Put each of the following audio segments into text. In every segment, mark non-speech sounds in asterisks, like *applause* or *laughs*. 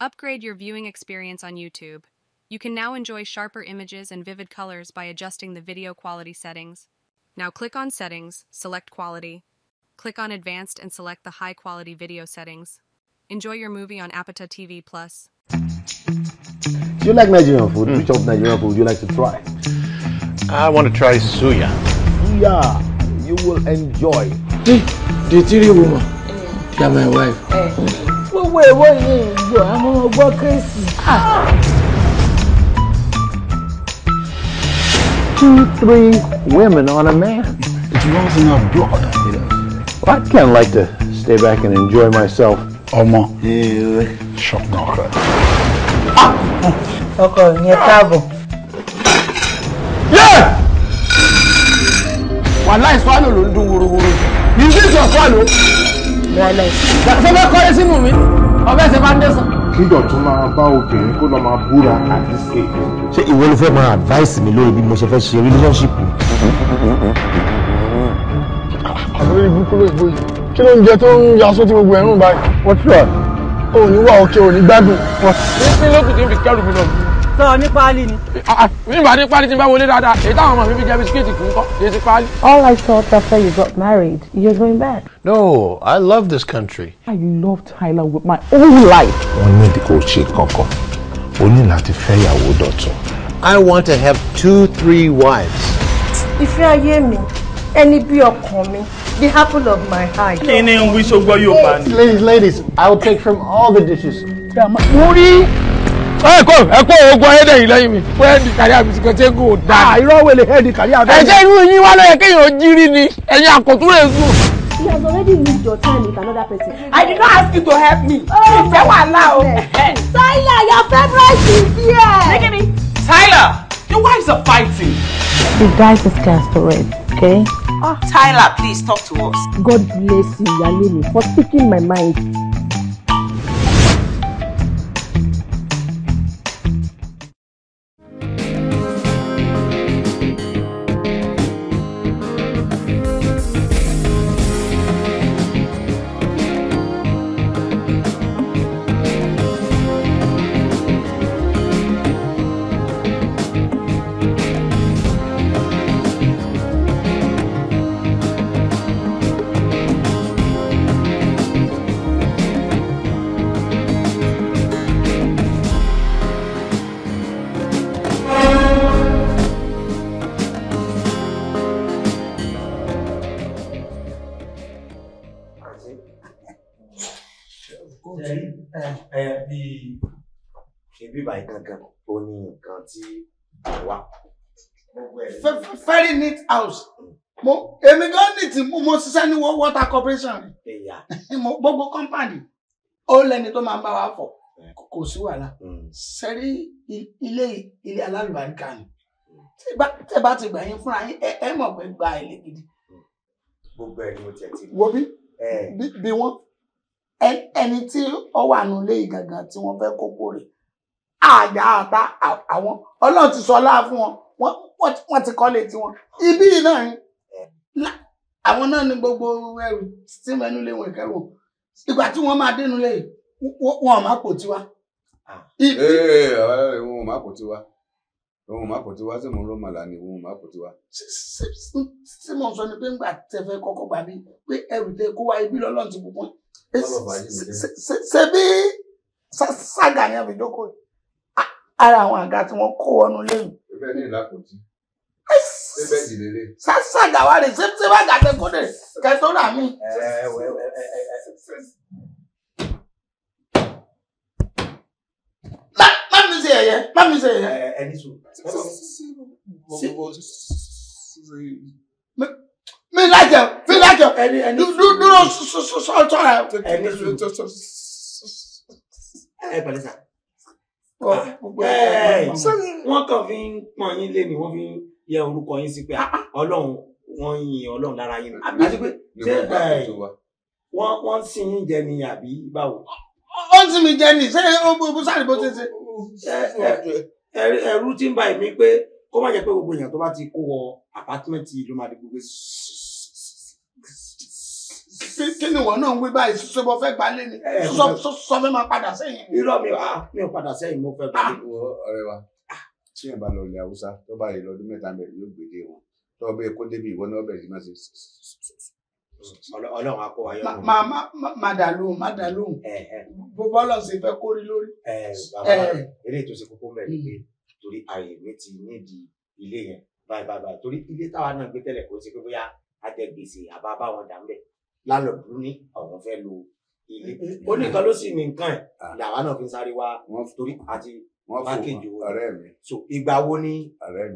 Upgrade your viewing experience on YouTube. You can now enjoy sharper images and vivid colors by adjusting the video quality settings. Now click on Settings, select Quality. Click on Advanced and select the High Quality Video settings. Enjoy your movie on Apata TV+. Plus. Do you like Nigerian food? Mm. Which of Nigerian food would you like to try? I want to try suya. Suya! You will enjoy. Hey, hmm, the three woman. they are my wife. Hey. Eh. wo èwo yìí ìjọ àmọ́ ọgbọ́ kéèsì. Ah. Two, three women on a man. It's rising abroad, you know. Well, I'd kind of like to stay back and enjoy myself. Ọmọ. Ṣọ̀gbọ́n ah! ọkọ rẹ̀. Ọkọ yẹn káàbọ̀. Wàhálà ìsọ́àlù ló ń dún wúruwúru. Ìdí ìsọ̀sọ́àlù wọlé. ṣé bẹ́ẹ̀ kọ́lé sínú mi ọbẹ̀ ṣe bá ń dẹ́sán. kíjọ tún máa bá obìnrin kó lọ máa búra àti ṣe. ṣé ìwọ ló fẹ́ máa advice mi lórí bí mo ṣe fẹ́ ṣe relationship mi. àwọn ibi kúrò ìbò yìí kí ló ń jẹ tó ń yaṣọ tí gbogbo ẹ̀rùn báyìí. wọ́n ti rà. òun ní wà òkè òun ní gbádùn. wọ́n ti. ní pínlẹ̀ òkùnkùn fi kẹ́rù mi náà sọ ní páálí ni. nígbà ah, ah, ní páálí tí n bá wọlé dáadáa èyí táwọn ọmọ mi fi jẹ bisikíìtì kì í kọ́ kì í sí all I thought after you got married you're going back. no I love this country. I ah, love Thailand with my whole life. wọ́n ní ìdíkò ṣe kankan o ní láti fẹ́yàwó dọ̀tun. I want to have two three wives. ìfẹ́ ayé mi ẹni bí ọkàn mi the apple of my eye. kí ni wíṣọ gbọ́ yóò bá ní. ladies ladies I will take from all the dishes. mo rí ẹkọ ẹkọ ogun ayédè yìí lẹ́yìn mi fún ẹnì kárí àbísíkọ tí kò dáa. Ah, à irọ́ wele ẹnì kárí àbẹ. ẹ̀jẹ̀ irú yín wá lọ́yẹ̀ kéèyàn jírí ni ẹ̀yin àkọ́tún rẹ̀ sùn. He has already used your time with another person. I did not ask you to help me. Ìfẹ́ oh, wà láò. Tyler, your favourite is here. Tyler, your wives are fighting. The guys is classed already, okay? Oh, Tyler, please talk to us. God bless you, Yalini, for speaking my mind. bíbá yìí ó ní nǹkan tí àwa. very neat house mo èmi gan ní tí mo ṣiṣẹ́ ní water corporation rẹ̀ *laughs* gbogbo company ó lẹ́ni tó máa ń bá wa fọ̀ kò sí wàhálà sẹ́rí mm. ilé ilé alálùbáríkà ni tẹ́ bá ti gbà yín fúnra yín ẹ mọ̀ pé gba ilé gidi. gbogbo ẹni mo tiẹ̀ ti. wo bí bí wọ́n ẹni tí ó wà nílé ìgàngàn tí wọ́n fẹ́ kókó rẹ̀ àdáàbá àwọn ọlọ́run ti sọ ọlá fún wọn wọ́n ti kọ́lé tiwọn ibi náà ni àwọn náà ni gbogbo ẹrù tí mẹ́nu lé wọn ìkẹ́rù ìgbà tí wọ́n máa dénú lé wọn ò má kò tiwa. wọn ò má kò tiwa wọn ò má kò tiwa sí mo ló màlà ni wọn ò má kò tiwa. sí mo sọ ni pé ńgbà tẹ fẹ́ kọ́kọ́ gbà mí pé ẹrù tẹ kó wa ibi lọ́lọ́run ti bùkún ṣe bí ságà yẹn fi jókòó yìí ara àwọn àga tí wọ́n kó wọnú lẹ́yìn. ẹbẹ ní ìlàkùtì ẹbẹ ìdílé. sásà gàwárì ṣé bá gàdé kódé kẹtó rà mí. má mi ṣe ẹyẹ má mi ṣe ẹyẹ. ẹni sùn. mi lájẹ mi lájẹ dúró sọ̀rọ̀. ẹni sùn. ẹ pẹ̀lẹ́ sà. Ah, wọ́n kàn fi ń pọ́n yín lé ni wọ́n fi ń yẹ orúkọ yín sí pé ah, ah, ọlọ́run wọ́n yin ọlọ́run lára yín ni àti pé ṣé wọ́n wọ́n sì ń jẹ ni àbí báwo. ó sì mi jẹ ni ṣé o sáré bó ṣe ṣe. ẹ̀rù ti ń bà mí pé kó má jẹ́ pé gbogbo èèyàn tó bá ti kó wọ àpátímẹ́ǹtì ló máa di gbogbo kí ni ìwọ náà ń wí báyìí ṣe mo fẹ́ gbalé ni eh, sọ fẹ́ máa padà sẹ́yìn. irọ́ mi wá ah, mi ò padà sẹ́yìn mo fẹ́ gbalé. Ah! ọ̀rẹ́ wa tí yẹn bá lọ ilẹ̀ haúsá tó bá yẹ lọ́dún mẹ́ta mẹ́rin yóò gbèdé wọn tó o bẹ́ẹ̀ kó débi ìwọ náà bẹ̀rẹ̀ sí máa ṣe. ọlọ́run akọ ayé wọn. má má má dà lóhùn má dà lóhùn eh, eh. bó bọ́lá ṣe fẹ́ kórí lórí. bàbá eré ètò ìsìnkú kó mẹ́rin pé torí ààyè mi ti nídìí ilé yẹn báyìí báyìí torí ilé táwa náà gbé tẹ́lẹ̀ kó ṣe pé bóyá àjẹgbèsè àbá bá dà ń bẹ̀ láńlọ́ọ̀dù ní àwọn fẹ́ lo ilé eh, eh, ó ní nǹkan ló sì ní nǹkan ẹ̀ ah. làwa náà fi ń sáré wá torí àti pákéjì owó ọ̀rẹ́ mi so ìgbà wo ni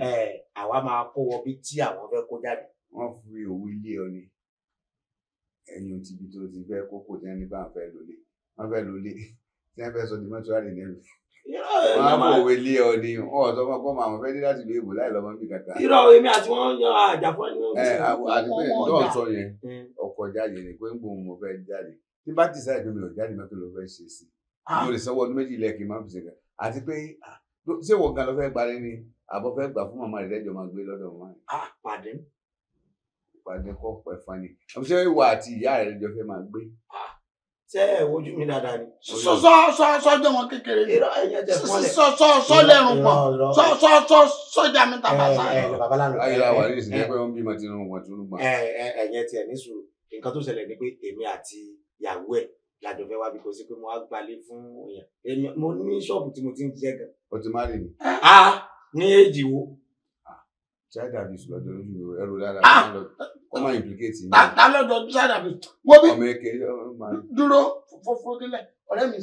eh, àwa máa kó wọ bí tí àwọn fẹ́ kó jáde. wọ́n fi òwe lé ọ ni ẹ̀yìn tìbí tó ti fẹ́ kókò tí wọ́n ní fẹ́ lólè wọ́n fẹ́ lólè tí wọ́n fẹ́ sọ di mọ́tò àrè lẹ́nu wọn á bọ̀ òwe lé ọ ni wọn ọ̀sọ́ fún ọkọ̀ màmú fẹ́ẹ́ láti lu èbò láì lọ́mọ bí kàkà. irọ́ èmi àti wọn yan àjàfọ́ ni wọn. ẹ àti pé ìjọ sọ yẹn mm. ọkọ̀ jáde ni pé ń bò mo fẹ́ jáde tí bá ti sáà ìdómi ò jáde mọ́tò ló fẹ́ ṣe sí i ah. mo lè sanwó ọdún méjì lẹ́ẹ̀kì máa ń fi ṣe àti pé ṣé wọ́n gan ló fẹ́ gbalẹ̀ ni àbọ̀ fẹ́ gbà fún màmá rẹ̀ lẹ́jọ́ máa gbé lọ́dọ̀ wọn. pàdé kọ́ pẹ̀ fani àbúṣe ìwà àti ìyá rẹ̀ lẹ́jọ́ fẹ́ máa gbé. Ah, ṣé ẹ wojú mi dáadáa ni. sọ sọ sọ sọjọ wọn kékeré ni sọ sọ sọ lẹrun pọ sọ sọ sọ sọjà mi tàbá sáré. ẹ ẹ bàbá lánàá. ayé la wà ní ìsìn wọn bímọ tí wọn tún lù mọ. ẹ ẹ ẹyẹn tiẹ ní sùúrù nǹkan tó ṣẹlẹ̀ ni pé èmi àti ìyàwó ẹ làjọ fẹ́ wá bí kò sí pé mo á gbalé fún èèyàn èmi mo ní ṣọ́ọ̀bù tí mo ti ń jẹ́ gan. o ti máa rè mí. a ní èjì wo. ṣáà dàbí ìṣùgbọ́n tó ń ju ẹrù lára ọmọ implicate mi. alọ́dọ̀ sáadà mi wọ́n bí dúró fọ́fọ́ nílẹ̀ ọ̀rẹ́ mi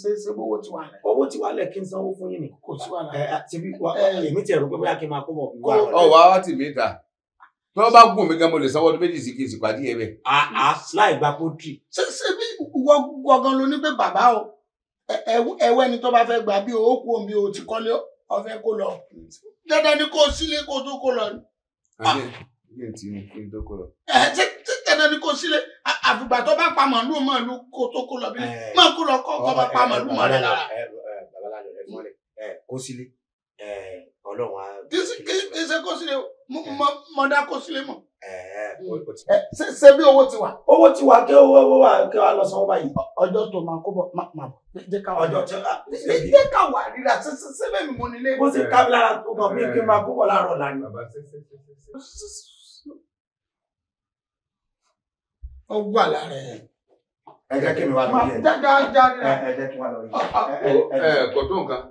ṣe ṣe owó ti wà lẹ̀. owó ti wà lẹ̀ kí n sanwó fún yín ni. kò sí wàhálà ẹ ti bí èmi tẹ̀ rò pé bóyá kí n máa kó bọ̀ bí wà. ọwọ́ àwa tì mí ta tí wọ́n bá gùn mí gan mo lè sanwó ọdún méjì sí kí n sì pàdé ẹ bẹ́ẹ̀. àá láì gba pọ́ńtì. ṣé ṣé bí gbọ̀ngàn ló ní pé bàbá o ẹwẹ́ ni tó bá fẹ́ gbà bí owó kú omi o ti kọ́lé ọ̀fẹ́ kó lọ. dandan ni kó sílé kó tó kó lọ ilé ẹ̀ tí mo fi ń dọ́kọ̀ lọ. ẹ ṣe ṣe tẹ̀lé ni kò sílẹ̀ àfìgbà tó bá pa màálù màálù kó tó kó lọ bí máa kó lọ kó kó bá pa màálù màálù lára. babaláwo ẹ mọ́lẹ̀ ẹ kó sílé ọlọ́run á. kí ṣe kó sílé mọ dá kó sílé mọ. Mm. ṣe bí owó ti wà. owó ti wà kí owó wà kí wàá lọ sanwó báyìí. ọjọ́ tó máa kó bọ̀ máa bọ̀ jẹ́ ká wà. ọjọ́ tí a. jẹ́ ká wà rírà sẹ́sẹ́ bẹ́ẹ̀ mi mo nílé. bó ṣe ká mi lára tó kàn bí kí n máa kó bọ̀ láàárọ̀ lánàá ó wà lára ẹ̀. ẹ jẹ́ kí mi wá lórí ẹ̀. ẹ jẹ́ kí wá lórí ah, ah, ẹ̀. ẹ kò tó nǹkan.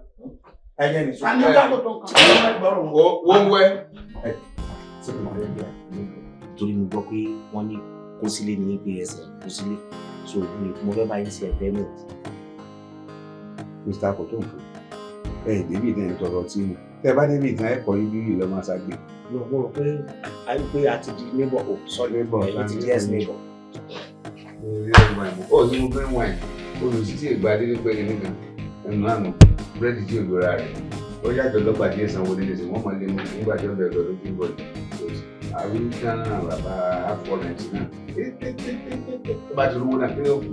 ẹ jẹ́ ní sùn. àní ọjà kò tó nǹkan. wọ́n wẹ́. ẹ ṣe kò máa lè gbé ẹ torí mo gbọ́ pé wọ́n ní kó sílé ní gbé ẹsẹ̀ kó sílé so mo fẹ́ bá yín ṣe ẹ̀fẹ́ mẹ́t. mr kotonko ẹ ẹ débi ìdán ẹ tọrọ tí mo tẹ bá débi ìdán ẹ kọ ibi ìlọ máa ṣàgbé. lọ́pọ̀ pé a rí pé a ti di neighbor o oh, sorry ẹ̀yin ti di ex neighbor. ó ní mo fẹ́ wáìn olùsítì ìgbàdé ní pẹ́ẹ́lí nìkan ẹnu àná búrẹ́dì tí ògbóra rẹ̀ ó yàtọ̀ lọ́gbà díẹ̀ sanwó nílé sí wọ́n mọ̀ lé mú nígbà tí ó bẹ̀rẹ̀ lọ́dún tí ń bọ̀ àrùn dáná bàbá afọ nàìjíríà tó bá ti rówó náà kí ni ó fi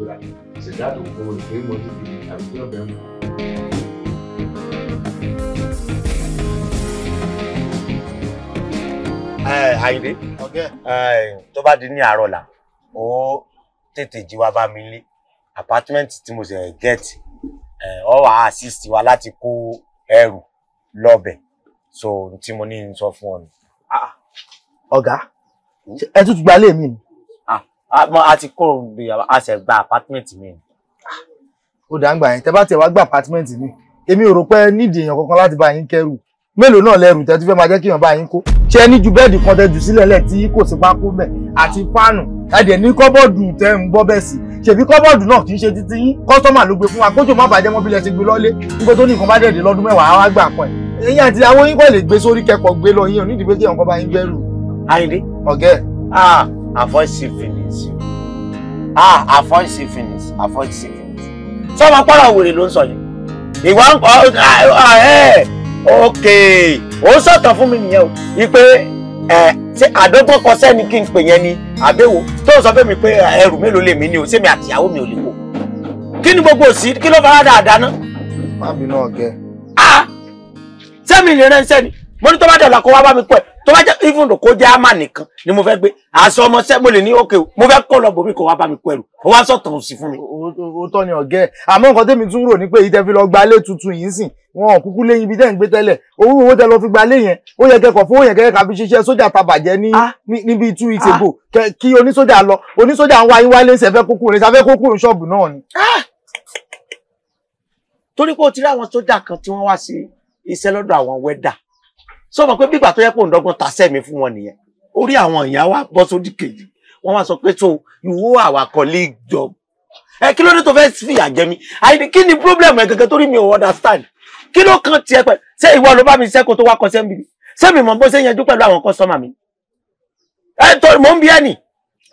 ṣèdá tó kún un kí ni mo ti fi àrùn tí ó bẹ̀rẹ̀ mọ́. Àyìndé eh, eh, tó bá di ní àárọ̀ là ó tètè jí wá bá mi lé apartment tí mo ṣe get ọ eh, wà á assist wa láti kó ẹrù lọ́bẹ̀ so tí mo ní sọ fún ọ ni. Ah, ah. ọ̀gá hmm? ẹ tún ti gba ilé mi ni. Ah, a ti kó a ṣe gba apartment mi ni. ó dàgbà yẹn tẹ bá tiẹ̀ wá gba apartment mi èmi ò rò pé nídìí èèyàn kankan láti bá yín kẹ́rù mélòó náà lẹ́rù tẹ́ tún fẹ́ máa jẹ́ kí èèyàn bá yín kó ṣe ní ju bẹ́ẹ̀dì kan tẹ́ jù sílẹ̀ lẹ̀ tí kò sí pákó mẹ́ àti fáànù ẹ̀dẹ̀ ní kọ́bọ̀dù tẹ́ ń bọ́ bẹ́ẹ̀ sí ṣèbí kọ́bọ̀dù náà kì í ṣe títí yín kọ́sọ́mà ló gbé fún wa kójò má bàjẹ́ mọ́ bílẹ̀ ti gbé lọ́lé nígbà tó ní nǹkan bá dẹ̀dẹ̀ lọ́dún mẹ́wàá wá gbà kan ẹ̀ ẹ̀yìn àti àwọn yín kọ́ lè gbé sórí kẹ́kọ̀ọ́ gbé lọ yín onídìí pé kí ọkọ̀ bá yín gbẹ́rù. Ayinde. Ọ̀gẹ́. Ah, Ah, avoid ok ó sọ̀tàn fún mi nìyẹn o wípé ẹ ṣe àdọ́gbọ́n kan sẹ́ni kí n pè yẹn ni àbẹ̀wò tó sọ fún mi pé ẹrù mélòó lè mí ni o sẹ́mi àtìyàwó mi ò lè wò kí ni gbogbo òsì kí ló fara dáadáa ná. má bínú ọ̀gẹ́. a ah! sẹ́mi lè rẹ́ ń sẹ́ni mo ní tó bá dẹ̀ lọ́kọ̀ wá bá mi pẹ̀ tó bá jẹ́ even kó jẹ́ àmà nìkan ni mo fẹ́ gbé àṣọ ọmọọṣẹ́ mo lè ní òkè mo fẹ́ kọ́ lọ bòmí kó wá bá mi kó ó wá sọ̀tàn òsì fún mi. òótọ́ ni ọ̀gẹ́ àmọ́ nǹkan tẹ́mi tún rò ní pé ìtẹ́fi lọ gba ilé tuntun yìí sìn wọn kúkú lé ibi tẹ́ ń gbé tẹ́lẹ̀ owó owó tẹ́ lọ fi gba ilé yẹn ó yẹ kẹ́kọ̀ọ́ fún ó yẹ kẹ́kẹ́ ká fi ṣiṣẹ́ sójà tabàjẹ́ ah. ní níbi two weeks ah. ago kí onísójà lọ onísójà ń wá yín wálé ń sẹ́fẹ́ kókùnrin sáfẹ́ kókùnrin ṣọ́ọ̀bù náà ni. Ah! torí pé o ti rí àwọn sójà kan tí wọ́n wá sí iṣẹ́ lọ́dọ̀ àwọn wẹ́dà sọ mọ pé bígbà tó yẹ pé òun dọ́gbọ́n ta sẹ́mi fún wọn nìyẹn orí àwọn èèyàn wa bọ́ sódì kejì wọ́n wá sọ pé so you owe our colleague job ẹ kilo ló dé tó fẹ́ mi àyè kí ni problem ẹ gẹ́gẹ́ torí mi ò understand kí ló kàn tiẹ̀ pẹ̀ ṣé ìwọ ló bá mi sẹ́kọ̀ọ́ tó wá kọ sẹ́mi sẹ́mi mọ̀ bó ṣe yanjú pẹ̀lú àwọn customer mi ẹ tó mò ń bí ẹ nì.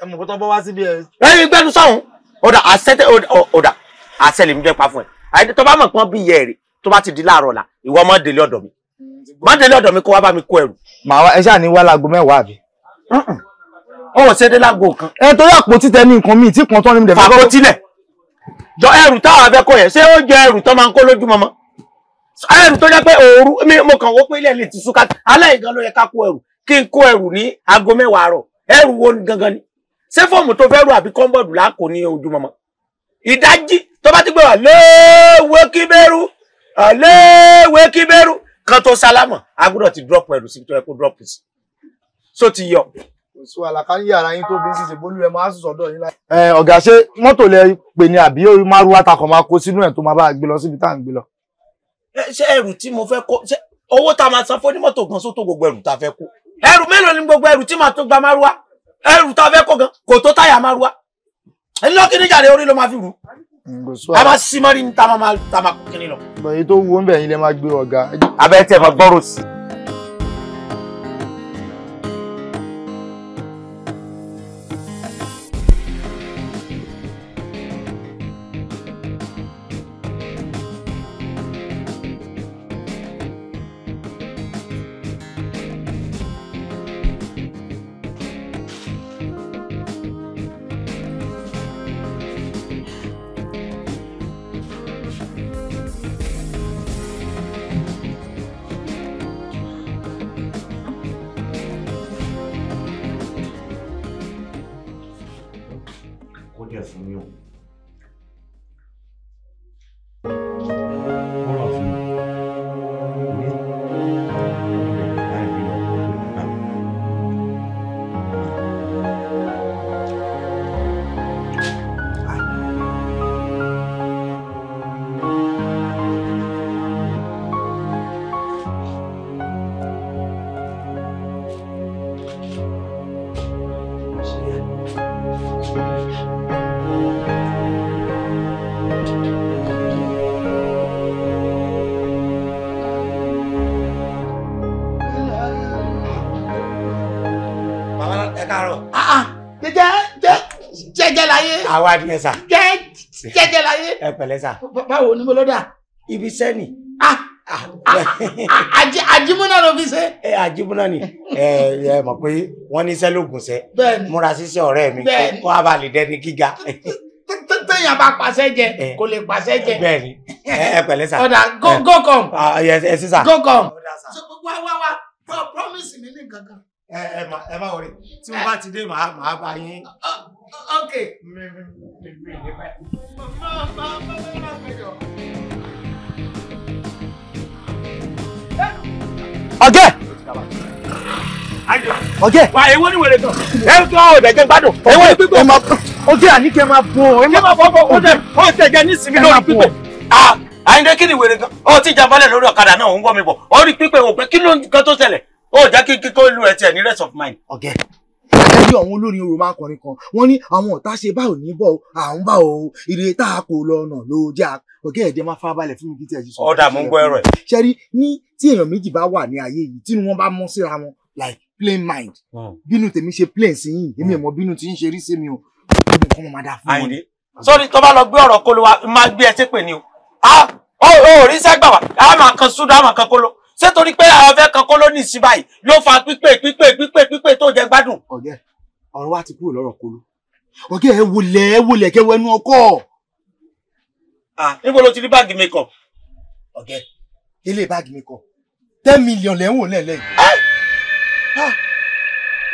ẹ mọ̀ kó tó bọ́ wá síbi ẹ. ẹ gbẹ́nu sọ̀hún ọ̀dà àṣẹ ọ̀dà àṣẹ lèmi jẹ́ pa fún ẹ àyè tó bá mọ̀ pọ́n bí yẹ èrè tó ti di láàárọ̀ la ìwọ ọmọ délé ọ̀dọ̀ mi má délé ọ̀dọ̀ mi kó wá bá mi kó ẹrù. màá wá ẹ ṣáà ní wá láago mẹ́wàá àbí. ọwọ́ ṣe dé láago kan. ẹ torí àpò títẹ ní nǹkan míì tí kan tán ní mi. fàbó tilẹ̀ jọ ẹrù táwọn afẹ́ kọ yẹn ṣé ó jẹ ẹrù tó máa ń kó lójúmọmọ. ẹrù tó jẹ́ pé òru mo kàn wọ́pẹ́ ilé lè ti súnká alẹ́ ìgan ló yẹ ká kó ẹrù kí n kó ẹrù ní aago mẹ́wàá àárọ̀ ẹrù wo gangan ni ṣé fọ́ọ̀mù tó fẹ́ rù àbí kọ́ńbọ̀dù láàkó ní ojúmọmọ. ìdájí tó bá ti gbé wà léèwé kíbẹ́rù léèwé kíbẹ́rù kan tó sálámọ̀ a gbọ́dọ̀ ti drop ẹrù síbi tó yẹ kó drop sí so ti yọ. èso àlàkáyé ara yín tó bí ń ṣiṣẹ́ bólú ẹ máa sùn sọ́dọ̀ yín láì. ẹ ọ̀gá ṣé mọ́tò lẹ pè ní àbí orí márùwá takọ̀ máa kó sínú ẹ̀ tó máa bá gbé lọ síbi tá à ń gbé lọ. ṣé ẹrù tí mo fẹ́ kó ṣé owó tá a máa san fún onímọ́tò gan sótó gbogbo ẹrù tá a fẹ́ kó ẹrù mélòó ni gbogbo ẹrù tí màá tó gba márùwá ẹrù tá a fẹ́ kó gan kò tó táyà márùwá ńlọ́kì níjàre orí a máa símọ́rí ní tá a máa kiri lọ. èyí tó wo ń bẹ̀ yín lè máa àwa ni ẹ sà. jẹjẹ láyé. ẹ pẹ̀lẹ́ sà. báwo ni mo lọ dà. ibi iṣẹ́ ni. Ah, ah. ah, àjìmúná ló fi ṣe. ẹ àjìmúná ni ẹ ẹ mọ̀ pé wọ́n ní iṣẹ́ lóògùn ṣẹ́. bẹ́ẹ̀ni múra síṣẹ́ ọ̀rẹ́ mi kó a bá lè dẹni gíga. téèyàn bá pàṣẹ jẹ kò lè pàṣẹ jẹ. bẹ́ẹ̀ni ẹ pẹ̀lẹ́ sà. ọ̀dà go go come. ẹ sísà. go come. wá wá wá promise mi ní nǹkan kan ẹ ẹ má ẹ má wọlé tí mo bá ti dé màá màá bá yín. ok. ọjọ́ ọjẹ́ wa ewo ni wèrè gan ẹ tó àwọn ìbẹ̀jẹ̀ gbádùn ewo ni pípọ̀ ọjẹ́ àní kẹ́ máa bọ̀ ẹ máa bọ̀ bọ̀ ọjẹ́ ọjẹ́ jẹ́ ní sinmi lórí pípọ̀ ah, àyìndé kí ni wèrè gan ó ti jàmbálẹ̀ lórí ọ̀kadà náà ó ń wọ́ mi bọ̀ ó rí pípẹ́ òpin kí ló ń kan tó ṣẹlẹ̀ ó jẹ́ kí kí tó lu ẹ̀ ní rest of mind. ọ̀gẹ́ ẹgbẹ́ ọ̀hún olórin orò máa kọrin kan wọ́n ní àwọn ọ̀tá ṣe báwo ní bọ̀ à ń bá tá a kò lọ́nà ló jẹ́ a ọ̀gẹ́ ẹ̀jẹ̀ máa fara balẹ̀ fún mi kí tí ẹ ṣe sọ. ọ̀dà mú gbọ́ ẹ̀rọ ẹ̀. ṣẹ́rí ní tí èèyàn méjì bá wà ní ayé yìí tí wọ́n bá mọ́ síra wọn like plain mind hmm. bínú tèmi ṣe plain sí yìí èmi ẹ̀mọ́ bínú tí ń ṣe rí sí mi o gbogbo nǹkan máa dà fún wọn. àyìnlé sọ́ni tó bá lọ gbé ọ̀rọ̀ kolo wa máa gbé ẹ ṣé torí pé àwọn fẹ́ kan kólónì sí báyìí ló fa pípé pípé pípé pípé tó jẹ gbádùn. ọ̀gẹ́ ọ̀rọ̀ wa ti kúrò lọ́rọ̀ kolo le, ẹ wulẹ̀ ẹ wulẹ̀ kẹ wẹnu Ah, níbo ló ti rí báàgì mi kọ. ọ̀gẹ́ ilé báàgì mi kọ ten million lẹ́wọ̀n lẹ́lẹ́ yìí.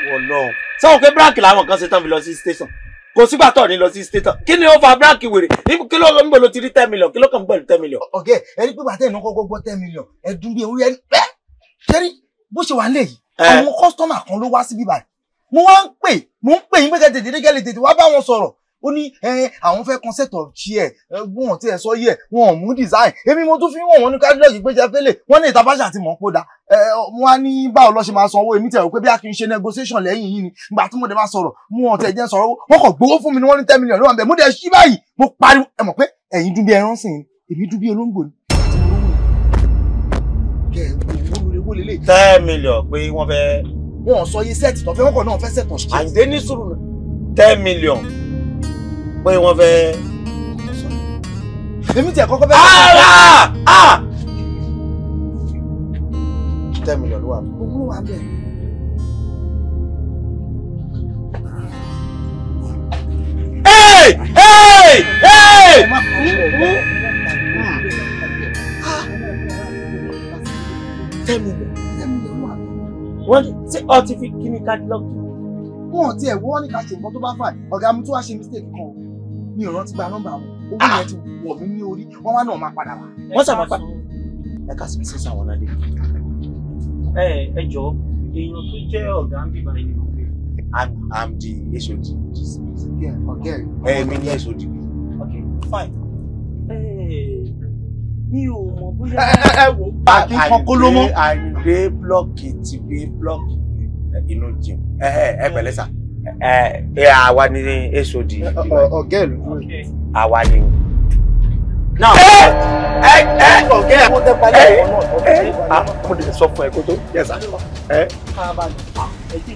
wọ́n lọ. sáwọn pé bíráàkì làwọn kan ṣe tán fi lọ sí station kò sígbà tó ní lọ sí stétọ kí ni ó fa bíráàkì wèrè kí ló ń gbòòlò ti rí ten million kí ló kàn ń gbòòlò ten million. ọ̀gẹ́ ẹni pé bàtẹ́ ìnáwó kọ́kọ́ gbọ́ ten million ẹ̀dùn bíi ewúrẹ́ ẹ̀ ṣé rí bó ṣe wà ń lè yìí àwọn kọ́sítọ́mà kan ló wá síbí báyìí mo wá ń pè mo ń pè yín pé kẹ́ tètè dé kẹ́ lè tètè wá bá wọn sọ̀rọ̀ ó ní àwọn fẹ́ concept of chair wọn ti ẹ̀ sọ yẹ wọn ò mú design èmi mo tún fi wọ̀n wọn ní kádìlọ́ọ̀gì pé jẹ́fẹ́lẹ̀ wọ́n ní ìtabáṣà ti mọ̀ pó da wọn á ní báwo lọ́ọ́ ṣe máa sanwó èmi tẹ̀ rò pé bí a kì í ṣe negotiation lẹ́yìn yìí ni ìgbà tí mo dẹ̀ máa sọ̀rọ̀ mú wọn tẹ̀ jẹ́ sọ̀rọ̀ wọn kò gbowó fún mi ni wọ́n ní ten million lóhàn bẹ́ẹ̀ mo dẹ̀ ṣí báyìí mo pariwo ẹ mọ̀ pé ẹ̀yin dún bí ẹran sìn èmi dún bí olóńgbò ni. ten million pé wọ́n fẹ́. wọn sọ iye sẹ́ẹ̀tì tó fẹ́ wọ́n kàn ten million pé wọ́n fẹ́. èmi tí àkọ́kọ́ bẹ́ẹ̀. ara ah, a. Ah, ah! ten million wà. owó wà bẹ́ẹ̀. Hey! Hey! Hey! tẹ́mu wọ́n ṣe ọtí fi kíní kádìlọ́ọ̀kì wọn ti ẹ̀ wọ́n ní ká ṣe nǹkan tó bá fà ọ̀gá mi tó wá ṣe mistake kan mi ò rántí gba nọ́mbà wọn owó yẹn ti wọ̀ mí ní orí wọ́n wá náà máa padà wá wọ́n ṣàmà pa. ẹ ká sinmi sísan wọn lálẹ́. ẹ ẹ jọ èèyàn tó jẹ́ ọ̀gá ń bíbá ẹni lókè. i'm i'm the hod. ọ̀gá ẹ mi ní hod. okay fine. mi ò mọ̀ bóyá. *laughs* ẹ ẹ wo pàkí kọkólómọ. àìdè blọọkì ti bí blọọkì inú jìn ẹ pẹ̀lẹ́ sà ẹ àwa ni èsòdì ọ̀gá ìlú àwa ni o náà ẹ ẹ ọ̀gá ẹ ẹ ẹ a mo lè sọ fún ẹ kó tó yẹ sà ẹ. Ah, wọ́n ti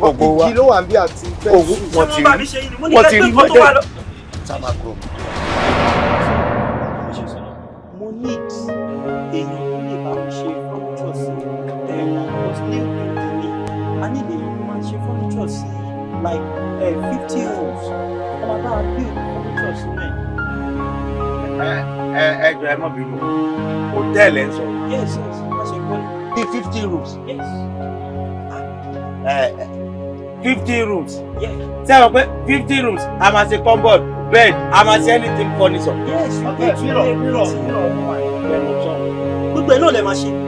gbogbo wa. Kí ló wà ń bí àti bẹ́ẹ̀? Owó wọ́n ti rí. Wọ́n ti rí lọ́jọ́. Sábà kúrò. Mo ní èèyàn furniture sí like eh, fifty rooms ọmọ bá a build furniture sílẹ̀. ẹ ẹ jọ ẹ mọ bí mo hotel ẹ sọ. yes yes wọ́n ṣe gbọ́. bí fifty rooms. yes. Ah. fifty rooms. yes. ṣé ẹ pé fifty rooms a máa ṣe cupboard bed a máa ṣe anything furniture. yes you dey too late. ọ̀gá ẹ̀ mìíràn mìíràn gbogbo ẹ̀ náà lè máa ṣe.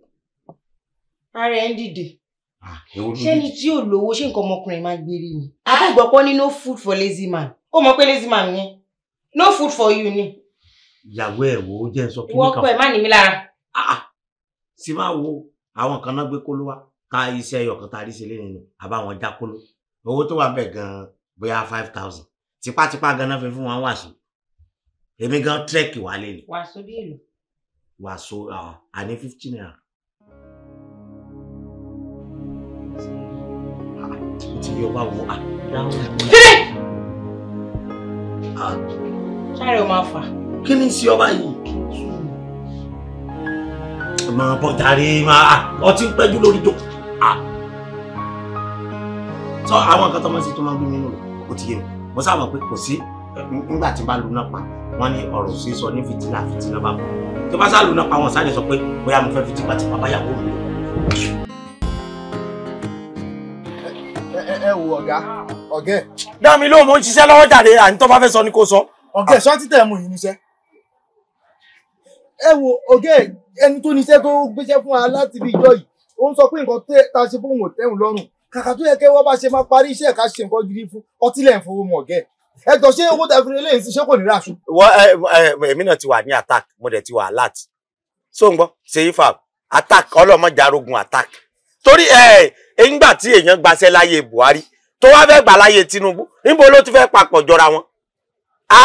ara ẹ̀ ń dìde ṣé ni tí ò lówó ṣé nǹkan ọmọkùnrin máa gbére ni àbúgbọ̀pọ̀ ní no food for lazy man ó mọ̀ pé lazy man yẹn no food for you ni. ìyàwó ẹ̀ wo jẹ́ sọ kí nìkan wọ́n kọ́ ẹ̀ má ní mi lára. sì máa wo àwọn kan náà gbé kóló wá ká iṣẹ́ ẹyọ kan tá a rí àbáwọn já kóló owó tó wà bẹ̀ gan-an bóyá five thousand tipátipá gan-an fi fún wọn wàásù èmi gan trek wálé ni. wàásù bí èlò. wàásù àní fifteen naira. tí yọ bá wọ àdáhùn. kíni. sáré o máa fà. kí ni sí ọba yìí. máa bọ̀ jàre máa ah, ọtí ń pẹ́jú lórí jò. Ah! sọ àwọn nǹkan tó máa ń ṣe tó máa ń bí mi nù kò tiẹ̀ mo sábà pé kò sí nígbà tí n bá lu náà pa wọn ní ọ̀rọ̀ sí sọ ní fìtínà fìtínà bá bọ tó bá sá lu náà pa wọn sáré sọ pé bóyá mo fẹ́ fìtínà tí bàbá yàwó mi wo ọ̀gá ọ̀gá ẹ̀. dá mi lóhùn mo ń ṣiṣẹ́ lọ́wọ́ jáde àní tó bá fẹ́ sọ ni kò sọ. ọ̀gá ẹ̀ sọ́ọ́tì tẹ̀ mú yìí níṣẹ́. ẹ wo ọ̀gá ẹ̀ ẹni tó níṣẹ́ tó gbéṣẹ́ fún wa láti ibi ìjọ yìí ó ń sọ pé nǹkan tá a ṣe fóun ò tẹ́hùn lọ́rùn kàkà tó yẹ kí wọ́n bá ṣe máa parí iṣẹ́ ẹ̀ka ṣe nǹkan gidi fún ọtí lẹ́yìn fowó mọ̀ ọ̀gá ẹ̀ ẹ jọ ṣé owó tẹ̀fún eléyìí ṣiṣẹ́ kò ní ràṣù. wọ́n èmi náà ti wà ní attack mo dẹ̀ ti wà alert so ń gbọ́ ṣèyí fam attack ọlọ́mọ jarogun attack torí ẹ̀ ẹ̀ ńgbà tí èèyàn gbaṣẹ́ láyé Buhari tó wá fẹ́ gbà láyé Tinubu níbo ló ti fẹ́ papọ̀ jọra wọn. a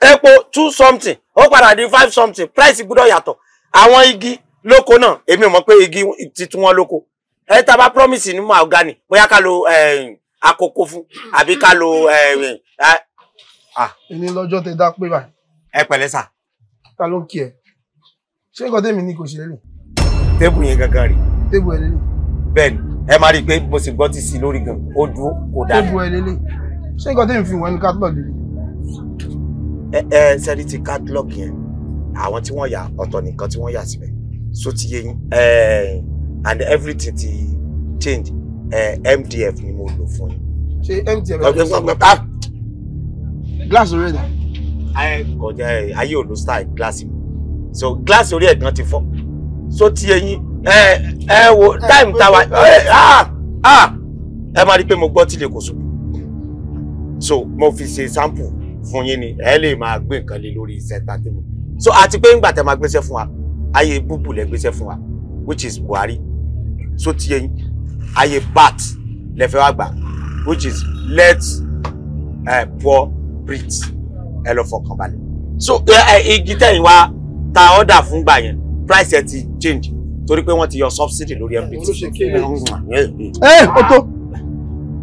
epo two something ó padà di five something price gbúdọ̀ yàtọ̀ àwọn igi lóko náà èmi mọ̀ pé igi titun wọn lóko ẹ ta bá promise ní mahogany bóyá ká lo eh, àkókò fún àbí ká lo. Eh, eh, ah. èmi lọ́jọ́ tẹ dá pé báyìí. ẹ pẹ̀lẹ́ sà. ta ló kí ẹ ṣé nǹkan tèmi ni kò ṣe é lè. tébù yẹn gangan rè. tébù ẹ lè lè. bẹ́ẹ̀ni ẹ máa rí i pé mo sì gbọ́ tí sí lórí gan ó dúró kò dáa. ṣé bu ẹ lélẹ̀ ṣé nǹkan tó ń fi wọ́n ní catalog lè. ẹ ẹ sẹ́rí ti catalog yẹn àwọn tí wọ́n yà ọ̀tọ̀ nìkan tí wọ́n yà síbẹ̀ so ti yé yín and everything ti change uh, mdf ni mo lò fún yín. ṣe mdf ẹ lọ sọ glass orí ẹ̀dá. kọjá ayé ò lo style so glass orí ẹ̀dá ti fọ́ so ti yé yín ẹ ẹ wo time tawa ẹ ah ah ẹ máa rí i pé mo gbọ́ tílé kò sùn so mo fi ṣe sample fún yín ni ẹ lè máa gbé nǹkan lé lórí iṣẹ́ ta tèmi so àti pé ńgbà tẹ máa gbéṣẹ́ fún wa ayé búbù lẹ gbéṣẹ́ fún wa which is Buhari so ti yẹn ayé bat lẹ fẹ́ wá gbà which is let uh, poor breathe ẹ lọ fọkàn balẹ̀ so igi tẹ̀yìn wa ta order fún gbà yẹn price ẹ ti change torí pé wọ́n ti yọ subsidy lórí mpt. ẹ o tó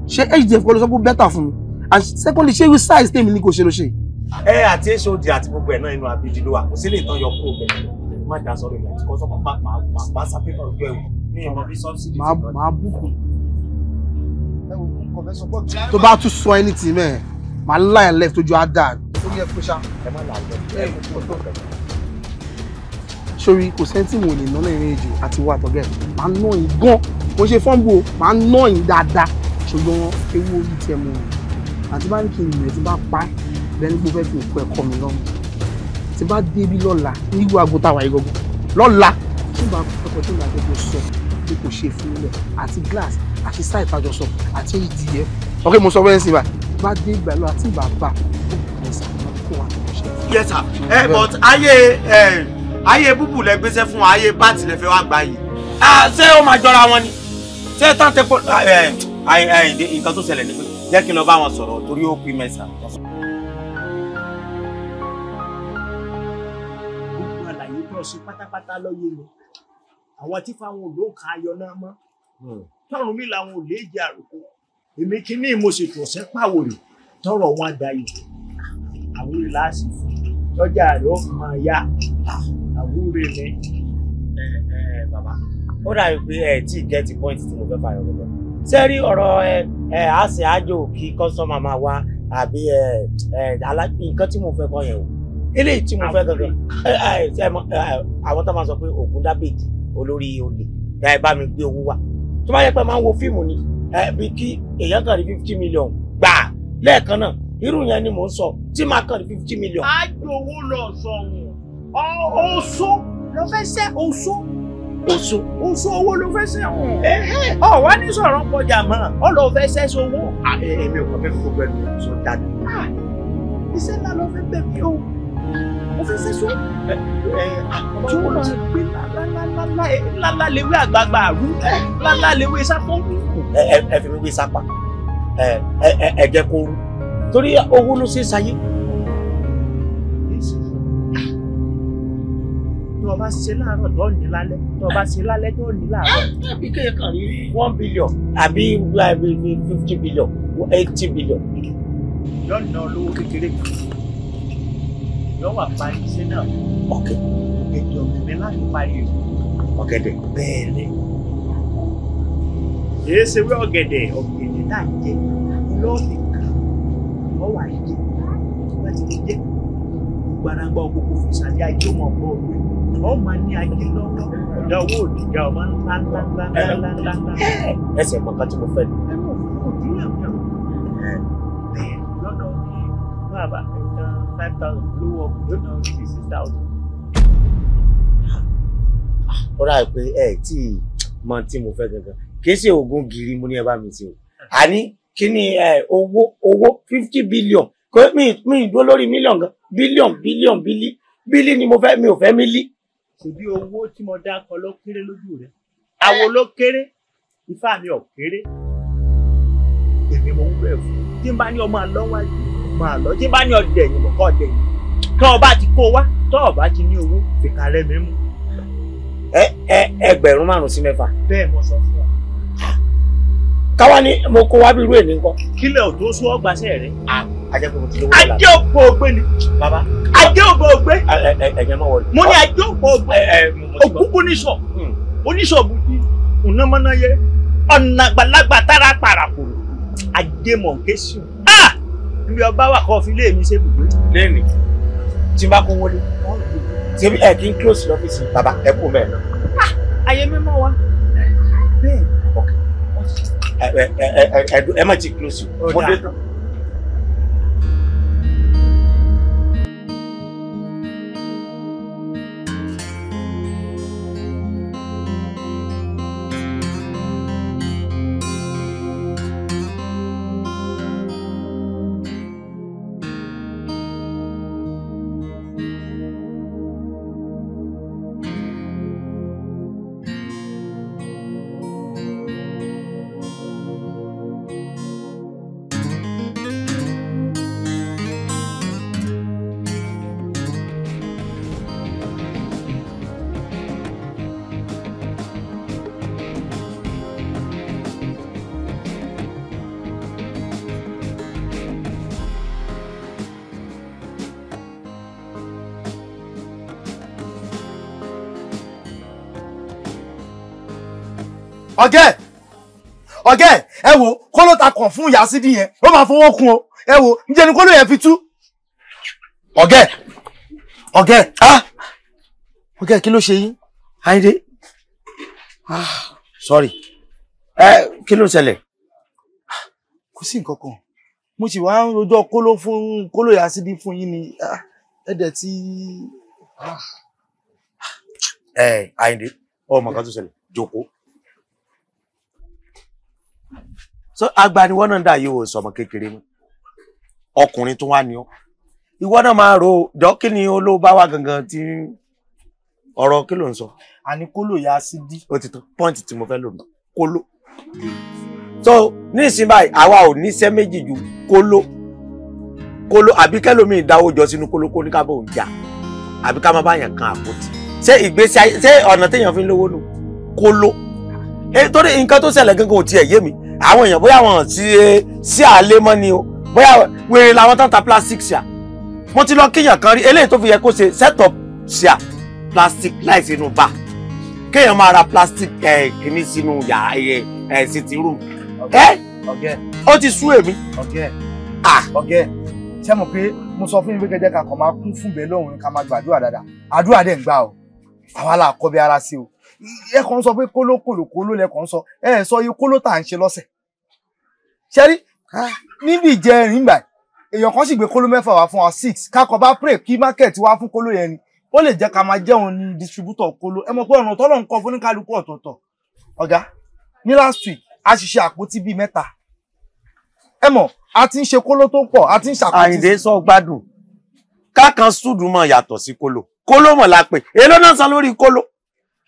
ṣe hdf kọ́ ló sọ pé bẹ́tà fún mi and secondly ṣé irú size tèmi ni kò ṣe ló ṣe. ẹ àti hod àti gbogbo ẹ náà inú abidi ló wà kò sí lè tán yọ kúrò bẹ́ẹ̀ má dá sọ̀rọ̀ ìlà tí kò sọ fún pàpà àgbà sápẹ́tà ojú ẹ̀wù ní ìmọ̀ bí subsidy ti lọ. màá bùkù. tó bá tún sọ anything mẹ́ẹ̀ màá láyà left ojú á dáa. ó yẹ kó ṣá ẹ má làwọn ẹ kó tó kẹ̀kẹ́ sórí kò sẹ́ńtì wò ní ìnáná ìrìn èjì àti wà tọ́gẹ̀ máa ń ná yín gan mo ṣe fọ́ǹbù o máa ń ná yín dáadáa ṣùgbọ́n ewu orí tiẹ̀ mo rìn àti bá ní kí n rìn tí bá pa bẹ́ẹ̀ ni mo fẹ́ fi òkú ẹ̀kọ́ mi lọ́mọ tí bá débi lọ́la nílùú agbótáwà yìí gbogbo lọ́la tí bá ọkọ̀ tí mo àjọ kò sọ pé kò ṣe ìfúnilẹ̀ àti glass àti sáì ìtajọsọ àti ìdìyẹ ok mo sọ fẹ́ẹ́ bá bá dé ìgbà lọ àti ìbá bá ó kò sàmúlò kó wà tó ṣe. yes sir ẹ eh, but ayé eh? ayé búbù lẹ gbéṣẹ́ fún wa ayé báàtì lẹ fẹ́ wá gbà yìí. Ah, ṣé ó máa jọra wọn ni ṣé tán tẹ kó ah, eh, eh, eh, nǹkan tó ṣẹlẹ̀ ni pé jẹ́ kí n lọ bá wọn sọ̀rọ̀ torí ó pín mẹ́sàn gbogbo àlàyé tó ṣe pátápátá lọ́yẹ lọ àwọn tí fáwọn olóòkà ayọ̀ náà mọ́ hmm. tọrùn mi làwọn ò léèjì àròkọ èmi kí ni mo ṣètò ọ̀sẹ̀ pàwọ̀ rẹ̀ wọn dayọ̀ àwọn ìlà àṣìfò lọ́jà rẹ̀ ó mọ̀ ya àwúre mi. ẹ ẹ bàbá ó dàbí pé ẹ tí ì gẹ́tì pọ́ìntì tí mo fẹ́ fà yọ lọ́wọ́ ṣé rí ọ̀rọ̀ ẹ ẹ àṣẹ àjò kí kọ́sọ́mà máa wá àbí ẹ ẹ nǹkan tí mo fẹ́ kọ́ yẹn o eléyìí tí mo fẹ́ gangan àwọn tó máa sọ pé ògùn dábèjì olórí olè ẹ bá mi gbé owó wá tó bá yẹ pé máa ń wo fíìmù ni bí kí èèyàn kàn rí fifty million gbà lẹ́ẹ̀kan náà irú yẹn ni mò ń sọ tí máa kàn ní fifty million. a jowó lọ sọ̀hún oṣó ló fẹ́ ṣe oṣó oṣó oṣó owó ló fẹ́ ṣe ọ̀hún. ọ wá ní sọ̀rọ̀ kọjá mọ́ ọ lọ fẹ́ ṣe sowó. èmi ò kàn fẹ́ fún gbogbo ẹnu sọ dájú. iṣẹ́ ńlá ló fẹ́ bẹ̀ mí o mo fẹ́ ṣe sowó. tí wọ́n máa gbé lálá lewé àgbààgbà àrú lálá lewé sápọ̀. ẹ fi mi wé sápá ẹ jẹ́ kó rú torí owó ló ṣe é ṣayé. tí wọ́n bá ṣe láàárọ̀ tó ní lálẹ́ tí wọ́n bá ṣe lálẹ́ tó ní láàárọ̀. tàbí kéèyàn kàn rí one billion àbí fifty billion eighty billion. yóò ná olówó kékeré kan yóò wà parí iṣẹ́ náà. ọ̀kẹ́ ètò ọ̀gbìn láti parí ètò. ọ̀gẹ̀dẹ̀ bẹ́ẹ̀ ni. èé ṣe wí ọ̀gẹ̀dẹ̀ ọ̀gẹ̀dẹ̀ náà jẹ́ lọ́ọ̀dì wà ní jẹ ìgbà tí kìí jẹ gbarangba òkòkò fìsàlẹ̀ ajé ọmọ ọ̀pọ̀ òwe ọmọ ní ajé lọ́wọ́ ọ̀dà owó òdìjà ọmọ ńlá ńlá ńlá ńlá ńlá ńlá. ẹsẹ̀ mo fẹ́ ni. ẹ mọ̀ fún òdìyà mi ọ̀ bẹ́ẹ̀ ní bàbá ẹ̀ka five thousand lówó ọkùnrin lọ́dọ̀ ní six thousand. ó rà pé ẹ tí mọ tí mo fẹ́ gangan kì í ṣe oògùn gírí mo ní ẹ bá mi ti o àní kíní eh, owó owó fifty billion kò mí mí dúró lórí million gan billion billion bílí bílí ni mo fẹ́ mi ò fẹ́ mi lí. ṣèbí owó tí mo dá kọ ló kéré lójú rẹ eh. àwo ló kéré ifá mi ò kéré èmi mo ń bẹ̀ fún tí n bá ní ọmọ àlọ́wájú máa lọ tí n bá ní ọdẹ yìí mo kọ́ ọdẹ yìí tọ́ ọba ti kó wa tọ́ ọba ti ní owó fìkà rẹ mi mú. ẹ eh, ẹ ẹgbẹ̀rún márùn sí mẹ́fà. bẹ́ẹ̀ mo sọ fún ọ káwá ní mo kó wá bí irú èmi nǹkan. kílẹ̀ ò tó sún ọgbà sẹ́ẹ̀ rẹ. ajẹ́ òpó ti lówó lọ́la. ajẹ́ òpó ògbé ni. baba ajẹ́ òpó ògbé. ẹ̀jẹ̀ mọ̀ wọlé. mo ní ajẹ́ òpó ògbé. òkúkú níṣọ̀ hmm. oníṣọ̀bù bíi ònàmọ́náyé ọ̀nà àgbàlagbà tára pàràkòrò àjẹmọ̀ kẹsùn. ibi ọba wà kọ́ fi léèmí ṣe bùbé. lẹ́nu tí n bá kó wọlé ṣé ẹ kí n close lọ́fíìsì baba ẹ kú mẹ́ẹ̀ lọ. ayé mímọ́ wa bẹ́ẹ̀ é, é, é, é, é, é meticuloso. Oh, ọ̀gá ẹ̀ ọ̀gá ẹ̀ ẹ wo kó ló ta kàn fún ìyá sídìí yẹn ó máa fowó kun o ẹ wo ǹjẹ́ ni kó ló yẹ fi tú. ọ̀gá ẹ̀ ọ̀gá ah ọ̀gá ẹ̀ kí ló ṣe yín Ayíndé ah sorry ẹ kí ló ṣẹlẹ̀. kò sí nǹkan kan mo sì wá ń rojọ́ kóló fún kóló ìyá sídìí fún yín ni ah, ẹ dẹ̀ ti. Ah. ẹ Ayíndé ọmọ kan tó ṣẹlẹ̀ jókòó. so agbaniwọ náà dà yìí wò sọmọ kékeré mọ ọkùnrin tó wà ní ọ ìwọ náà máa ro jọ kí ni olóòbá wa gangan ti ọ̀rọ̀ kí ló ń sọ. àní kóló ya sí dí. ó ti tó pọ́ǹtì tí mo fẹ́ lò náà kóló. so ní ìsìn báyìí àwa ò níṣẹ́ méjì ju kóló kóló àbí kẹlòmíì dáwó jọ sínú kóló kó ní kábọ̀ òǹjà àbí ká máa bá yàn kan àpótí ṣé ìgbésí ayé ṣé ọ̀nà téèyàn fi ń lówó nù kóló torí nǹkan tó ṣẹlẹ̀ gangan ò tiẹ̀ yé mi àwọn èèyàn bóyá wọn ti eh, sí àlé mọ́ ni o bóyá wèrè làwọn tán ta plastic ṣà mo ti lọ kéèyàn kan rí eléyìí tó fi yẹ kó ṣe set up ṣà plastic láì sínú bá kéèyàn máa ra plastic ẹ eh, kìíní sínú yàrá ẹ eh, ẹ sitting room ẹ ó ti sú èmi. ọ̀gẹ́ ṣé mo pé mo sọ fún yín pé kẹjẹ ká kàn máa kún fún bẹ́ẹ̀ lọ́hùn-ún ká máa gbàdúrà dáadáa àdúrà dẹ̀ ń gbà o àwa là kọ́ bí ara sí o ẹ kàn sọ pé kóló kòlòkóló lẹ kàn sọ ẹ sọ iye kóló tà ń ṣe lọ́sẹ̀ ṣẹ́rí níbi ìjẹrin gbà èèyàn kan sì gbé kóló mẹ́fà wá fún wa six kakọ̀ bá pray kí market wá fún kóló yẹn ni ó lè jẹ́ ká máa jẹun ní distributor kóló ẹ mọ̀ pé ọ̀nà tọ́lọ̀ ń kọ́ fún oníkálukú ọ̀tọ̀ọ̀tọ̀ ọ̀gá ní last week a sì ṣe àpótí bíi mẹ́ta ẹ mọ̀ a ti ń ṣe kóló tó pọ̀ a ti ń ṣàpótí. àyìndé sọ gbádùn kákan súdùmọ̀ yàtọ̀ sí kóló kóló mọ̀ la èló náà san lórí kóló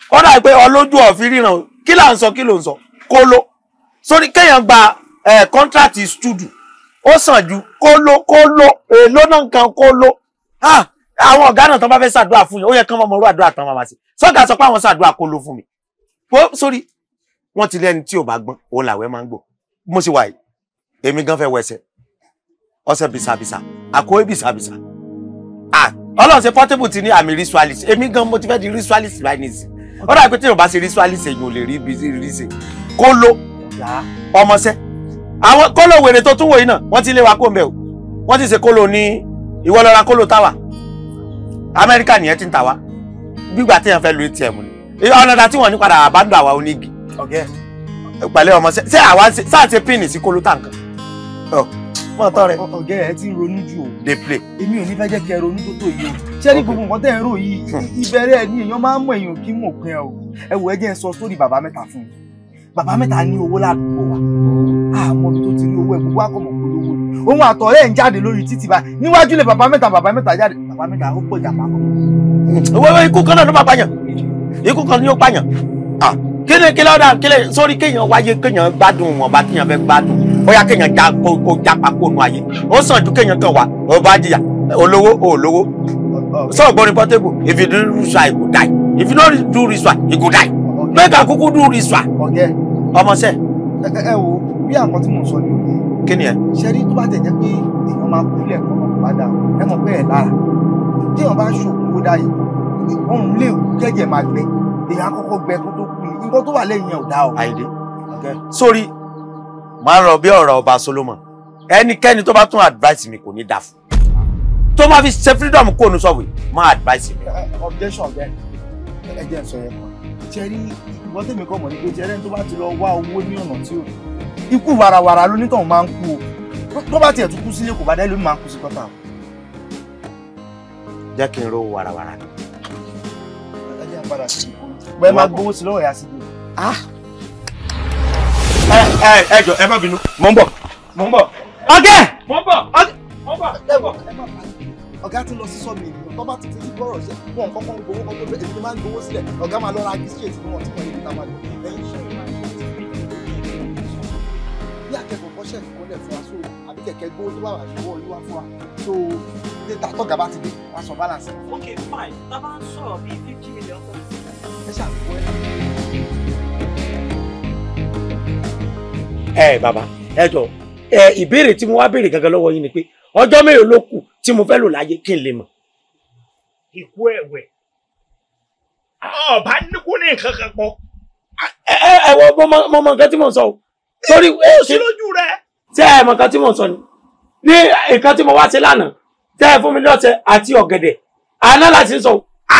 kódà pé ọlójú ọ̀fin ríran kí là ń sọ kí ló ń sọ kóló sórí kéèyàn gba kọ́ńtrátì stúdù ó sàn ju kóló kóló èló náà nǹkan kóló àwọn ọ̀gá náà tán bá fẹ́ ṣàdúrà fún yín ó yẹ kán mọ́mọ́rú àdúrà tán máa ṣe sọ́gà sọ pé àwọn ṣàdúrà kóló fún mi sórí wọ́n ti lẹ́ni tí ò bá gbọ́n òun làwẹ́ máa ń gbò mo sì wà yìí èmi gan fẹ́ wẹsẹ̀ ọsẹ bisabisa àkóyè bisabisa ọlọ́run ṣe portable ti ní àmì ritualist èmi gan mo ti fẹ́ di ritualist by nisin ó dàbí pé tí yorùbá ṣe rí swali ṣe yóò lè rí ibi rí ṣe kó ló ọmọṣẹ́ àwọn kóló wèrè tó tún wòye náà wọ́n ti lé wa kó ń bẹ̀ o wọ́n ti ṣe kóló ní ìwọ lọ́ra kóló táwà amẹ́ríkà nìyẹn ti ń tà wá gbígbà téèyàn fẹ́ lu atm ni ọ̀nà tí wọ́n ní padà àbádọ́ àwa onígi pẹ̀lẹ́ ọmọṣẹ́ ṣé àwa ṣáà ṣe píìnì sí kóló tàǹkan mọ tán rẹ. ọgẹ ẹ ti ń ronú jù o. dey play. èmi ò ní fẹ́ jẹ́ kí ẹ ronú tó tó yìí o. ṣé ní gbogbo nǹkan tẹ́ ẹ rò yìí hmm. ìbẹ̀rẹ̀ ẹ ní èèyàn máa ń mọ èèyàn kí mò ń pin ẹ o. ẹ wò ẹ jẹ́ ń sọ sórí bàbá mẹ́ta fún mi. bàbá mẹ́ta ní owó ládùúgbò wa. àmọ́ mi tó ti rí owó ẹ̀ gbogbo akọ̀mọ̀ kò ni. òun àtọ̀rẹ́ ẹ̀ ń jáde lórí títì bá níwájú lè bàbá mẹ́ta bàbá mẹ́ta jáde bàbá mẹ́ta ó pọ̀ jàmbá kan. owó ikú kan náà ló máa pààyàn ikú kan ni ó pààyàn. Ah kíni kílẹ̀ ọ̀dà kílẹ̀ sórí kéèyàn wáyé kéèyàn gbádùn wọn bá kéèyàn fẹ́ gbádùn bóyá kéèyàn já kó jápa kó nu ayé ó sàn ju kéèyàn kan wà ó bá jìyà olówó olówó sọ̀rọ̀ gbọ́n ní pọ́tébù if you do ritual you go die if you no do ritual you go die make I kúkú do ritual. ọ̀gẹ́ ọmọ sẹ́. ẹ ẹ wo bí àkọ́ tí mò ń sọ ni òye. kí ni ẹ. sẹ́rí tó bá tẹ̀ jẹ́ pé èèyàn máa kú ilé ẹ̀kọ́ náà padà ẹ mọ̀ pé ẹ̀ lára tí èèyàn bá èyí àkọ́kọ́ gbẹ kó tó kú yìí nǹkan tó wà lẹ́yìn yẹn ò o. àìdè sórí màá rọ bí ọ̀rọ̀ ọba Solomon ẹnikẹ́ni tó bá tún advice mi kò ní dà fún tó máa fi ṣe freedom kó nu sọ̀wé máa advice mi. Eh, objection bẹ́ẹ̀ ẹ jẹ́ sọ yẹn ṣe rí ìwọ́n tèmi kọ́ mọ̀ ní pé ṣe rẹ́ni tó bá ti lọ wá owó ní ọ̀nà tí ò ikú warawara lónítàn máa ń kú o tó bá tiẹ̀ tún kú sílé kò bá dẹ́ lómi máa ń kú sí kọ́tà o jẹ́ kí n ro warawara. ẹ jẹ́ padà sí i pẹ́ máa gbowó sí lọ́wọ́ ìyá síbi o. Ah. ẹ ẹ jọ ẹ má bínú. mo ń bọ̀. mo ń bọ̀. ọgẹ́. mo ń bọ̀. mo ń bọ̀. ẹ bọ̀ ẹ má bàa ọ̀gá tún lọ sí sọ́ọ̀mù ènìyàn tó bá ti fi bọ́rọ̀ ṣe wọn nǹkan kan gbowó kan tó bẹ èmi máa ń gbowó sílẹ̀ ọ̀gá máa lọ́ra gíṣẹ́ tí wọ́n ti mọ̀ nípa máa lò lẹ́yìn iṣẹ́ bí akẹ́kọ̀ọ́ kọ́ṣẹ́ ìkọlẹ̀ fún wa so àbí kẹ̀kẹ́ gbówó tó bá wà ṣọwọ́ olúwa fún wa so níta tọ́gà bá ti dé wọ́n sọ balance. ok fine tá a bá ń sọ̀rọ̀ bíi fifty million Hey, Baba. ẹ jọ ẹ ìbéèrè tí mo wá béèrè gangan lọ́wọ́ yín ni pé ọjọ́ mélòó ló kù tí mo fẹ́ lò láyé kí n lè mọ̀. ìkú ẹ̀wẹ̀ ọba níkú ní nǹkan kan pọ̀. ẹ ẹ wọ mo mọ nǹkan tí mò ń sọ o. torí ẹ ṣe lójú rẹ. tẹ ẹ mọ nǹkan tí mò ń sọ ni ní nǹkan tí mo wá ṣe lánàá tẹ ẹ fún mi lọ́sẹ̀ àti ọ̀gẹ̀dẹ̀ àná láti sọ a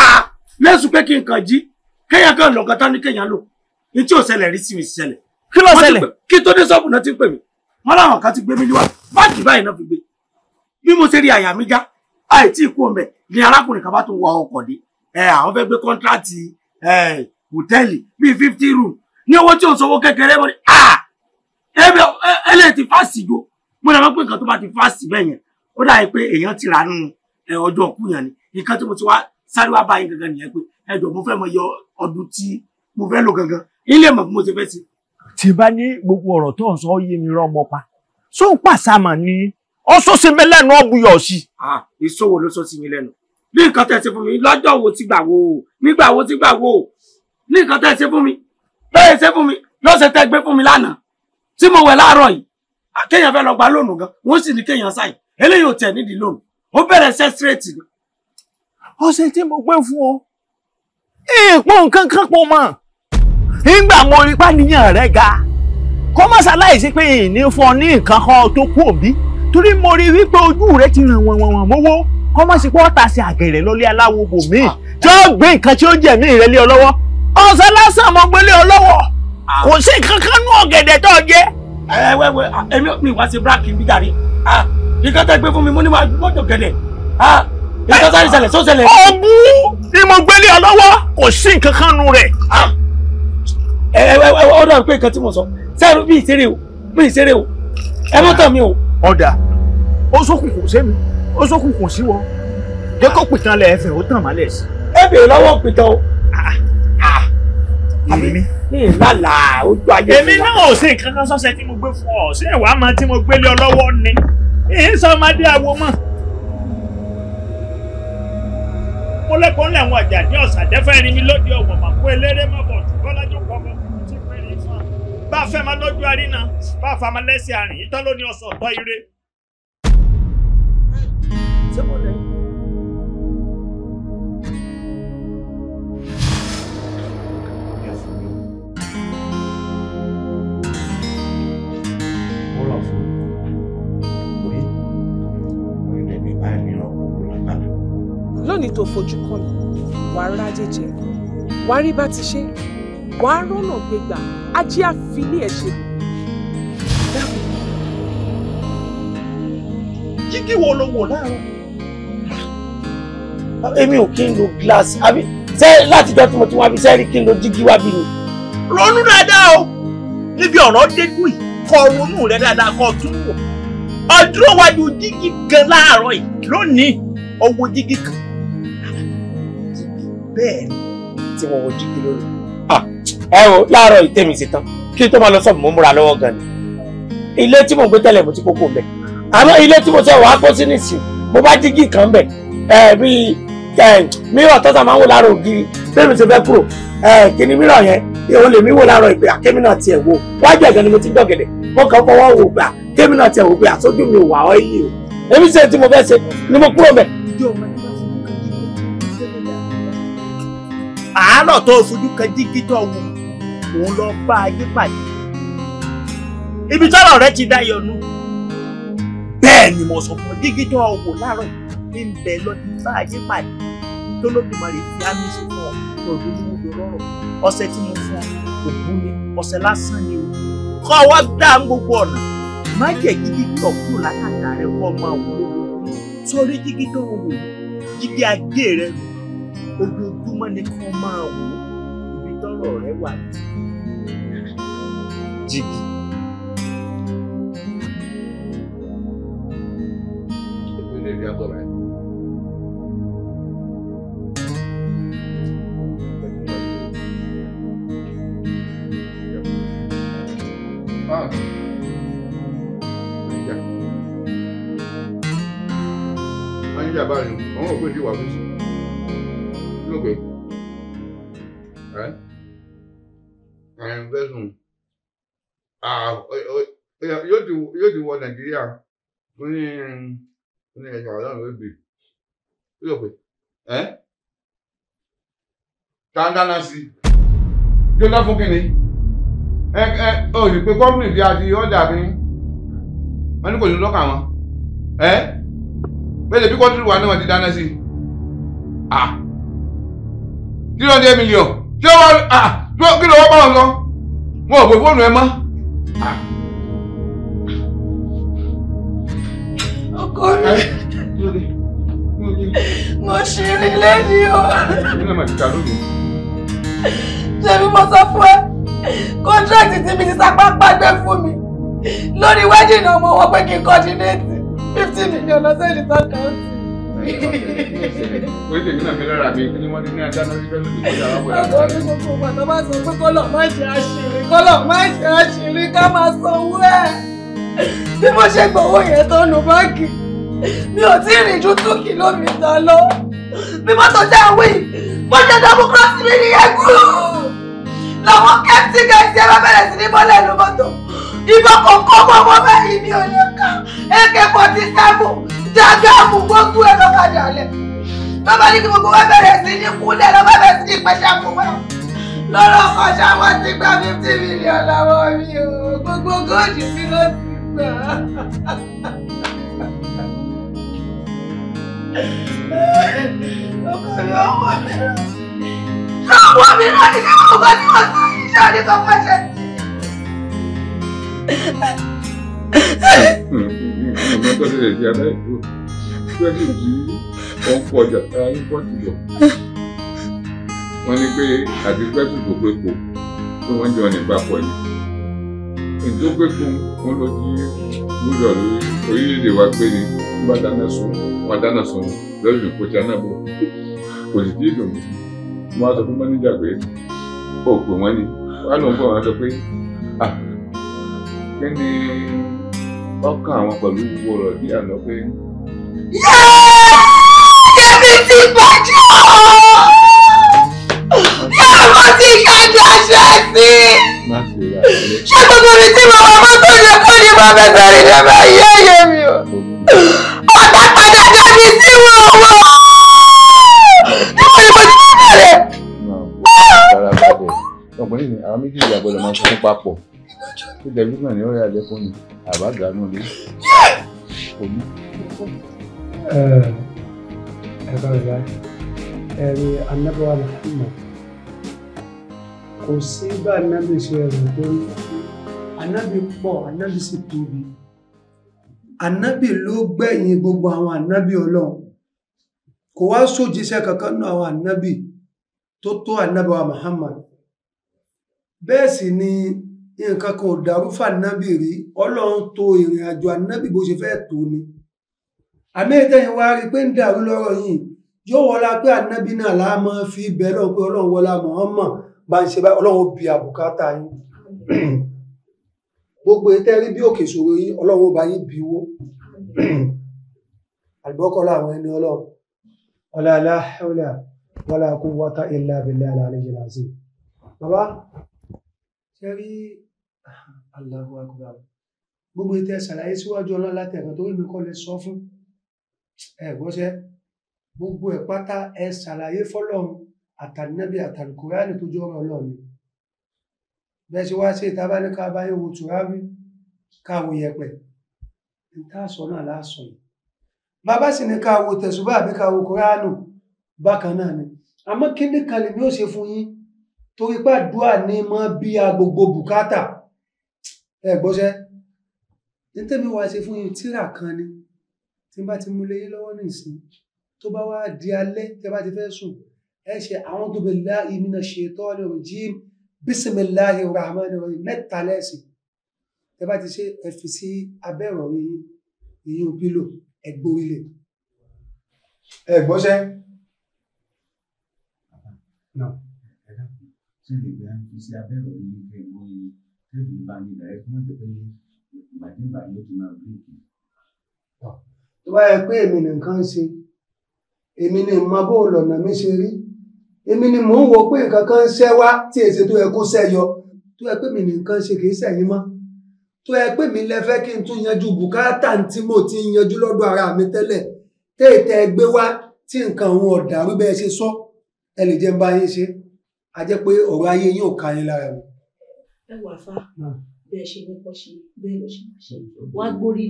lẹ́sùn pé kí n kàn jí kéèyàn kan lọ̀gán tán ní kéèyàn lò ní tí ò ṣẹlẹ̀ rí sí mi ṣẹlẹ̀. kí ló ṣẹlẹ̀. kí tó dé sọ́ọ̀bù náà ti ń pè mí wọn láwọn kan ti gbé mi níwá báàgì báyìí náà fi gbé bí mo ṣe rí àyà mi já àìtí ikú ọmọ ẹ ni arákùnrin kan bá tún wọ ọkọ̀ dé ẹ àwọn fẹ́ gbé kọ́ńtrátì hòtẹ́ẹ̀lì bíi fifty room ní owó tí ò sọ owó kékeré mọ́ ni ẹlẹ́ ti fásì jò mo náà mọ̀ pé nǹkan tó bá ti fásì bẹ́ẹ̀ yẹn ó dà pé èèyàn ti rà nù ọjọ́ ọkùnrin yẹn ni nǹkan tí mo ti wá sáré wá báyìí gangan nìyẹn pé ẹjọ mo fẹ́ mọ yọ ọdún tí mo fẹ́ lò gangan ilé mọ bí mo ṣe fẹ́ sí. tí bá ní gbogbo ọ̀rọ̀ tó ń sọ yé mi rọmọ pa só ń pàṣàmà ni ọsọ ṣe mi lẹ́nu ọbùyọ sí. ìṣòwò ló sọ sí mi lẹ́nu ní nǹkan tẹ́ ṣe fún mi lọ́jọ́ wo ti gbà wo nígbà wo ti gbà wo ní nǹkan tẹ́ ṣe fún mi lọ́yẹ̀ ṣe fún mi lọ́sẹ̀ tẹ́ gbé fún mi lánàá tí mo wẹ̀ láàárọ̀ yìí kéèyàn fẹ́ lọ gba lónìí gan wọ́n sì ní kéèyàn sáyìn eléyìí ò tẹ̀ nídìí lónìí ó bẹ̀rẹ̀ ṣẹ́ straight ni. ọ̀sẹ̀ tí mo gbé fún ọ èèpọ̀ nǹkan kan pọ̀ mọ́ nígbà mo rí pàníyàn rẹ̀ ga kó má ṣàláìsí pé ìní fún ọ ní nǹkan kan tó kú òbí torí mo rí wípé ojú rẹ ti ràn wọ̀n wọ̀n mọ́wọ́ kó má sì pọ́ tà sí àgẹ̀rẹ̀ lọ́lé aláwo bò mí ah. tí ó gbé nǹkan tí ó jẹ̀mí rẹ lé ọ lọ́wọ́ lásán mo gbélé ọ ah. kò sí kankan nú ọ̀gẹ̀dẹ̀ tó jẹ́. ẹ wẹ wẹ èmi ò ní ìwá sí bíráàkì bí gàrí ah, nǹkan tẹ gbé fún mi mo ní wàá gbọ́dọ̀ gẹ̀dẹ̀ ìtọ́ sáré ṣẹlẹ̀ só ṣẹlẹ̀. ọ̀bù ìmọ̀gbẹ́lì ọlọ́wọ́ kò sí nǹkan kan nu rẹ̀. Ah! ẹ ẹ ọ dà pé nǹkan tí mo sọ sẹ́rù bí ìṣeré o bí ìṣeré o ẹ mọ́ tàn mí o. ọ̀dà ó sókùnkùn sí mi ó sókùnkùn sí wọ jẹ́ kó pìtàn lẹ̀ ẹ̀fẹ̀ ó tàn má lẹ̀ sí. ẹ bèrè lọ́wọ́ pìtàn o. Ah, ah, àbí mi lálà ojú ayé. èmi náà ò sí nǹkan kan sọ́sẹ̀ tí mo gbé fún ọ ṣé ìwà máa tí mo gbélé ọ lọ́wọ́ ni èyí sọ ọmọdé àwo mọ́. lẹ́kọ̀ọ́ ńlẹ̀ wọn àjà ní ọ̀sà dẹ́fẹ́ rí mi lóde ọ̀wọ̀ mà kó eléré má bọ̀ tó kọ́lá kọ́ ọmọ tí pé rí fún un. bá a fẹ́ máa lọ́jọ́ àríná bá a fa máa lẹ́sẹ̀ àrìn ìtọ́ lóní ọ̀sán ọ̀tọ́ ire. ṣé mo lè tó fojú kàn mí wàá ráyè jẹ wàá rí bá ti ṣe wàá rọ́nà gbégbà ajé àfilé ẹ̀ ṣe. jígí wo ló wò láàárọ̀ èmi ò kí n lo glass àbí ṣe látijọ́ tí mo ti wá bí sẹ́rí kí n lo jígí wá bí ni. ronú dáadáa o níbi ọ̀rọ̀ dégùn yìí kọ ronú rẹ dáadáa kọ tún wò ọdún wájú jígí gan láàárọ̀ yìí lónìí owó jígí kan bẹ́ẹ̀ tí wọn ò jí kí lóru. ẹ o láàárọ̀ ìtẹ̀mí ṣe tán kí tó máa lọ sọ́ọ̀bù mo múra lọ́wọ́ gan ni ilé tí mo gbé tẹ́lẹ̀ mo ti kókó bẹ̀ àmọ́ ilé tí mo ṣe wàá kó sí nìsín mo bá dígí kan bẹ̀ ẹ bíi mírọ̀ tọ́ta máa ń wò láàárọ̀ ògiri bẹ́ẹ̀ mi ṣe fẹ́ kúrò kíní mírọ̀ yẹn èwo lèmi wò láàárọ̀ ìpè àkémi náà tiẹ̀ wò wájú ẹ̀gàn ni mo ti dọ̀gẹ̀dẹ̀ mo kàn fọwọ́ wò gbà kémi náà tiẹ̀ wò gbà sójú mi wà ọ́ yìí o èmi ṣe tí mo fẹ́ ṣe ni mo kúrò bẹ̀. àárọ̀ tó fojú kan jígí tó wù òun lọ bá ayé pàdé ibi tọ́rọ̀ rẹ ti dáyọ̀ nù bẹ́ẹ̀ ni mo sọ fún ọ jígí tó wù láàárọ̀ yìí ń bẹ lọ bá ayé pàdé tó lódùmarè fi ámì sí fún ọ lọ́dún ní wúlò rọrọ̀ ọṣẹ tí mo fún ọ ògùn ni ọṣẹ lásán ni o kọ́ ọ wá dá gbogbo ọ̀nà má jẹ́ jígí tó kù látàkà rẹ kọ́ ọ máa wúlò sórí jígí tó wù jígí ajé rẹ lò ojoojúmọ́ ni kí máa wò ibi tọ́rọ̀ rẹ wà jìgì. Olha, trabalho. Vamos ver o aviso. fẹ̀sùn yóò ti wọ nàìjíríà tó ní tó ní ẹ̀ṣọ́ ọlọ́run ló bì í yóò pè ẹ́ tàǹdáná sí i yóò lọ fún kínní ẹ ẹ o rí pé kọ́mpìnì bí a ti ọ̀dà mi wọ́n ní kò ní lọ́kàn wọn ẹ́ bẹ́ẹ̀ bí kọ́ńtìrì wa náà wọ́n ti dáná sí i ah three hundred million ṣé wọ́n ah kí ló wọ́n bá wọn lọ wọn ò gbé fóònù ẹ mọ́. ọkọ rẹ mo ṣì rí lẹ́yìn o. ṣebí mo sọ fún ẹ kọ́ńtrákì tí mi ti sapá pàgbẹ́ fún mi lórí wẹ́dìnì ọmọ wọn pé kí n kọ́ ṣe déètì fifty million lọ́sẹ̀ ní sọ́kàntì orí tèmi náà fi lọ́ra mi ní wọ́n ní ní ajá náà wípé lóde kọjá wọn bọ̀dá. ọkọ mi gbogbo ìgbà tó bá sọ pé kọ́lọ̀ má ṣe àṣírí kọ́lọ̀ má ṣe àṣírí ká máa sanwó ẹ̀. bí mo ṣe gbowó yẹn tó nu báńkì mi ò tí ì rìn ju two kìlómítà lọ bí mọ́tò jẹ́ àwìn mo ṣe democracy mi ní ẹ̀kú làwọn kẹ́ńtì kẹ́ńtì ẹ bá bẹ̀rẹ̀ sí ní bọ́lẹ̀ lọ́mọ́tò ìbọn kò kọ́ ọmọ ọmọ báyìí mi ò ní ká ak forty seven dágáàmù gbogbo ẹ ló kàdé alẹ bàbá ní kí gbogbo wa bẹ̀rẹ̀ sí ní kúlẹ̀ lọ bá bẹ̀rẹ̀ sí ní pẹ̀ṣẹ̀ àkùnwá lọ́rọ̀ kọjá wọn ti gba fifty million lọ́wọ́ mi o gbogbo góòdì mi ló ti gbà. ọkùnrin ọwọ́ mi ọwọ́ mi náà ní kí wọ́n gbọ́ ní wọ́n sọ iṣẹ́ ọdún kan pẹ̀ṣẹ̀ sí ọmọ tó lè di aláìdúró tó sì di ọkọ ọjà tá a ń pọ̀ jùlọ. wọ́n ní pé àti pẹ́sù tó gbé po pé wọ́n jọ ní papọ̀ ni. ètò gbé po wọn lọ di gbúdọ̀ lórí orílẹ̀-èdè wa pé ni bá dáná sun wọn dáná sun lọ́jọ́ ìkọjá náà bọ̀ kò sì tí ì dùn mí. mo á sọ fún mọ́níjà pé ó pè wọ́n ni wọ́n á lọ bọ̀ wọ́n á sọ pé ah kí ọkàn àwọn pẹ̀lú wúwo rẹ̀ bí àná pé. Yẹ́ẹ̀mí ti bàjẹ́ ooo! Yẹ́ẹ̀mí ti kájú aṣọ ẹ̀sìn! Ṣé gbogbo mi tí mo wà mọ́tò yẹ kó ní mo fẹ́ sọ̀rọ̀ ìjọba yẹ́ yẹ mi o? Ọ̀tá padà dá mi sí wo owó! Níbo ni mo ti bẹ̀rẹ̀? Ọkùnrin ni àwọn méjì ìyàgbọ́ lè máa ń sọ fún papọ̀ tó dẹ̀jú náà ni ó yà lẹ́kùn ni àbá dànù lé omi. ẹ bá rẹ ẹni anábọ́wá Muhammad kò sí bá anábì ṣe ẹ̀rù tó ń anábì pọ̀ anábì sì tóbi anábì ló gbẹ̀yìn gbogbo àwọn anábì ọlọ́run kò wá sójíṣẹ́ kankan nínú àwọn anábì tó tó wa Muhammad bẹ́ẹ̀ sì ni nǹkan kan ò dàrú fànábì rí ọlọ́run tó ìrìn àjò ànábì bó ṣe fẹ́ tó ni àmẹ́tẹ̀yìn wá rí pé ń dàrú lọ́rọ̀ yìí yóò wọlá pé ànábì náà láà mọ́ fi bẹ̀ lọ pé ọlọ́run wọlá mọ̀ọ́mọ̀ bá ń ṣe bá ọlọ́run bí àbùkátà yín gbogbo etẹ́rí bí òkè ṣòro yín ọlọ́run bá yín bí wó àlùbọ́kọ́lá àwọn ẹni ọlọ́run ọlá ṣe rí Allahu Akbar gbogbo ìtẹ ṣàlàyé síwájú ọlọ́lá tẹ̀kan torí mi kọ́ lè sọ fún ẹ̀gbọ́sẹ́ gbogbo ẹ̀ pátá ẹ ṣàlàyé fọlọ́run àtànẹ́bí àtàlùkùránì tó jọ́rọ̀ ọlọ́run bẹ́ẹ̀ ṣe wá sí ìta bá ní ká bá yóò wo tùráwí káwo yẹpẹ̀ níta sọ náà lásọ yìí bàbá sì ní káwo tẹ̀sùbá àbí káwo kùránù bákan náà ni àmọ́ kíndìkan lèmi ó ṣe fún yín torí pàdúà ní mọ́ bí a gbogbo bùkátà ẹgbọ́sẹ́ ní tẹ́mi wá ṣe fún yín tíra kan ni tí bá ti mú léyìn lọ́wọ́ nìsín tó bá wá di alẹ́ tẹ́ bá ti fẹ́ sùn ẹ ṣe a'udhu billahi minash shaitanir rajim bismillahir rahmanir rahim mẹ́ta lẹ́sìn tẹ́ bá ti ṣe ẹ sí abẹ́ ìrọ̀rí yín pílò ẹgbórílẹ̀ ẹgbọ́sẹ́ ṣe lè gbé fi sí abẹ́rẹ́ òye kẹ́ ẹ̀ wọ́n yìí tẹ́lẹ̀ ń bá ní ìdàrẹ́ fún ọ̀tẹ̀ pé ìgbàdégbà ló ti máa bíríkì. tó bá yẹ pé èmi nìkan ṣe èmi mi ṣe rí èmi ni mò ń wo pé nǹkan kan ṣẹ́ wá tí èsì tó mi nìkan ṣe kì í ṣẹ̀yìn mọ́ tó yẹ mi lẹ fẹ́ kí n tún yanjú bùkátà tí mo ti yanjú lọ́dọ̀ ara mi tẹ́lẹ̀ téètè gbé wá tí nǹkan òun ṣe sọ ẹ lè jẹ́ ń ṣe a jẹ́ pé ọ̀rọ̀ ayé yín ò ká yín lára mi. ẹ wà fá bẹ́ẹ̀ ṣe ní kọ́ ṣe bẹ́ẹ̀ ló ṣe máa ṣe wọ́n á gbórí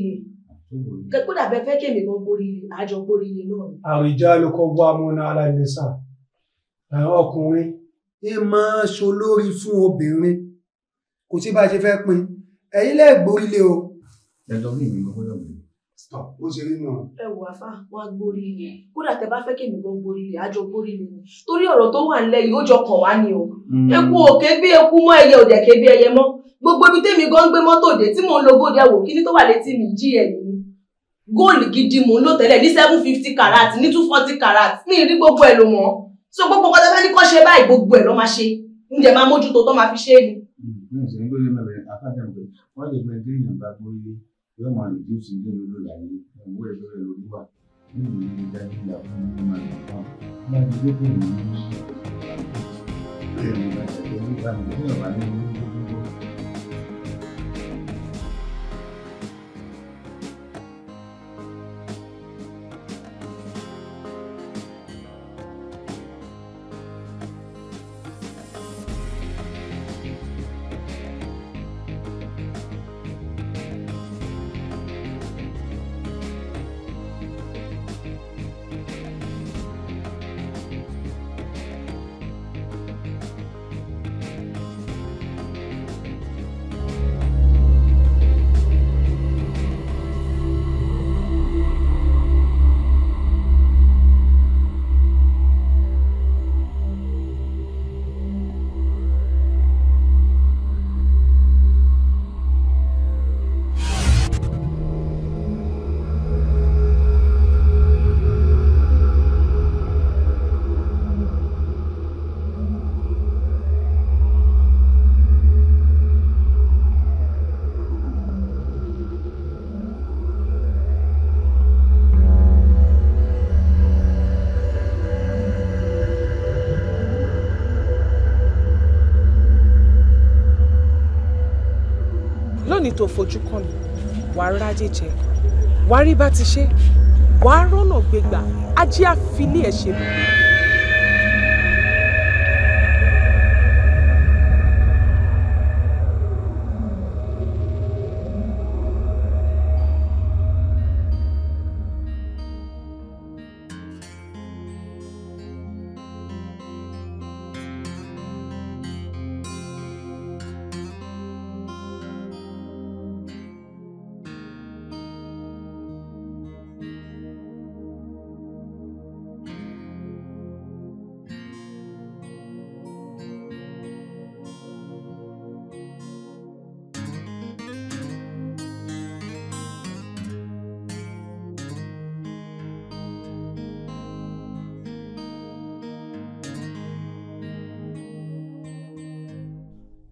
lé kó dàbẹ́ fẹ́ kí èmi kan gbórí lé àjọ gbórí lé náà. àrìjá ló kọ́ wá mọ́nà aláìníṣà ọkùnrin ẹ máa ṣolórí fún obìnrin kò sí bá a ṣe fẹ́ pin ẹ̀yin lẹ́ẹ̀gbórí lé o. ẹ̀dọ́ mi gbọ́dọ̀ mi tọ ó ṣe rí nù. ẹ wò àfa wọn gbórí ilé kódà tẹ bá fẹ́ kí èmi gan gbórí ilé àjọ gbórí ilé ni torí ọ̀rọ̀ tó wà nílẹ̀ yìí ó jọ kàn wá ni o hmm. eku òkè bí eku mọ́ ẹyẹ òdẹ ké bí ẹyẹ mọ́ gbogbo ibi tèmi gan gbé mọ́tò dé tí mò ń lo góòdì ẹwò kíní tó wà létí mi jí ẹ nìyí góòlù gidi mò ń lò tẹ́lẹ̀ ní seven fifty carat ní two forty carat ní ìrí gbogbo ẹ̀ ló mọ́ so gbogbo nǹkan tó fẹ́ ní kọ́ ṣe báyìí gbogbo ẹ̀ ló máa ṣe oúnjẹ yóò máa reduce ilé ìlú láyé ẹ̀wọ́ ẹ̀rọ rẹ̀ lórí wà nínú ìrírí dájú ìlà fún mi máa lè kàn láti gbé fún ìlú ní ìlú ìlú ìlú ìlú ìlú ìlú ìlú ìlú ìlú ìlú tó fojú kàn mí wàá ráyè jẹ wàá rí bá ti ṣe wàá rọ́nà gbégbà ajé àfilé ẹ̀ ṣe lóore.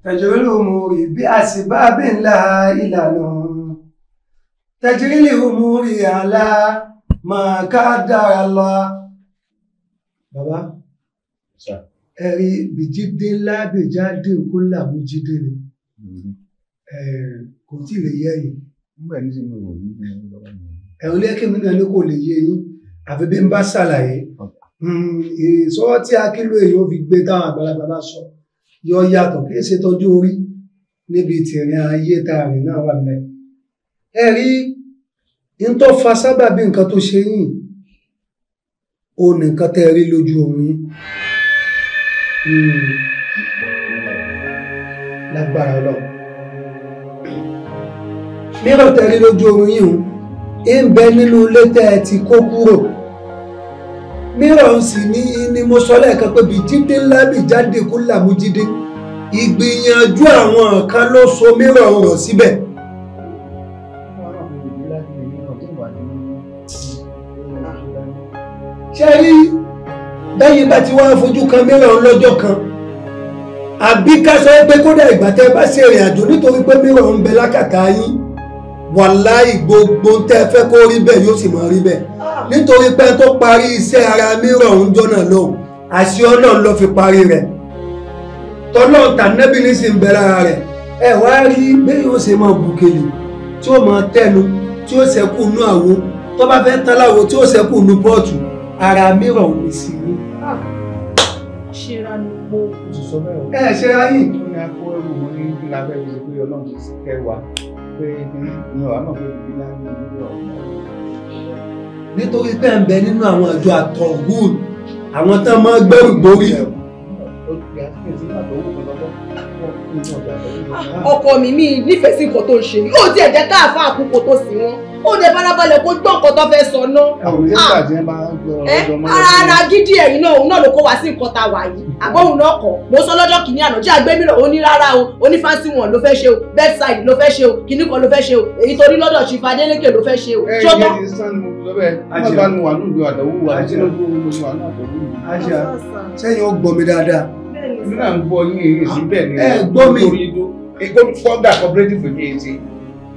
تجري الأمور بأسباب لها علل تجري الأمور على ما قدر الله bàbá ẹ̀rí bìjídé ńlá bèjáde kó làwú jídé ni mm-hmm. kò tí lè yẹ yìí ẹ̀rù lẹ́kẹ́ mi náà ní kò lè yé yín àfi bí n bá ṣàlàyé hmm, ìṣọwọ́ tí akílò èyí ó fi gbé táwọn àgbàlagbà bá sọ. So yọ yàtọ̀ kìí ṣe tọ́jú orí níbi tìrìn ayé tá a rìn náà wà mẹ́ ẹ rí n tó fa sábàbí nǹkan tó ṣe yìí o nìkan tẹ́ rí lójú omi hmm. lágbára lọ míràn tẹ́ rí lójú omi yìí ń bẹ nínú ilé tẹ́ ẹ ti kó kúrò mìíràn sì ni ni mo sọ lẹ́ẹ̀kan pé bìjídé ńlá bìjáde kó làmújídé ìgbìyànjú àwọn kan ló so mìíràn rọ̀ síbẹ̀. ṣé rí bẹ́yìn bá ti wá fojú kan mìíràn lọ́jọ́ kan àbí ká sọ pé kódà ìgbà tẹ́ bá ṣèrìn àjò nítorí pé mìíràn ń bẹ lákàtà yín wàláì gbogbo tẹ́ fẹ́ kó rí bẹ́ẹ̀ yóò sì máa rí bẹ́ẹ̀ nítorí pé tó parí iṣẹ́ ara mìíràn ń jọ́nà lóhùn àṣẹ ọlọ́run ló fi parí rẹ̀ tọ́lọ́run tànẹ́bí ní sì ń bẹ lára rẹ̀ ẹ wá rí bẹ́ẹ̀ yóò ṣe máa bùkèlè tí ó máa tẹnu tí ó ṣẹ́kù nú àwo tó bá fẹ́ tán láwo tí ó ṣẹ́kù nú pọ́ọ̀tù ara mìíràn ò ní sí i. ṣe ra ni mo ẹ ṣe ra yìí. ó ní akọ ẹrù wọn ní lábẹ́ ìwé ọlọ́run pé mi ò wá mọ̀ pé bíbí náà ní ìlú ọ̀gá. nítorí pé ń bẹ nínú àwọn àjọ àtọ̀gùn àwọn tán máa ń gbẹ́rù gbórí. Ah, ọkọ mi mi nífẹ̀ẹ́ sí nǹkan tó ń ṣe yóò tiẹ̀ jẹ́ káàfáà kú kó tó sí wọn ó dẹ̀ farabalẹ̀ kó gbọ́ nǹkan tó fẹ́ sọ náà. ẹ ò ah. ní ìgbà tí ẹ máa ń gbọ́ ọjọ́ mọ́. ara ara gidi ẹ̀yìn náà òun náà ló kó wa sí nǹkan tá a wà yìí àbóhùn náà kọ̀ mo sọ lọ́jọ́ kìíní àná tí àgbẹ̀ mi rò ó ní rárá o onífáǹsì wọn ló fẹ́ ṣe o bedside ló fẹ́ ṣe o kìíní kan ló fẹ́ ṣe o èyí torí lọ́dọ̀ ṣì fa délékè ló fẹ́ ṣe o. ẹ ẹ yẹn ti sàn mo sọ bẹ́ẹ̀ wọn bá nu wà lóògbé àdánwò wà tinubu mo wà lóògbé àṣà sẹ́yìn ó gbọ́ mi dáadáa. mi náà ń gbọ́ yín èyí síbẹ̀ ni ẹ gbọ́ mi. ìgbó kọ́ńdà cooperative ní etí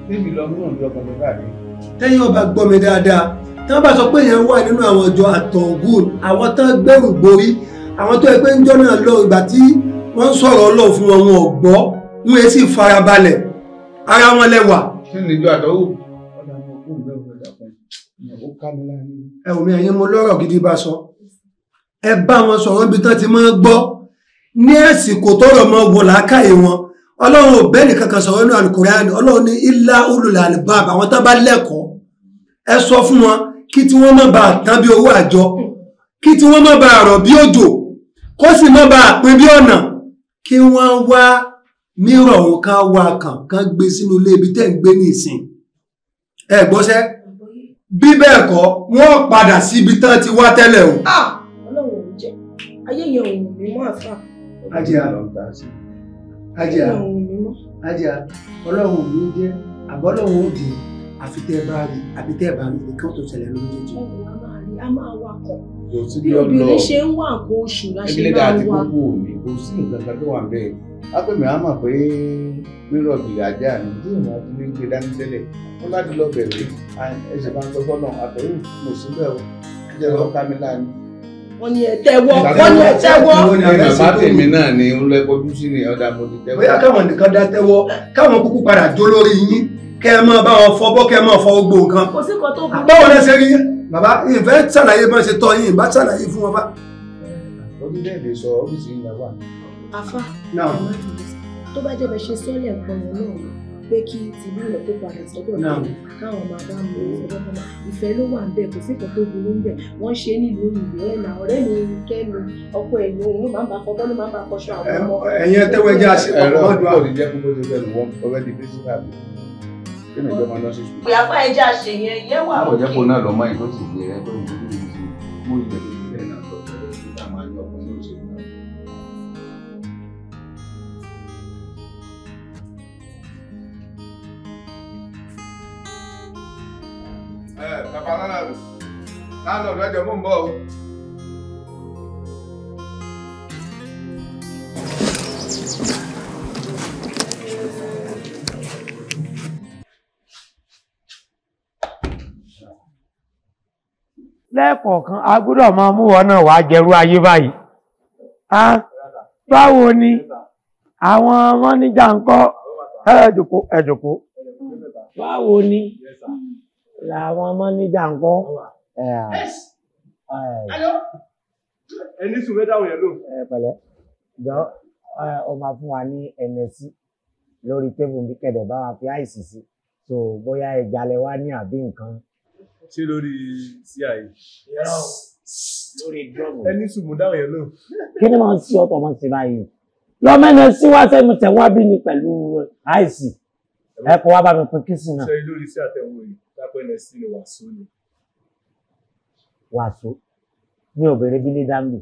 níbi lọ́mú náà lọ́kàn lọ́kàn rẹ̀ tẹ́yìn ọba gbọ́ mi dáadáa tán bá sọ pé èèyàn wà nínú àwọn ọjọ́ àtọ̀gùn àwọn tán gbẹ̀rù gborí àwọn tó yẹ pé ń jọ́ náà lọ ìgbà tí wọ́n ń sọ̀rọ̀ ọlọ́ fún wọn wọn ọ̀gbọ́ wọn èsì farabalẹ̀ ara wọn lẹ́wà. kí ni ìjọ àtọ́wò. ẹ ò mi ẹ̀yin mo lọ́rọ̀ gidi bá sọ ẹ bá wọn sọ̀rọ̀ ibi tán ti máa gbọ́ ní àsìkò tọ́rọ̀ mọ́ wọ̀ lákàyè wọn ọlọ́run ò bẹ́ẹ̀ nìkan kan sọ̀rọ̀ nínú alukurani ọlọ́run ní ilá ulul albab àwọn tó bá lẹ́kọ̀ọ́ ẹ sọ fún wọn kí tí wọ́n má bàa tán bí owó àjọ kí tí wọ́n má bàa rọ̀ bí òjò kó sì má bàa pín bí ọ̀nà kí wọ́n wá mírọ̀ òun kan wá kàn kan gbé sínú ilé ibi tẹ́ ń gbé ní ìsìn ẹ gbọ́sẹ́ bí bẹ́ẹ̀ kọ́ wọ́n padà síbi tán ti wá tẹ́lẹ̀ o. Ah! ọlọ́run ò jẹ́ ayé yẹn ò ní mọ́ àfà. ajé àlọ́ ń sí i ajá ajá ọlọ́run ò ní jẹ́ àbọ́lọ́run ò dì àfi tẹ́ bá rí àbí tẹ́ bá rí nìkan tó ṣẹlẹ̀ ló méjèèjì. a máa wakọ̀ bí obìnrin ṣe ń wà nǹkan oṣù la ṣe máa ń wa. kò sí nǹkan kan tó wà ń bẹ́ẹ̀ ápèmí á mọ̀ pé rírọ̀ bìrì ajá ni tí ìwọ̀n ti ní gbé dání tẹ́lẹ̀ ó láti lọ bẹ̀rẹ̀ ẹsẹ̀ máa ń gbọ́ fọ́nà àtẹ̀yìn mò sí bẹ́ẹ̀ o jẹ́ lọ́ọ́ kámi láàánú wọ́n ní ẹ tẹ́wọ́ wọ́n ní ẹ tẹ́wọ́. bàbá tèmi náà ni ń lọ ẹgbẹ́ ojúṣe ni ọ̀dà mo ti tẹ́wọ́. bóyá káwọn nìkan dá tẹ́wọ́ káwọn kúkú padà jó lórí yín kẹ́ ẹ máa bá wọn kẹ́ ẹ máa fọ gbogbo nǹkan. kò sí kan tó burú. báwo lẹ ṣe rí bàbá ìfẹ́ ṣàlàyé bá ṣe tọ́ yín ìbá ṣàlàyé fún wọn bá. orílẹ̀-èdè sọ ọ́fíìsì ìyàwó àná. àfa tó bá jẹ́ bẹ́ẹ̀ ṣe sọ́ọ̀lẹ̀ pé kí tìlú rẹ̀ kó padà sọ́dọ̀ náà káwọn máa bá mú ọ̀dọ́ náà ìfẹ́ ló wà níbẹ̀ kò sí nǹkan burú níbẹ̀ wọ́n ṣe nílùú òyìnbó ẹ̀ náà mi kẹ́nu ọkọ ẹ̀ ló ló máa ń bá fọkọ́ ló máa ń bá fọṣọ àwọn ọmọ. ẹ̀yin ẹ tẹ́wọ́ ẹja ṣe ọkọ̀ mọ́dún àwọn òdìjẹ́ fún bó ṣe fẹ́ lùwọ́n ọ̀rẹ́ di physical kí ni ìjọba lọ sí. ìyàpá ẹja ṣe yẹn yẹn wà. ẹ bàbá lálàlù lálàlù ẹjọ mò ń bọ̀ o. lẹ́ẹ̀kọ̀ọ̀kan a gbọ́dọ̀ máa mú wọn náà wá jẹrú ayé báyìí. báwo ni àwọn mọ́níjà ń kọ́ ẹ̀jòkó ẹ̀jòkó báwo ni làwọn mọ́níjà ń kọ́. ẹni sùn fẹ́ dáhùn yẹn lò. ẹ pẹ̀lẹ́ jọ ọ máa fún wa ní ẹnẹsí lórí tébù bí kẹdẹ bá wa fi àìsí sí so bóyá ẹja lẹ wá ní àbí nǹkan. ṣé lórí sí àyè. lórí drum. ẹni sùn mú dáhùn yẹn lò. kí ni màá sí ọ̀tọ̀ màá sí báyìí lọ́mẹ́nà sí wá sẹ́nu tẹ̀wá bí ni pẹ̀lú àìsí ẹ kò wá bá mi pín kí sí náà. ṣe lórí sí àtẹ̀wò yìí lápẹ̀lẹ̀ sí ni wàásù ni. wàásù ní obìnrin bílé dáńbì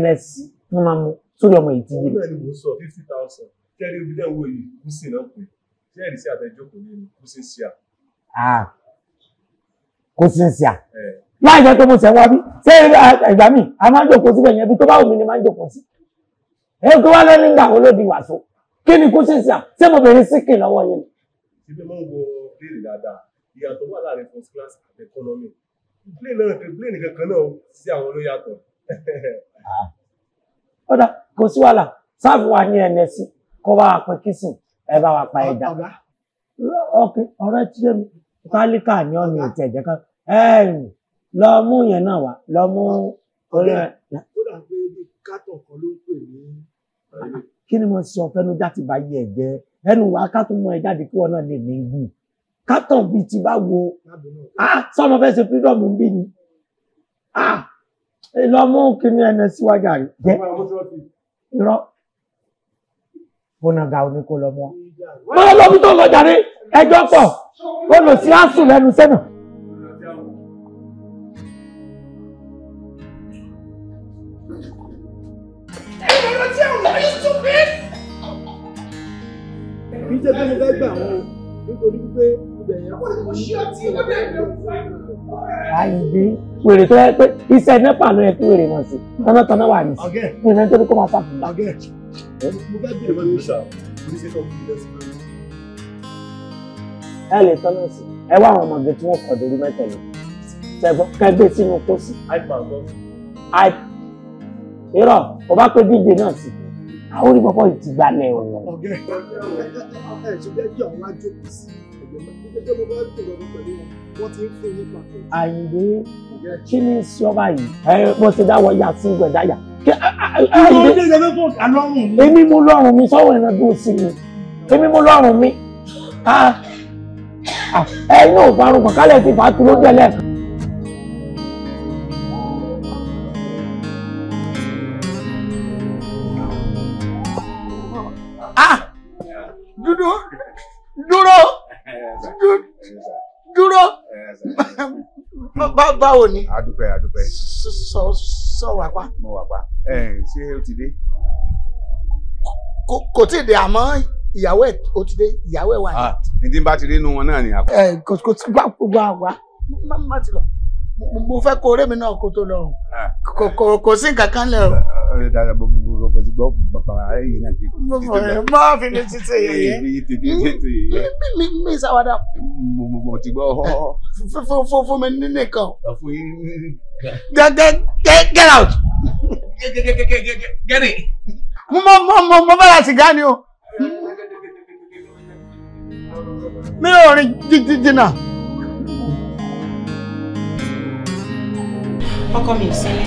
ns ló máa mú sórí ọmọ yìí ti yé. ọ̀rẹ́ mo sọ fifty thousand kẹ́rì omi náà wò yìí kú sí náà pé ṣé ẹ̀rí sí àtẹ̀jókòó ni kú sí ṣíà. kú sí ṣíà láì jẹ́ pé mo ṣẹ̀ wá bí ṣé ìgbà míì a máa ń jòkó síbẹ̀ yẹn bí tó bá wù ni máa ń jòkó sí. ẹ kí wá lẹ́ni ń gbà wọ́n lóde wàásù kí ni kú sí ṣíà ṣé mo bẹ̀rẹ̀ síkì lọ́wọ́ yẹn. ṣé mo ń wo dáadáa ìyàtọ̀ wà láàrin first class and economy plane náà plane kankan náà sí àwọn ló yàtọ̀. *laughs* ọ̀dà kò sí wàhálà sáàfù wa ní ẹ̀nẹ́sì kó bá wa pín kìsì ẹ bá wa pa ẹja ọ̀rẹ́ tí yẹn kálíkà ní ọ̀nà ìtẹ̀jẹ̀ kan lọ mú yẹn náà wá lọ mú orí ẹ̀. ó pé bí kátó kan ló ń pè ní kí ni mo sọ fẹnu jáde bá yẹ ẹ jẹ ẹnu wa ká tó mọ ẹ jáde kí wọn náà lè ní gùn kátàn bíi ti bá wo sọmọ fẹ́ ṣe freedom ń bí ni lọ mú kíní ẹni síwájú àrí jẹ́ irọ́ bónàgà òní kò lọ mọ́ mọ́ lọ́bí tó lọ jàre ẹjọ́ pọ̀ ó lọ sí àsùn lẹ́nu sẹ́nà. Ìjẹ́ bí àyèdè wèrè tó yẹ pé iṣẹ́ nẹ́pà ló yẹ kí wèrè mọ̀ sí tọ́nàtọ́nà wà ní sí ìrìn tó ní kó máa sábà bá. mo fẹ́ bèrè wọn ní sà ní ṣe kọ́ fún ilé sí lórí. ẹ lè tọ́nà sí ẹ wá àwọn ọmọge tí wọ́n kọ̀ dórí mẹ́tẹ̀lẹ̀ ṣẹ̀gbọ́n kẹgbẹ́ sínú kó sí. irọ́ o bá pé díje náà sí àwọn orí pọpọ ìtìgbalẹ̀ ọ̀rọ̀. ọ̀gẹ́ ọ̀gẹ́ ọ̀gẹ́ ṣùgbọ́n ẹjọ́ wa jókòó sí i ẹjọ́ mo bá tòrọ mi pẹ̀lú wọn ti ń fún yín pàtó. àyìnbó kí ni sọ báyìí ẹ mo ti dáwọ ya sí ìgbẹ̀dáyà. èmi mú lọ́rùn mi sọ́wọ́ ìran dùn sí mi èmi mú lọ́rùn mi ah. ah, ẹ̀yin ò farun kọ̀ọ̀kálẹ̀ ti fàá tu lójú ẹlẹ́ẹ̀kan. báwo ni. adúpẹ́ adúpẹ́. sọ sọ wà pa. mo wà pa ẹ ṣé o ti dé. kò tí ì dé àmọ́ ìyàwó ẹ̀ o ti dé ìyàwó ẹ̀ wà ah, ní. ǹdí bá ti dé inú wọn náà ni. ẹ kò tí gbà gbà wá má ti lọ mo fẹ́ kó oré mi náà kó tó lọ o ah. kò sí nǹkan kan lẹ o. ọ̀rẹ́ dada bọ́ bọ́ bọ́ ti gbọ́ bàbá rẹ̀ yìí náà kí. mo fọ ẹ má fi mi títí yẹyẹ mi mi sáwádà. mo mo mo ti gbọ́. fún fún fún mi ní nìkan. fún yín ní. get get get get out. get get get get get it. mo mo mo mo bá láti gá ni o. mi ò rìn jìnnà. ọkọ mi ò sílé.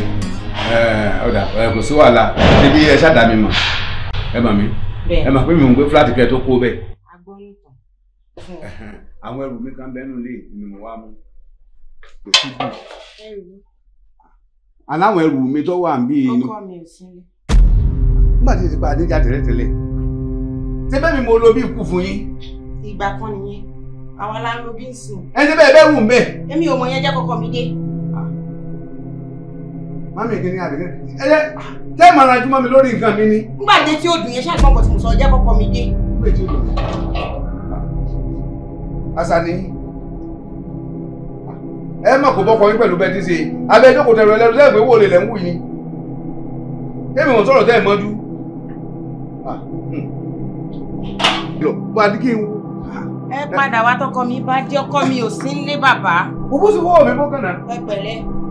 Eh, ọ̀dà eh, kò sí wàhálà níbi ẹ ṣáà dá mi mọ̀ ẹ mọ̀ mi ẹ mọ̀ pé mi ò ń gbé fúláàtì kẹ́ tó kó bẹ́ẹ̀. agbóyún tán. àwọn ẹrù mi kan bẹ́ẹ̀ nù lé ni mo wá mú kò sí bù. aláwọn ẹrù mi tó wà ń bí inú. ọkọ mi ò sílé. nígbà tí ti bá a níjà tẹ́lẹ̀tẹ́lẹ̀ ṣé bẹ́ẹ̀ mi mo lo bí ikú fún yín. ìgbà kan nìyẹn àwa la ń lo ẹ ti bẹ́ẹ̀ bẹ́ẹ̀ wù mí. èmi ò mọ̀ yẹn jẹ́ kọ́kọ́ mi dé mami kini àbí kini ẹ jẹ jẹ ìmọ̀ ara jùmọ̀ mi lórí nǹkan mi ni. nígbà dé tí ó dùn yẹn ṣàgbọ́n kò tí mo sọ jẹ́ kọ́kọ́ mi dé. Àṣàní ẹ mọ̀ kó bọ́kọ yín pẹ̀lú bẹ́ẹ̀ tí ṣe abẹ́ ẹjọ́ kò tẹ̀rọ ẹlẹ́rú lẹ́gbẹ̀ẹ́ wò lè lẹ́ ń wù yín tẹ́mi wọn sọ̀rọ̀ tẹ́ ẹ̀ mọ́jú. Ah, hmm. lọ bó a di kí n wú. ẹ padà wá tọkọ mi bá jẹ́ ọkọ mi ò sí nílé bàbá. òbúṣe wọ́ọ̀ mi bọ́ ẹ pẹ̀lẹ́.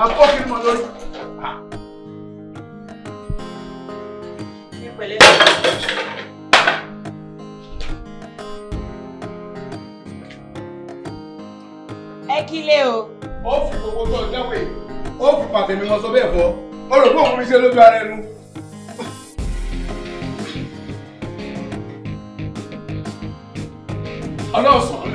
máa kọ́ kí n mọ lórí. ẹ kílé o. ó fi gbogbo tó dáwé ó fi pàtẹ́mi wọn sọ bẹ́ẹ̀ fọ́ ó rò pé òun rí iṣẹ́ lójú ara ẹnu. ọlọ́sàn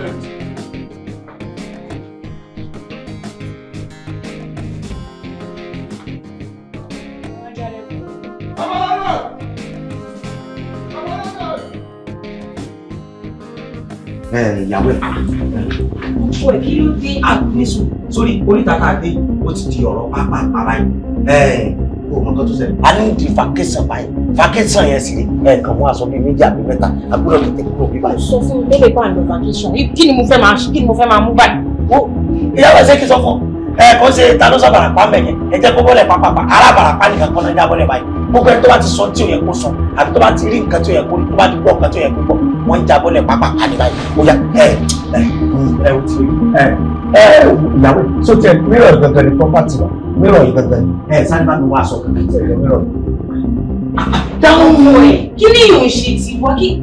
Eh, ìyàwó ẹ̀. ọkọ ẹ kí ló dé àgbésù ah, sórí oríta tá a dé ó ti di ọ̀rọ̀ pápá bàbá yìí kó eh, mọ nǹkan tó ṣẹlẹ̀. a ní di vacation báyìí vacation yẹn sì ẹ kàn mú aṣọ bíi méjì àbí mẹ́ta a gbọ́dọ̀ tètè kúrò bí báyìí. sọ fún mi bẹ́ẹ̀ bá lọ vacation kí ni mo fẹ́ máa kí ni mo fẹ́ máa mú báyìí. ìyàwó ẹ̀ kí sọ fún ẹ eh, kó ṣe ta bàràpá mẹ́yẹn ẹ jẹ́ kó bọ́lẹ̀ pàpàpà arábàràpá nìkan kọ́ náà jábọ́lẹ̀ báyìí gbogbo ẹni tó bá ti sọ tí ò yẹ kó sọ àbí tó bá ti rí nǹkan tí ò yẹ kó tó bá ti gbọ́ nǹkan tí ò yẹ kó gbọ́ wọ́n ń jábọ́ lẹ̀ pàápàá ní báyìí ó yà ẹ ẹ ẹ o ti ẹ ẹ ìyàwó so tẹ mírọ̀ gangan ni property wa mírọ̀ yìí gangan ni ẹ sáré bá mi wá aṣọ kankan tẹ ẹ mírọ̀ yìí. dáhùn mú ẹ kí ni ìhùn ṣe ti wá kí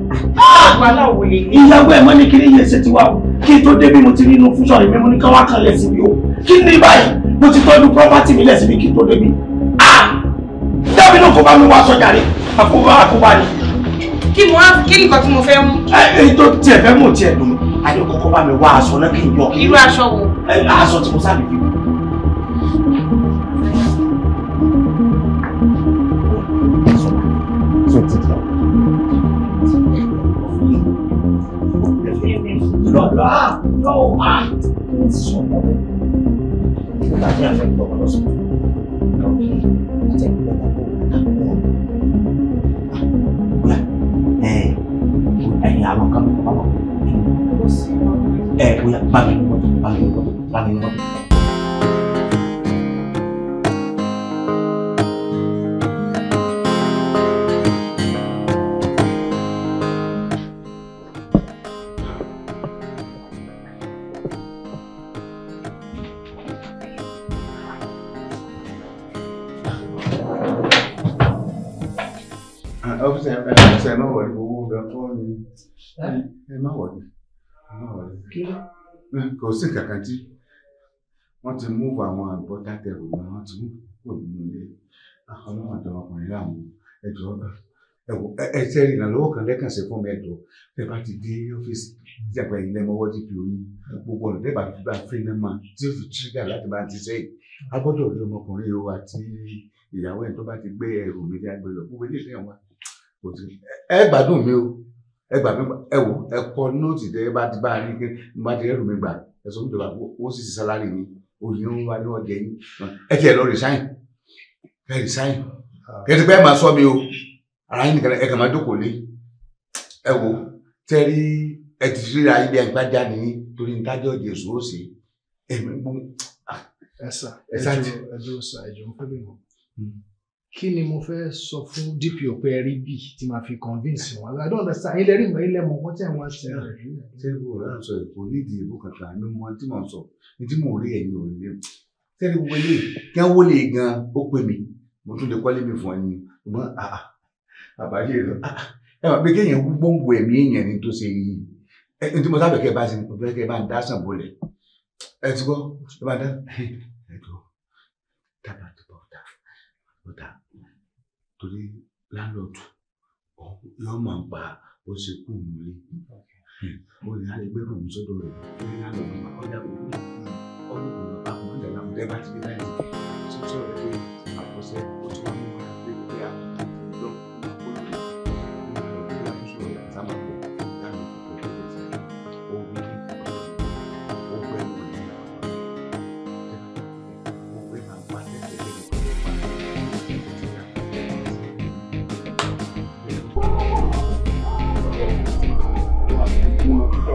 àgbàláwo lè ní. ìyàwó ẹ mọ ní kí ni ìyẹn ṣe ti wá o kí tó débi mo ti rí inú fúnṣọ mi mo ní káwá kan lẹ síbi o kí ni báyìí mo ti tọ́jú property mi lẹ síbi kí dábì náà kó bá mi wá sọ́jà rẹ̀ àkóbá àkóbá ni. kí mo wá kí nǹkan tí mo fẹ́ mú. èyí tó tiẹ̀ fẹ́ mú tiẹ̀ dùn ayé kọ́kọ́ bá mi wá aṣọ náà kí n yọ. irú aṣọ wo. aṣọ tí mo sábì fi. lọ́lọ́ àá lọ́wọ́ àá. ẹ̀yìn àwọn kan ló bá wà. ẹ bóyá bá mi lọ́wọ́ bá mi lọ́wọ́ bá mi lọ́wọ́. ọkọ̀ ni kò sí kankan tí wọ́n ti mú àwọn àgbọ̀dá tẹ̀rù náà wọ́n ti mú kò nínú ilé ah, ọlọ́run àti ọmọkùnrin láàmú ẹ̀jọ̀ ẹ̀wọ̀ ẹ̀ṣẹ̀ ìrànlọ́wọ́ kan lẹ́kàn sí fún mi ẹ̀dọ̀ bẹ́ẹ̀ bá ti dé ọ́fíìsì ìjàgbá yìí lẹ́mọ́wọ́ dp oyin gbogbo ọ̀nà bẹ́ẹ̀ bá fi bá fi iná máa tí ó fi tírígà láti máa ti sẹ́yìn a gbọ́dọ̀ rí ọmọkùnrin o àti ìyàwó ẹ̀ tó bá ti gbé ẹrù mi ní agbèlò gbogbo ilé ìfẹ́ wọn ẹ gbádùn mi o ẹ gbà mí ẹ wò ẹ kọ nóòtì tẹ ẹ bá ti bá a rí kí n bá ti rẹ́rù mi gbà ẹ sọ níjọba ó sì ti sálárì mi òye ń wá ní ọjà yín ẹ tiẹ̀ lọ resign ẹ resign ah. kẹ ti pẹ́ máa sọ mi o ara yín nìkan ẹ kàn máa jókòó lé ẹ wò tẹ́rí ẹ ti fi ra ibi àgbájá nìyí torí ntájọ́ jésù ó sì ẹ̀mí gbó. Ah. ẹ sà ẹ dúró sà ẹ jọ ń fẹ́ kí ni mo fẹ́ sọ fún DPO pé rí bí tí màá fi convince wọn I don't understand ilẹ̀ rí mọ̀ ilẹ̀ mọ̀ wọ́n tẹ̀ wọ́n ṣe. ṣé o rà sọ èkó nídìí ìbò kàkà mi mọ tí mò ń sọ ní tí mò ń rí ẹ̀yìn ò lè tẹ́lẹ̀ wọlé kí wọ́n wọlé gan ó pè mí mo tún lè kọ́lé mi fún ẹni ṣùgbọ́n ah, ah, àbáyé rẹ ah, ẹ wà pé kéèyàn gbóngbò ẹ̀mí èèyàn ni tó ṣe yìí ẹ ní tí mo sábẹ̀ kẹ́ bá ṣe mo fẹ́ kẹ́ bá ń dá sàn bolẹ̀ ẹ ti gbọ́ ẹ bá dá ẹ tó dábàá tó bá ọ̀tá ọ̀tá torí láńlọ́ọ̀dù yóò máa ń pa bó ṣe kú nílé o hmm. lè alẹ́ gbẹ́rù mi sọ́dọ̀ rẹ̀ lórí láńlọ́ọ̀dù máa ọjà òkú ọlọ́kùnrin àpapọ̀ ọjà làwọn tẹ́ bá ti dé láì sí sọ́dọ̀ rẹ̀ pé àkọsẹ́ ó ti wà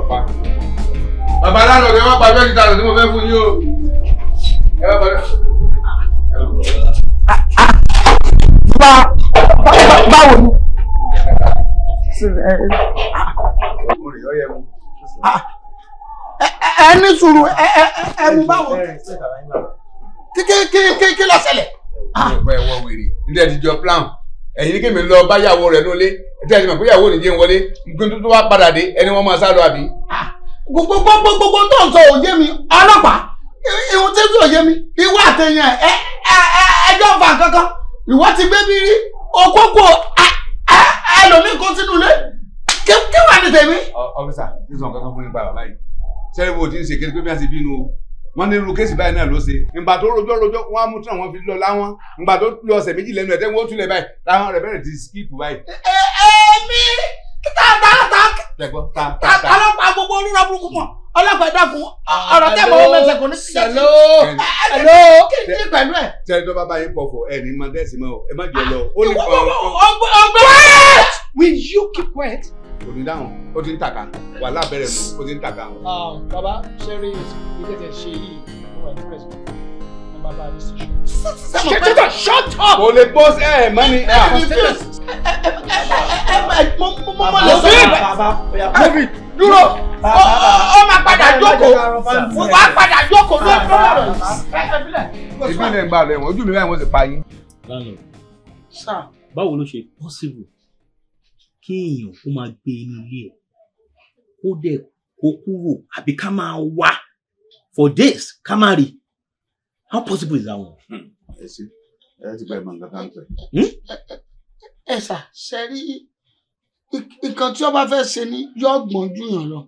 pa. Bàbá aláàlọ́ kẹ́ ẹ má pa twenty thousand tí mo fẹ́ fún yín o. Ẹ má pa bá báwo ni. ẹ ní sùúrù ẹ mú báwo kí kí kí kí lọ ṣẹlẹ̀. ẹ wọ wèrè nílẹ̀ ìdíjọ plan ẹ̀yin ní kémi lọ báyàwó rẹ̀ lólé ẹ̀tí àti màpé yàwó nìjẹ́ wọlé nǹkan tó wá padà dé ẹni wọ́n máa sá lọ àbí. gbogbo gbogbo gbogbo tó ń sọ òye mi ọlọ́pàá ìwọ tí ń sọ òye mi ìwọ àtẹ̀yìn ẹ ẹjọ́ fà kankan ìwọ ti gbé mi rí òkókò ẹlòmíì kó sínú ilé kí wàá ní tèmi. ọfíìsà sísan kankan fún mi pa bàbá yìí sẹ́yìn wo ti ń ṣe kékeré bí wọ́n ti bínú o wọ́n ní irú kéèsì báyìí náà ló ṣe ìgbà tó rojọ́ rojọ́ wọ́n á mú tán wọ́n fi lọ láwọn ìgbà tó lu ọ̀sẹ̀ méjì lẹ́nu ẹ̀ tẹ́wọ́ túlẹ̀ báyìí láwọn rẹ̀ bẹ̀rẹ̀ ti skip báyìí. ẹ tààtà tààtà ló pa gbogbo olúra burúkú mọ́ ọlọ́pàá dàkún ọ̀rọ̀ tẹ́ mọ́ mẹsẹ̀ kò ní sí ló ló kí ni pẹ̀lú ẹ̀. tẹ́lẹ̀ tó bá bá yín pọ̀fọ̀ ẹ̀ ní mandẹ́sì mọ́ ẹ má jẹ́ lọ. ọgbọ́n will you keep quiet? kò ní dáhùn ó ti ń tàkà wà lábẹ́rẹ́ nù ó ti ń tàkà. bàbá sẹ́rí ìgbésẹ̀ ṣe yìí ó wà ní pẹ̀sìkò ní bàbá rẹ̀ sì ṣe. ṣètò shut up. kò lè gbó ẹ ẹ mọ ni. ẹ ẹ mo mọ lọ sí. bàbá David dúró ó máa padà jókòó wà á padà jókòó ló ń bọ̀ lọ́rọ̀. ìbílẹ̀ ń balẹ̀ wọ́n ojú mi báyìí wọ́n ti pa yín. báwo ló ṣe possible kéèyàn kó máa gbé inú ilé ẹ̀ kó dẹ̀ kó kúrò àbí ká máa wá for days ká máa rí how possible is that one. ẹ hmm, ṣe ẹ ti gba ìmọ̀ nǹkan kan pẹ̀. Hmm? ẹ ṣá ṣe rí nǹkan tí ọba fẹ́ ṣe ni yóò gbọ́n jù yàn lọ.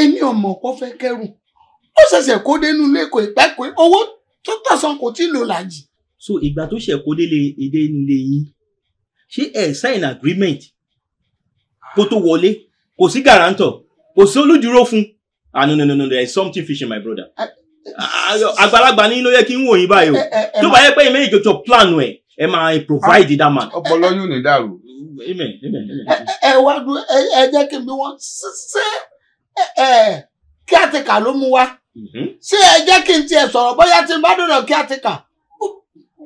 èmi ò mọ̀ kó fẹ́ kẹ́rù ó ṣẹ̀ṣẹ̀ kó dénú ilé kò ìpẹ́ kò owó tó tẹ̀sán kò tí ì lò lájì. so ìgbà tó ṣẹ̀ kó délé èdè inú ilé yín ṣé ẹ sign agreement kó tó wọlé kò sí guarantor kò sí olùdúró fún ah no no no no there is something fishing my brother ah, ah, àgbàlagbà ni ló yẹ kí n wò yín báyìí o eh, eh, eh, tó bá yẹ pé ìmẹ̀ ìjọjọ plan ẹ ẹ máa provide that man. ọpọlọ yóò ní dàrú. ẹ wá dùn ẹ jẹ́ kí n bí wọ́n ṣe ẹ kí àtìkà ló mú wa mm-hmm. ṣé ẹ jẹ́ kí n tiẹ̀ sọ̀rọ̀ bóyá tí n bá dùnà kí àtìkà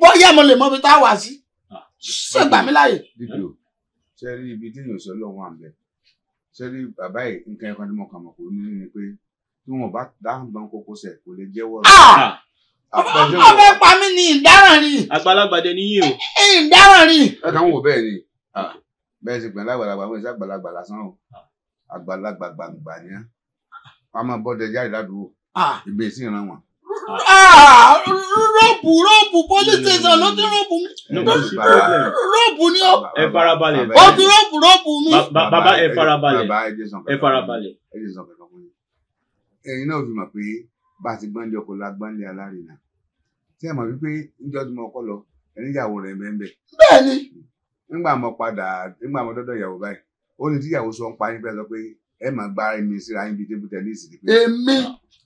bóyá mo lè mọ ibi tá a wà sí ṣé gbà mí láàyè. dídò ṣe rí ibi tí yòó sọ lọ́wọ́ àbẹ̀ ṣe rí bàbá yìí nǹkan ẹ̀kan tí mo kàn mọ̀ kó ní ni pé tí wọn bá dáhùn kókó sẹ̀ kò lè jẹ́wọ́ rẹ̀. Ah! Ah, ọbẹ̀ pa mí ni ìdáràn ni. àgbàlagbà dẹ níyì o. ìdáràn ni. ẹ kàn ń wò bẹ́ẹ̀ ni ah, bẹ́ẹ̀ sì pẹ̀lú àgbàlagbà wọ́n ti àgbàlagbà lásán o àgbàlagbà gbàgbà ni wọ́n máa bọ́ dẹ jáde ládùúgbò ìgbésí ìran wọn. Ah, rọ́ọ̀bù rọ́ọ̀bù police station ló ti rọ́ọ̀bù mi rọ́ọ̀bù ni ó. ẹ farabalẹ̀. ó ti rọ́ọ̀bù rọ́ọ̀bù mi. bàbá ẹ farabalẹ̀ ẹ farabalẹ̀. ẹ̀yin náà fi mọ̀ pé bá a ti gbọ́nlé ọkọ̀ la gbọ́nlé alárinà tí ẹ mọ̀ wípé níjọ́ tí mo kọ́ lọ ẹ̀níyàwó rẹ̀ bẹ́ẹ̀ bẹ́ẹ̀ ni. nígbà mo padà nígbà mo dọ́dọ̀ ìyàwó báyìí ó ní tíyàwó sọ ń pa yín fẹ́ sọ pé ẹ máa gba ẹ̀mí síra yín bíi tébù tẹ́nísì nípínlẹ. èmi.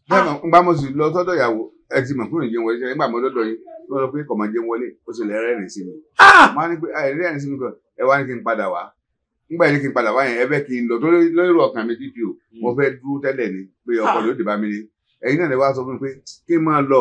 bẹ́ẹ̀ mọ̀ ń gbá mọ̀ sí lọ sọ́dọ̀ ìyàwó ẹ ti mọ̀ kúrò ní jẹun wọlé ṣẹlẹ̀ nígbà mọ́ lọ́dọ̀ yín wọ́n sọ pé kọ̀ máa jẹun wọlé ó sì lè rẹ́rìn sí mi. wọ́n á ní pé ẹ rẹ́rìn sí mi kan ẹ wá ní kí n padà wá nígbà yẹn ní kí n padà wá yẹn ẹ bẹ́ kí n lọ tó lórí ọkàn mi dídì o mo hmm. fẹ́ dúró tẹ́lẹ̀ ni pé ọkọ̀ ló dé mi ni ẹ̀yin náà lè wá sọ fún mi pé kí n máa lọ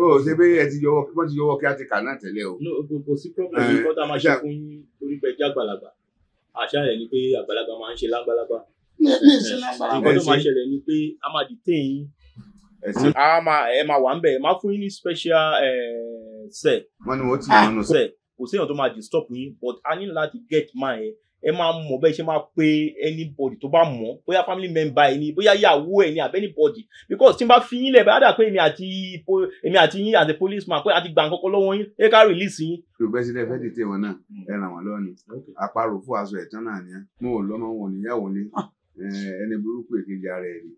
no ṣe pé ẹ ti yọwọ wọn ti yọwọ kí a ti kà náà tẹ́lẹ̀ o. no kò sí problem yìí kọ́ta máa ṣe fún torí pé jẹ́ àgbàlagbà àṣà rẹ̀ ni pé àgbàlagbà máa ń ṣe lágbàlagbà. nǹkan tó máa ṣẹlẹ̀ ni pé a máa detain yín. a máa ẹ máa wà ń bẹ̀ ẹ máa fún yín ní special set wọ́n ní wọ́n ti yàn án ah, kò sí tó máa disturb yín but a ní láti get mind ẹ máa mọ̀ bẹ́ẹ̀ ṣe máa pe anybody tó bá mọ̀ bóyá family member ẹ ni bóyá ìyàwó ẹ ni àbí anybody because tí n bá fi yín lẹ̀ bá dà pé èmi àti èmi àti yín as a policeman pé àti gbà ń kọ́kọ́ lọ́wọ́ yín ẹ ká release yín. yorùbá ṣe fẹ́ dìtẹ̀ wọn náà hmm. ẹ ràn wọ́n lọ́wọ́ ni àparò fún aṣọ ẹ̀tàn náà ni mo ò lọ́mọ wọn níyàwó ni ah. ẹni burúkú èkejì ara ẹ̀ ni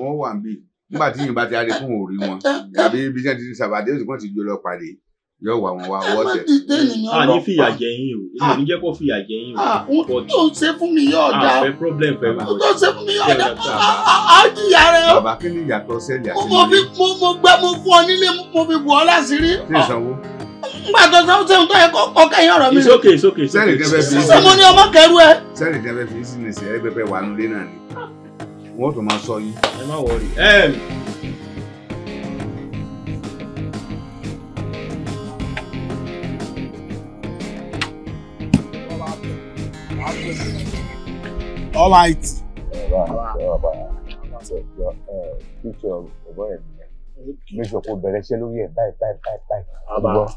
wọ́n wà ń bì nígbà tí yìnbọn ti yóò wà wọn wá ọwọ́ tẹ. a ní fìyà jẹ yín o èmi ò ní jẹ́ kó fìyà jẹ yín o. Ah, ohun tó ń ah, ṣe fún mi yóò dá o ohun tó ń ṣe fún mi yóò dá a jìyà rẹ o. bàbá kí ni ìyàtọ̀ sẹ́ẹ̀lì àti ilé. mo mo gbẹ mo fún ọ nílé mo fi bù ọ láṣìírí. ṣé ìsanwó. nígbà tó sọ sẹ́yìn tó yẹ kó kẹ́yìn ọ̀rọ̀ mi. ìsókè ìsókè ìsókè. sọmọ ni ọmọ kẹrù ẹ. sẹ́ẹ̀lì tẹ́fẹ́ fi sí ní sẹ́ẹ̀ All right. Make sure kó bẹ̀rẹ̀ iṣẹ́ lórí ẹ̀ báyìí báyìí báyìí báyìí.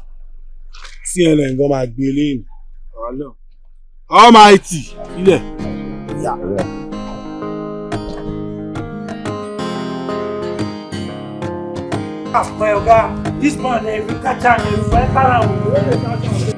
CNN gan máa gbé eléyìí. Almighty Yeah. this morning we catch on everywhere around.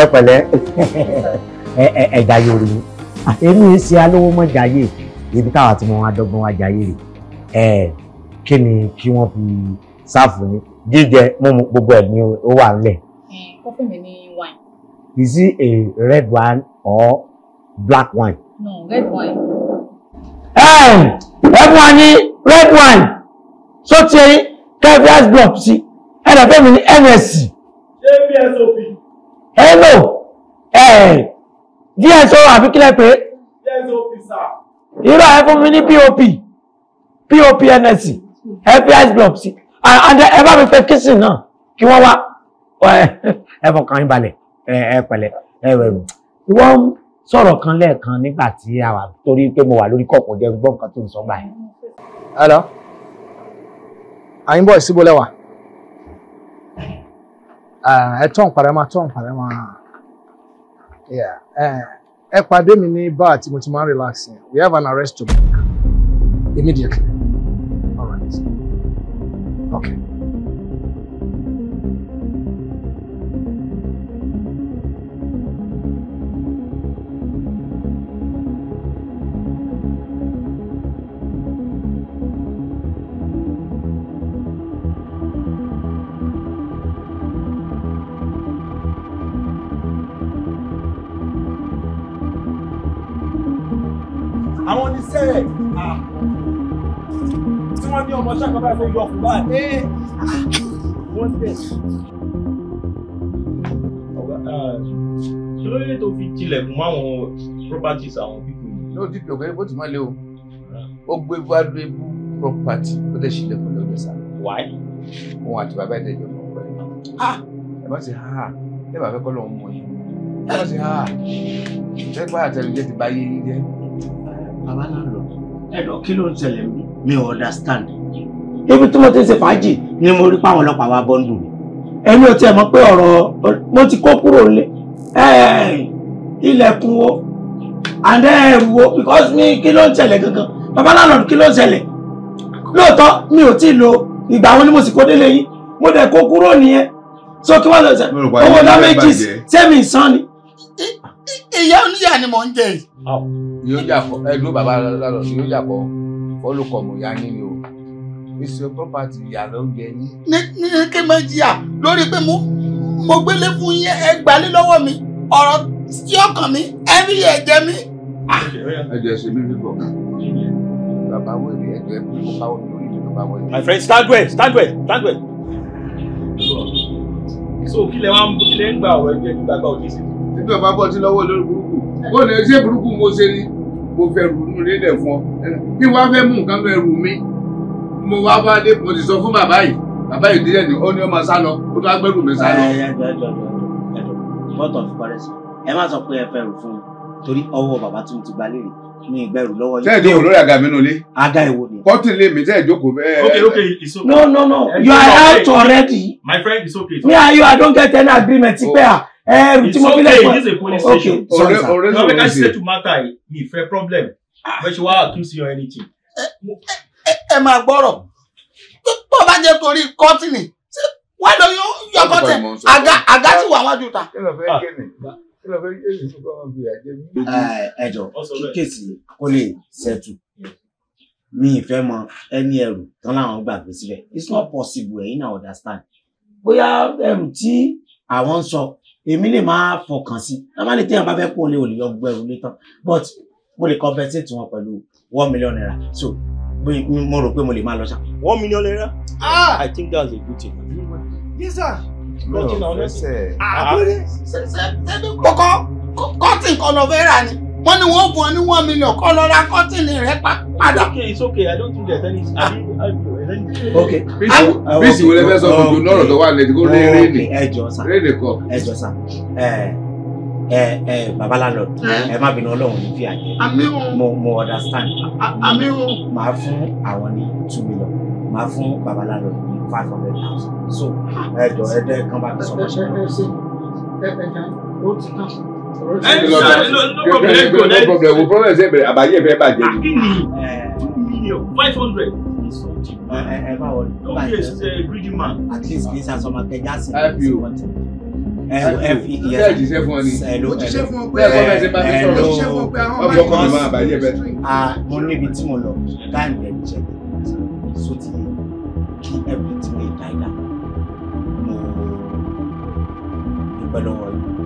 ẹ pẹ̀lẹ́ ẹ̀dá yorì ni èmi ń ṣe alówó mọ́ jayé ibi táwa tí mo wá dọ́gbọ́n wá jayé rè ẹ̀ kí ni kí wọ́n fi ṣáàfù ní jíjẹ mímu gbogbo ẹ̀ ni ó wà nílẹ̀. kọ́fí mi ní wine. is it a red wine or black wine? no red wine. ẹ ẹ fún wa ní red wine sọ́tì kẹ́fí ice block sí ẹ̀dá fẹ́mi ní nsc. ṣé hello ẹ̀ dso àbí kílẹ̀ pé irọ́ ẹ fún mi ní pop pop nsc fbi block sí ẹ bá mi fẹ́ kíṣì náà kí wọ́n wá ẹ fọkàn yín balẹ̀ ẹ pẹ̀lẹ́ ẹ wẹ̀rù wọ́n sọ̀rọ̀ kan lẹ́ẹ̀kan nígbà tí a wà torí pé mo wà lórí kọ̀ọ̀kan jẹ́ gbọ́n kan tó ń sọ báyìí. hello àyìnbó ìsíbólẹ́wà ẹtọ nkpara ma tọ nkpara ma ẹ pàdé mi ní bar tí mo ti máa ń relax we have an arrest to make immediately all right okay. wọ́n ṣàkọ́bá ẹ̀fọ́ yọ fún báyìí. wọ́n tẹ̀. ṣé lóye tó fi tilẹ̀kùn mọ́ àwọn properties àwọn pípọ̀ yìí. lóò dípò ọ̀gbẹ́ni bó ti máa lé o ah. ó gbé valuable property ó lè ṣílẹ̀kùn lọ́dọ̀ sá. wáyé. òun àti bàbá ẹ̀ dẹ̀jọ́ mọ̀ wẹ́rẹ́. Ah. ẹ má ṣe ha ẹ bá fẹ́ kọ́ lọ́ọ́ mọ̀ yìí ẹ má ha ẹ gbọ́ àtẹnujẹ ti bá yé yín jẹ́. bàbá náà lọ ẹ̀dọ̀ kí ló ń me mi mi understand ibi tí mo ti ń ṣe fàájì ni mo rí páwọn ọlọ́pàá wa bọ́ ń lù mí ẹni ò tiẹ̀ mọ̀ pé ọ̀rọ̀ mo ti kó kúrò lé ilẹ̀kùn wo and ẹ̀rù wo because mi kí ló ń ṣẹlẹ̀ gangan babaláwo kí ló ń ṣẹlẹ̀ lóòótọ́ mi ò tí ì lo ìgbà wọn ni mo sì kó délé yín mo dẹ̀ kó kúrò nìyẹn so kí wọ́n lọ sẹ́ owó damages sẹ́mi ìsan ni. ìyá oníyà ni mò ń jẹ yìí. yóò jà fọ ẹdùn bàbá lọ yóò jà fọ olùkọ́ mọ̀ ya yín ni o mr property ìyá ló ń ní. ní kí n máa jìyà lórí pé mo mo gbélé fún yín ẹ lọ́wọ́ mi ọ̀rọ̀ tí ọkàn mi ẹ ẹ̀jẹ̀ mi. Ah! ẹ̀jẹ̀ ṣe mí bíbọ̀ bàbá wo ni ẹ̀jẹ̀ mi kó bá wọn lórí ìdùnnú bá wọn. my friend stand well stand well stand well. so kí lẹ wá kí lẹ ń gba ọ̀rọ̀ ẹgbẹ́ gbígbàgbà òdì sí. nígbà bá bọ́ sí lọ́wọ́ olórí burúkú ó lè ṣe burúkú mo ṣe ni mo fẹ́ rù ú nílẹ̀ fún ọ kí wọ́n fẹ́ mú nǹkan fẹ́ rù mí mo wá bá dé mo ti sọ fún bàbá yìí bàbá yìí díẹ̀ ni ó ní ọmọ sá lọ ó tó agbẹ́rù mi sá lọ. ẹ má sọ pé ẹ fẹ́ fún un torí ọwọ́ bàbá tí mo ti gba léèrè ní ìgbẹ́rù lọ́wọ́ yìí. tẹ́ẹ̀dì olórí àga mi nulẹ̀. aga ìwò ni. kọ́tì lè mi tẹ́ẹ̀ jókòó bẹ́ẹ̀. okay okay it's okay. no no no you are out already. my friend it's okay. me and you i don't get any agreement oh. pẹ́ à ẹrù tí mo fi lẹ́kọ̀ọ́. it's okay this is a police station. okay sorry sir. no make i settle matter mi fẹ́ problem. Ah. but ṣe wá accuse you or anything. Eh, ẹ máa gbọ́rọ̀ tó bá jẹ́ torí kọ́tìnì wọ́n lọ yọ kọ́tìn àga tí wà wájú ta. ẹjọ ah. kíkèsí kó lè ṣètù mi ìfẹ́ mọ ẹni ẹrù tán láwọn gbàgbé sílẹ̀ it's not possible ẹ̀yin náà understand bóyá ẹrù tí àwọn ń sọ èmi lè máa fọkàn sí normally téèyàn bá fẹ́ kó lè ò lè yọ gbogbo ẹrù létan but mo lè compensate wọn pẹ̀lú one million naira so mo rò pé mo lè máa lọ ṣá one million naira Ah! i think that's a good thing. yes sir. kọ́kọ́ ah, ah. cotton kọ́nọ̀ fẹ́ rà ni wọ́n ní wọ́n fún ọ ní one million kọ́ lọ ra cotton rẹ padà. okay it's okay i don't think there's any okay bísí wo lè fẹ́ sọ gbogbo lọ́rọ̀ tó wà lẹ́dí kó rí rí ni rí ni kọ. ẹ jọ sá ẹ ẹ ẹ babalalo ẹ má bínú Ọlọ́run ní fi àjẹ mo mo understand máa fún àwọn ní two million máa fún babalalo ní five hundred thousand so ẹ jọ ẹ dẹ kan bá mi sọ fún five hundred ẹ ẹ báwo ni. ó yẹ ṣe uh, greedy man. at least kì í ṣe àsọmọ kẹjá sí i ẹ ẹ jíṣẹ́ fún ọ ni ó jíṣẹ́ fún ọ pé ẹ ẹ ẹ ló jíṣẹ́ fún ọ pé àwọn máa ń bọ̀ máa bàjẹ́ bẹ́ẹ̀. a mo níbi tí mo lọ táìmù rẹ jẹ so ti yẹ kí everything dey die down mo dúpẹ́ lọ́wọ́ yìí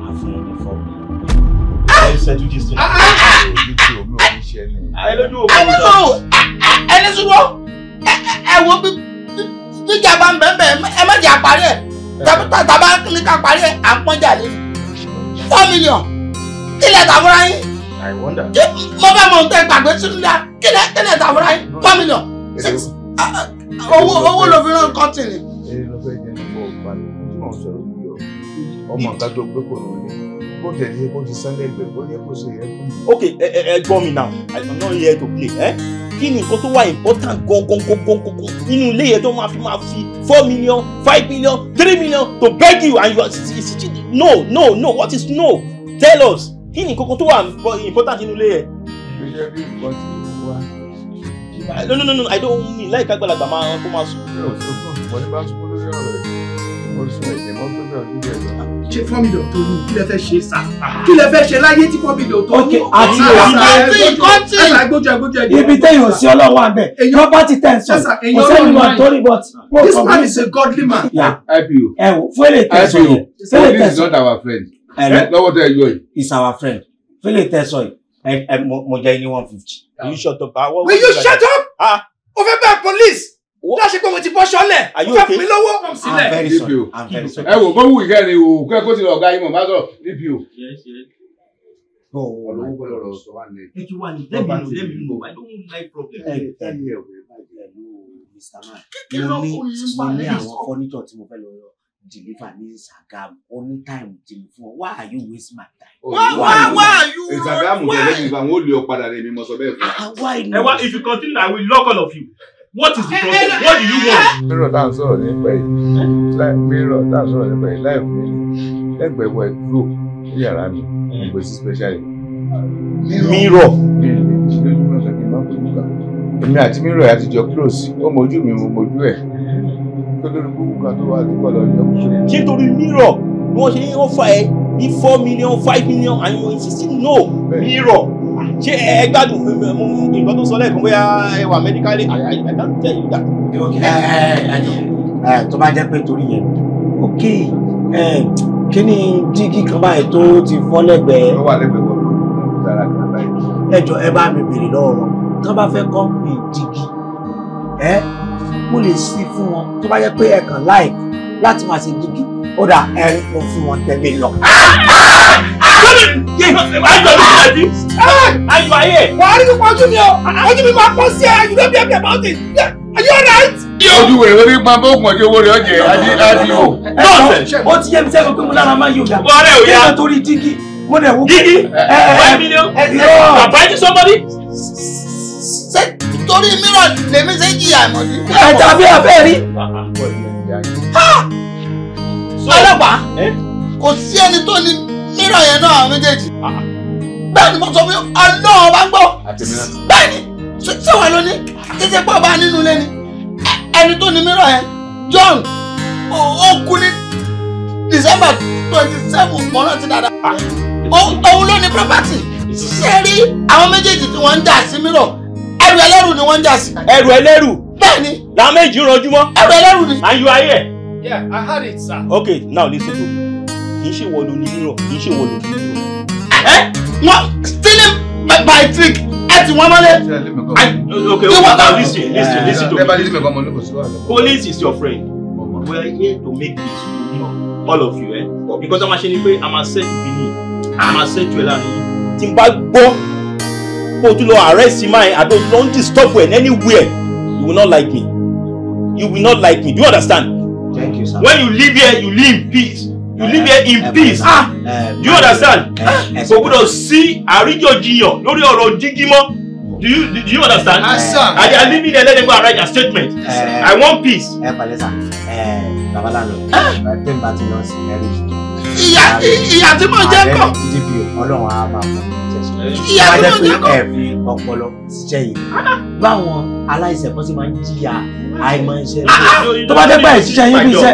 máa fún yín ní fọ́ọ̀mù. ẹ ṣẹ́jú jí sí i ní omi ò ní ṣe ni. Ah, ah, ah! ẹ lójú òkú ọ̀dọ́ ẹ ní sùgbọ́n ẹ wo bí gbígbà bá ń bẹ̀ẹ̀ ẹ má jẹ́ àparí ẹ̀ tàbí tàbá ní ká parí ẹ̀ lé four million kílẹ̀ tàbúrà yín mo bá mọ̀ tẹ́ gbàgbé sínú dá kílẹ̀ kílẹ̀ tàbúrà yín four million owó owó ló fi rán kọ́tìnì. ọmọ nǹkan tó gbé kò lóore bó jẹ ní kó ti sẹ́lẹ̀gbẹ̀ bó ṣe yẹ fún ok ẹ ẹ gbọ́ mi now i'm not here to play Eh? kí ni nǹkan tó wà important gangan gangan gangan nínú ilé yẹn tó máa fi máa fi four million five million three million to beg you and you are no no no what is no tell us kí ni nǹkan tó wà important nínú ilé yẹn. ìgbésẹ̀ bí nǹkan ti wá. no no no i don't mean like àgbàlagbà máa kó máa sùn. mi ò sọ sùn lórí ọ̀rọ̀ yìí oṣù ẹ̀jẹ̀ tó bẹ̀rẹ̀ kí lẹ fẹ́ ṣe sá ah. kí lẹ fẹ́ ṣe láyé tí fọ́mìlì ọ̀tọ̀ ni. àti òsì ibi téèyàn sí ọlọ́wọ́ àbẹ̀ property tension kò sẹ́ni mọ̀ torí but. this man is a godly man. ipo ẹ wò fúlẹ̀ tẹ̀sán yìí fúlẹ̀ tẹ̀sán. this is not our friend. Eh, lọ́wọ́ tẹ̀ yọ yìí. is our friend fúlẹ̀ tẹ̀sán yìí mo jẹ́ ní one fifty. will you shut up? will you shut up? o fẹ́ bẹ́ẹ̀ police láṣẹ pé mo ti bọ́ sọ́lẹ̀ mo fẹ́ fún mi lọ́wọ́. ẹ wò bó wù ìkẹ́ ni o kẹ́ kó ti lọ ọ̀gá ìmọ̀ bá oh, sọ níbi o. mo ní àwọn fọ́nítọ̀ tí mo fẹ́ lọ yọ deliver ní Sagamu only time tí mo fún ọ why are you waste my time. Oh, why why why are you why. Sagamu tẹ̀lé mi fa n ó lè ọ padà rẹ̀ mi mọ̀ sọ bẹ́ẹ̀ fún. Ah, ẹ wá if you continue I will lock all of you. What is the eh, problem? Eh, What do you eh, want? Mirror tá à ń sọ̀rọ̀ nípa Mirror tá à ń sọ̀rọ̀ nípa yìí láì fún mi. Lẹ́gbẹ̀ẹ́ wọ ẹ̀dúró ní yàrá mi. Ìgbè special yìí. Mirror. Èmi àti Mirror yà ti jọ close. Ó mojú mi, mo mojú ẹ̀. Tó lórí gbogbo kan tó wà lóko lọ jọ. Ṣé torí Mirror ni wọ́n ṣe ń fa ẹ ní four million, five million, and you insist no Mirror ṣé ẹ gbádùn nǹkan tó sọ lẹ́ẹ̀kan bóyá ẹ wà mẹ́díkálì àyàgbá tẹ̀ yín gbà. tó bá jẹ́ pé torí yẹn ok kí ni dígí kan báyìí tó ti fọ́ lẹ́gbẹ̀ẹ́. ó wà lẹ́gbẹ̀ẹ́ bọ̀ lórí dára kan báyìí. ẹ jọ ẹ bá mi béèrè lọ́wọ́ wọn tó bá fẹ́ kọ́ńpì dígí ẹ mo lè sí fún wọn tó bá jẹ́ pé ẹ kàn láì láti máa ṣe dígí ó dà ẹ mo fún wọn tẹ̀lé lọ. Ah, ah, Ayọ̀ mi ti dàbí. Ayọ̀ ayé. Wàá rí pípa ojú mi o. Ojú mi máa pọ̀ sí ẹ. You don't be happy about it. Are you alright? Ojú wèrè lórí máa bó ògùn ọjọ́ owó rẹ̀ ọ̀jẹ̀ Adi Adi o. Nọ́ọ̀sẹ̀. Ó ti yẹ mi sẹ́gun pé mo lára máa yí òyà. Bọ́ọ̀rẹ́ òyà. Kí ló torí dígí? Mo dẹ̀ wú. Dígí. Five million. Bàbá yìí somebody. Ṣé torí mìíràn lèmi ṣe jìyà àmọ̀dí? Ẹ̀jẹ̀ àbí àbẹ́ rí. Ọlọ́pàá. Kò sí ẹni tó ní nírọ̀ yẹn náà àwọn méjèèjì. bẹ́ẹ̀ ni mo sọ fún yín ọ̀nà ọba gbọ́ bẹ́ẹ̀ ni ṣé wà lóní títí pọ̀ bá nínú ilé ni ẹni tó ni mírọ̀ yẹn John ó kú ní December twenty seven mọ́nà ti dáadáa ah. òun ló ní property ṣé rí àwọn méjèèjì tí wọ́n ń jà sí mírọ̀ ẹrù ẹlẹ́rù ni wọ́n ń jà sí. ẹrù ẹlẹ́rù. bẹ́ẹ̀ ni. làwọn méjì rọjú mọ́. ẹrù ẹlẹ́rù ni. and you are here. yeah I heard it sir. okay now listen to me kì í ṣe wọ́n ló ní rírọ̀ kì í ṣe wọ́n ló ní rírọ̀. ẹ wọn stealing by, by trick ẹ ti wọn mọ́lẹ̀. okay okay now listen listen listen to me police is your friend we are here to make peace with you all of you eh? because a máa ṣe ni pé a máa set ìbílẹ̀ a máa set ìwé lánàá tí n bá gbọ́ kó o tún lọ arrest máa ẹ àbí o tún lọ ń disturb ẹ anywhere you will not like me you will not like me do you understand. thank you sir. when you live here you live in peace you live here in peace ah do you understand ah, kò gbọdọ̀ sí àríjọjiyàn lórí ọ̀rọ̀ jíjí mọ́ do you do you understand i i leave me there let them go and write their statement i want peace. ẹ pẹ̀lẹ́ sà ẹ babaláwo ẹ pé n ìyá ìyá tí mo jẹ́ kọ̀. dp ọlọ́run á máa fún mi jẹ́sùn. ìyá tí mo jẹ́ kọ̀. ẹ̀fí ọpọlọ ṣiṣẹ́ yìí. báwọn aláìsàn kan ti máa ń jìyà àìmọ̀ iṣẹ́ ah, ah. tó bá dé báyìí ṣiṣẹ́ yín bí iṣẹ́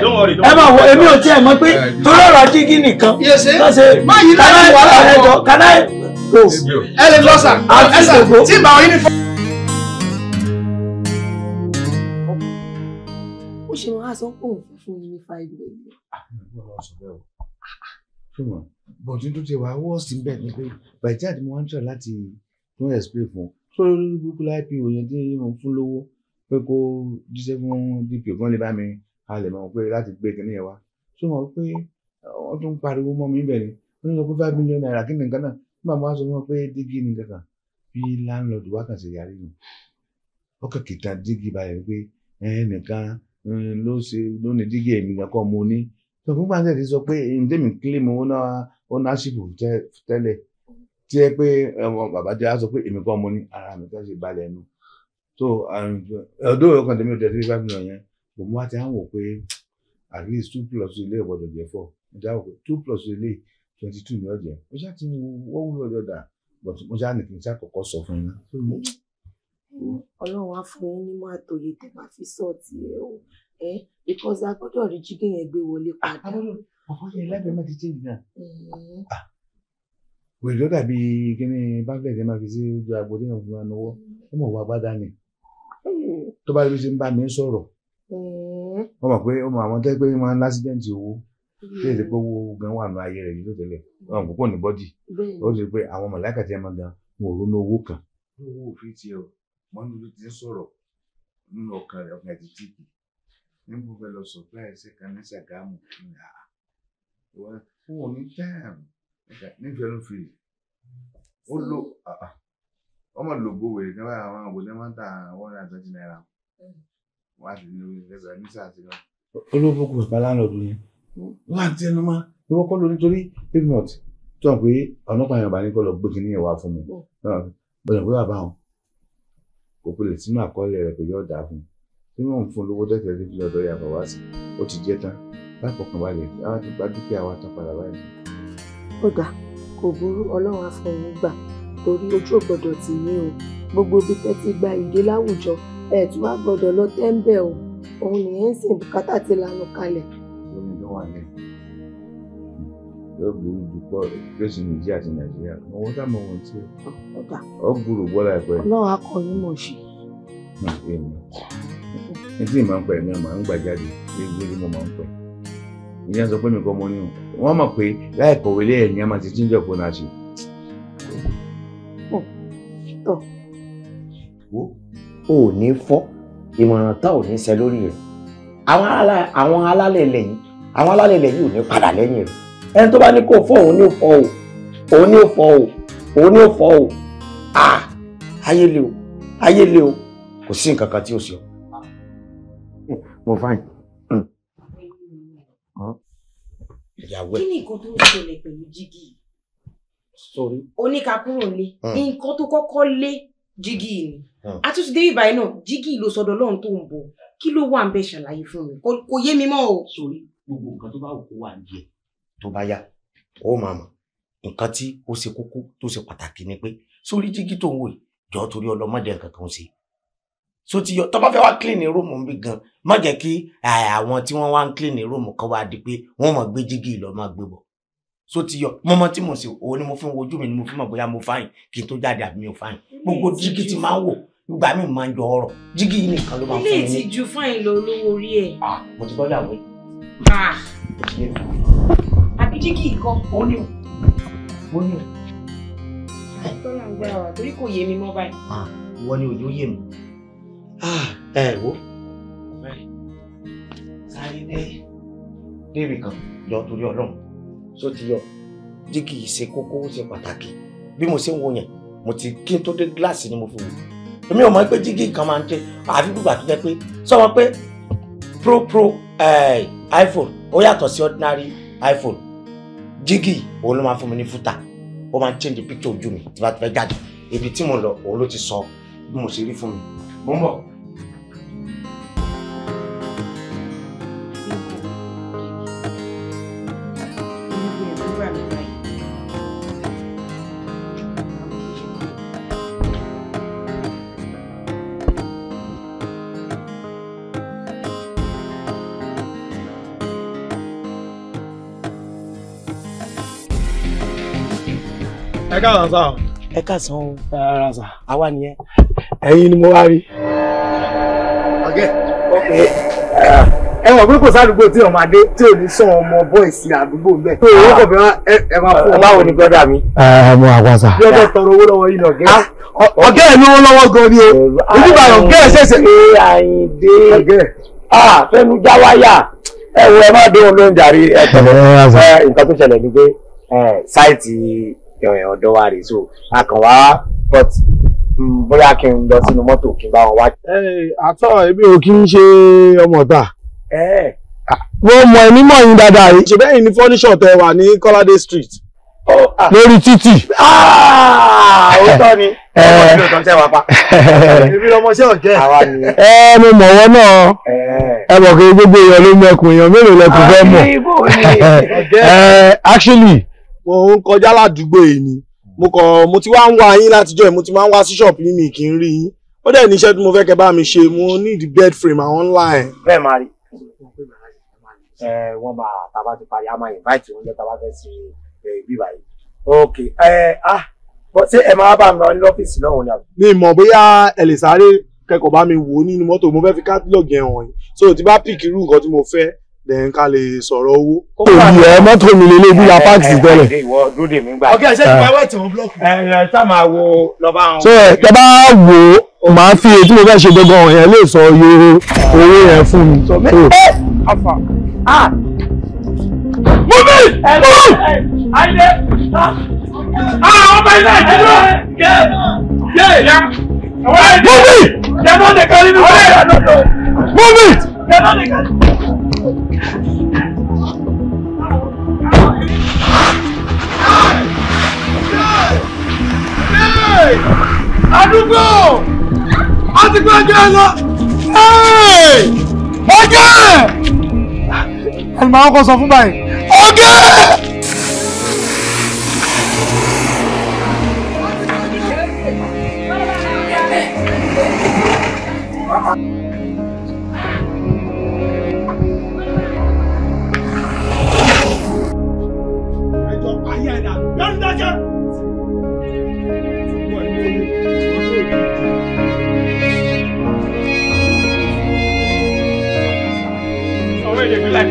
ẹ máa wọ èmi ò tiẹ̀ mọ̀ pé torí ọ̀rọ̀ jígí nìkan. kọ́sẹ̀ kanáì ẹ̀jọ̀ kanáì go. ẹ lè lọ sà ẹ sà tí ìbáwọ̀ yín ní ó ṣe wọn á sọ pé òun fún mi ní five million. Ah, ṣùgbọ́n bọ̀dún tó ti wà wọ́ọ̀sì níbẹ̀ ni pé bàjẹ́ àti mo wá ń tọ̀ láti tún explain fún un sórí olórí burúkú láìpẹ́ òyìn tí mo fún lówó pé kó jíṣẹ́ fún dp kan lè bá mi halẹ̀ mọ́ pé láti gbé kinní yẹn wá ṣùgbọ́n pé wọ́n tún pariwo mọ́ mi bẹ̀rẹ̀ wọ́n ní sọ pé five million naira kí ni nǹkan náà nígbà mo wá sọ fún wọn pé dígí ni kankan bí láńlọ́ọ̀dù wákàtí yàrá nù ọkọ̀ kìtà dígí balẹ̀ pé ẹnìkan ló ṣe ló ní dígí èmi kankan mo ní so fún gbàǹdẹ ti sọ pé ndémi claim ownership tẹ́lẹ̀ tí ẹ pé bàbá jẹ á sọ pé èmi kọ́ mo ní ara mi tó ṣe balẹ̀ nu so ọdún ọkàn tèmi ò tẹ̀ sí five million yẹn kò mú àti àwọn òpè at least two plus ilé ìgbọ́dọ̀ jẹ́ four ìjà òpè two plus ilé twenty two ni ọ̀jẹ̀ mo ṣáà ti wọ́n wúlò ọjọ́ dà but mo ṣáà nìkan ṣáà kọ́kọ́ sọ fún yín. ọlọ́run á fún yín nímọ̀ àtòyè tẹ̀ máa fi sọ́ọ̀tì ẹ̀ o because a gbọ́dọ̀ rí jígé yẹn gbé wọlé ah, padà. Ah, ọkọ yẹn lábẹ́ máa ti change náà. Mm-hmm. Ah. wèrè dàbí kíní báńkì máa fi sí ojú fi mm-hmm. ó mọ̀ wá ni mm-hmm. tó bá rí ń bá mi sọ̀rọ̀ wọ́n mọ̀ pé àwọn lásìdẹ́ǹtì owó tí ní ayé rẹ̀ ní bọ́dì ó pé àwọn máa gan wọn ò owó kan. ní mo fẹ́ lọ supply ṣe kan ní Ṣàgámù fún mi àá ìwà fún òní táàmù nífẹ̀ẹ́ ló fi ó lo ọmọ lògbó wèrè kan báyìí àwọn àbòdé máa ń ta one hundred and twenty naira wọn á sì ní orí ìrẹsà ní sáà ti lọ. olówó kò bá láńlọ́ọ̀dù ni wọn àti ẹnu máa ìwọ kọ́ lórí torí if not tó hàn pé ọ̀nàpàá yẹn bá ní kọ́ lọ gbé kínní yẹn wá fún mi bọ́dọ̀ pé bàbá wọn kò pèlè sínú àkọọ́lẹ̀ rẹ̀ pé yóò dáa fún mi tí wọ́n ń fún lówó tẹ̀tẹ̀ rí fi lọ́dọ̀ ya bàbá sí ó ti jẹ́ tán lápọ̀kàn balẹ̀ àwọn ti gba dúkìá wa tán padà báyìí. ó dà kò burú ọlọ́run afọyín gbà torí ojú ò gbọ́dọ̀ tì yín o gbogbo bí tẹ́ ti gba ìdè láwùjọ ẹ̀ tí wàá gbọ́dọ̀ lọ tẹ́ńbẹ̀ o òun nìyẹn ń sìn bùkátà ti lanu kalẹ̀. omi ló wà lẹ́yìn yóò gbúrú dupọ yóò sì nìjí àti nàìjíríà owó táwọn ohun tí ó gbúrú bọ́lá ẹ̀pẹ́. ọlọ́run akọ̀yìn mọ̀ ṣe ní tí màá ń pẹ ẹ̀mí màá ń gbà jáde ewu ni mo máa ń pẹ ìyẹn sọ pé mi kọ́ mọ́ ní o wọ́n mọ̀ pé láì kọ̀wé lé ẹ̀yìn a máa ti jíjọ fún náà ṣe. o ò ní fọ́ ìmọ̀ràn tá ò ní ṣe lórí rẹ̀ àwọn alálẹ̀ lẹ́yìn àwọn alálẹ̀ lẹ́yìn ò ní padà lẹ́yìn rẹ̀ ẹni tó bá ní kó fọ́ òun ní fọ́ o òun ní fọ́ o òun ní fọ́ o ayé le o ayé le o kò sí nǹkan kan tí ò sí mo fine. Mm. ìyàwó ẹ. kí ni nǹkan tó ń ṣẹlẹ̀ pẹ̀lú jígì sorry. sori. oníkakúrò lé hmm. nǹkan tó kọ́kọ́ lé jígì yìí ni àtúntò hmm. débi báyìí náà jígì ló sọ́dọ̀ Ọlọ́run tó ń bọ̀ kí ló wà ń bẹ ṣàlàyé fún mi kò yé mi mọ́ o. sori gbogbo nǹkan tó bá wù kó wà níyẹ tó bá yá ó máa mọ̀ nǹkan tí ó ṣe kókó tó ṣe pàtàkì ni pé sórí jígí tó ń wò jọ torí ọlọmọdé nǹkan kan ṣe so ti yọ tó bá wá clean rúùmù bí gan má jẹ́ kí àwọn tí wọ́n wá ń clean rúùmù kan wá di pé wọ́n mọ̀ gbé jígì lọ máa gbé bọ̀ so ti yọ mọ́mọ́ tí mo sì òun ni mo fi ń wojú mi ni mo fi mọ̀ bóyá mo fáyìn kí n tó jáde àbí mi ò fáyìn gbogbo jígì ti máa ń wò gbogbo àmì máa ń jọ ọ̀rọ̀ jígì yìí nìkan ló máa ń fún mi. ilé ìtìjú fáyìn lọ olówó orí ẹ. mo ti gbọ́dọ̀ àwọn. àbí jígì kan. ó ní ó ní. tọ́lá ń gbára wa torí kò yé mi mọ́ báyìí. wọ́n ní òye ó yé mi. Ah, ẹ wo sáré dé débì kan yọ torí Ọlọ́run tó ti yọ jí kì í ṣe kókó ó ṣe pàtàkì bí mo ṣe ń wo yẹn mo ti kí n tó dé gíláàsì ni mo fi wò èmi ò mọ pé jígí kan máa ń jẹ àfi gbígbà tó pé sọmọ pé pro pro iphone ó yàtọ̀ sí ordinary iphone jígì òun ló máa fún mi ní fúta ó máa ń change picture ojú mi tí bá ti fẹ́ jáde ibi tí mo lọ òun ló ti sọ bí mo ṣe rí fún mi mo ń bọ̀. ẹ káàsán sá. ẹ káàsán o. ara sá. ẹ̀yin ni mo wá rí bẹ́ẹ̀. Eh, ẹwọn pé kò sádùúgbò tí ọmọ adé tí ò ní sọ ọmọ bọ́ì sí àdúgbò bẹ́ẹ̀. tó ah. owó kọ̀ọ̀bẹ wa ẹ máa fún eh, ọmọ. báwo ni brọ́dà mi. ẹ mú àwọ̀sà. bí ọjọ́ tọrọ owó lọ́wọ́ yìí lọ́gẹ́. Ah, ọ̀gẹ́ ẹ̀ lówó lọ́wọ́ gan ni o. ojúbàrọ̀ eh, ah. ọ̀gẹ́ ẹ̀ ṣẹ̀ṣẹ̀. ṣé àyìndé fẹnu já wáyà ẹ wo ẹ má dé òun ló ń darí ẹ tọ̀lọ́ nǹkan tó ṣẹlẹ̀ ni pé sáìtì ọ̀dọ́ wa rè so a kàn wá but mm, bóyá kí n lọ sínú mọ́tò kí n bá wọn wá. àtọ èmi ò kí ń ṣe ọmọ ọ̀tà. mo mọ ẹni mọ yín dáadáa yìí. ṣe bẹ́ẹ̀ ni fọ́níṣọ̀ tẹ wà ní Kọ́ládé street oh, ah. lórí títì. Ah, òótọ́ ni *laughs* eh. ọmọ ìlú ọ̀tọ̀ ń tẹ́ wa pa. *laughs* èmi lọmọṣẹ́ ọ̀jẹ́. ẹ eh, mo mọ̀ wọ́n náà eh. ẹ mọ̀ pé gbogbo èèyàn ló mẹ́kun èèyàn mélòó lẹ́kùn fẹ́ mọ̀. Ah, *laughs* actually mo ń kọjá ládùúgbò yìí ni mo kàn mo ti wá ń wá yín látijọ́ ẹ̀ mo ti máa ń wá sí ṣọ́ọ̀pù yín mi kì í rí yín ó dẹ̀ níṣẹ́ tí mo fẹ́ kẹ́ bá mi ṣe mo need bed frame àwọn ńlá ẹ̀. bẹ́ẹ̀ máa rí ẹ wọ́n máa tàbá ti parí a máa invite oúnjẹ tàbá fẹ́ sí bíbá yìí ok ẹ ah ṣé ẹ máa bá mi lọ ní ọ́fíìsì lọ́hùn ni àbí. mi mọ̀ bóyá ẹ lè sáré kẹ́kọ̀ọ́ bá mi wò ó nínú mọ́tò mo fẹ́ fi kátálọ̀gì ẹ̀ hàn so tí bá pìkì irú nǹkan tí mo fẹ́ then ká lè sọ̀rọ̀ owó. òbí ẹ mọ́tò mi lè lébi ya páàkì tẹ́lẹ̀. ọ̀gá ẹ̀ṣẹ́ ah. ìgbà ẹ̀wẹ̀ tí mo wo lọ́ba àwọn. so ẹ tẹ bá wò ó màá fi èyí tí mo fẹ́ ṣe gbọ́ngàn ọ̀hún yẹn lè sọ iye owó yẹn fún mi. mú eh! ah! mi mú ayé àwọn ọmọ ilé ìdílé yé yé yá. mú mi àdúgbò a ti gbé ẹjọ́ ẹ lọ ọgẹ́ ẹ̀ máa kọ́ sọ fún báyìí ọgẹ́.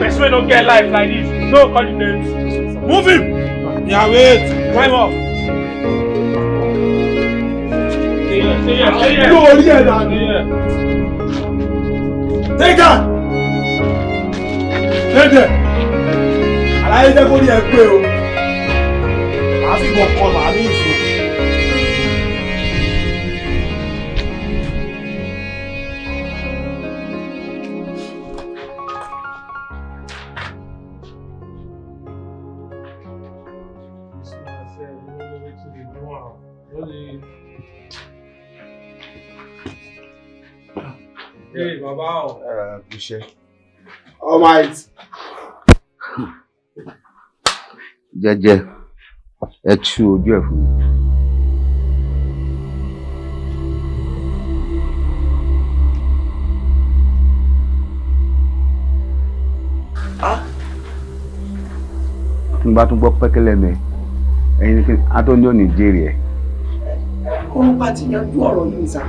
person wey no get life like this no call him names. move him. Yeah, wait climb up. stay here stay here stay here. yóò rí ẹ̀ take am. lédè àlàyé jẹ́ kó rí ẹ pé o. àá fi bọ̀ kọ́ màá ní ìfò. bàbá o. ẹ kú iṣẹ́. ọmọ àìt. jẹ́jẹ́ ẹ tú ojú ẹ fún mi. tí n bá tún gbọ́ pẹ́kẹ́lẹ́ mi ẹ̀yin kí atọ́ni ò ní jèrè ẹ̀. òun bá ti yanjú ọ̀rọ̀ yìí sá.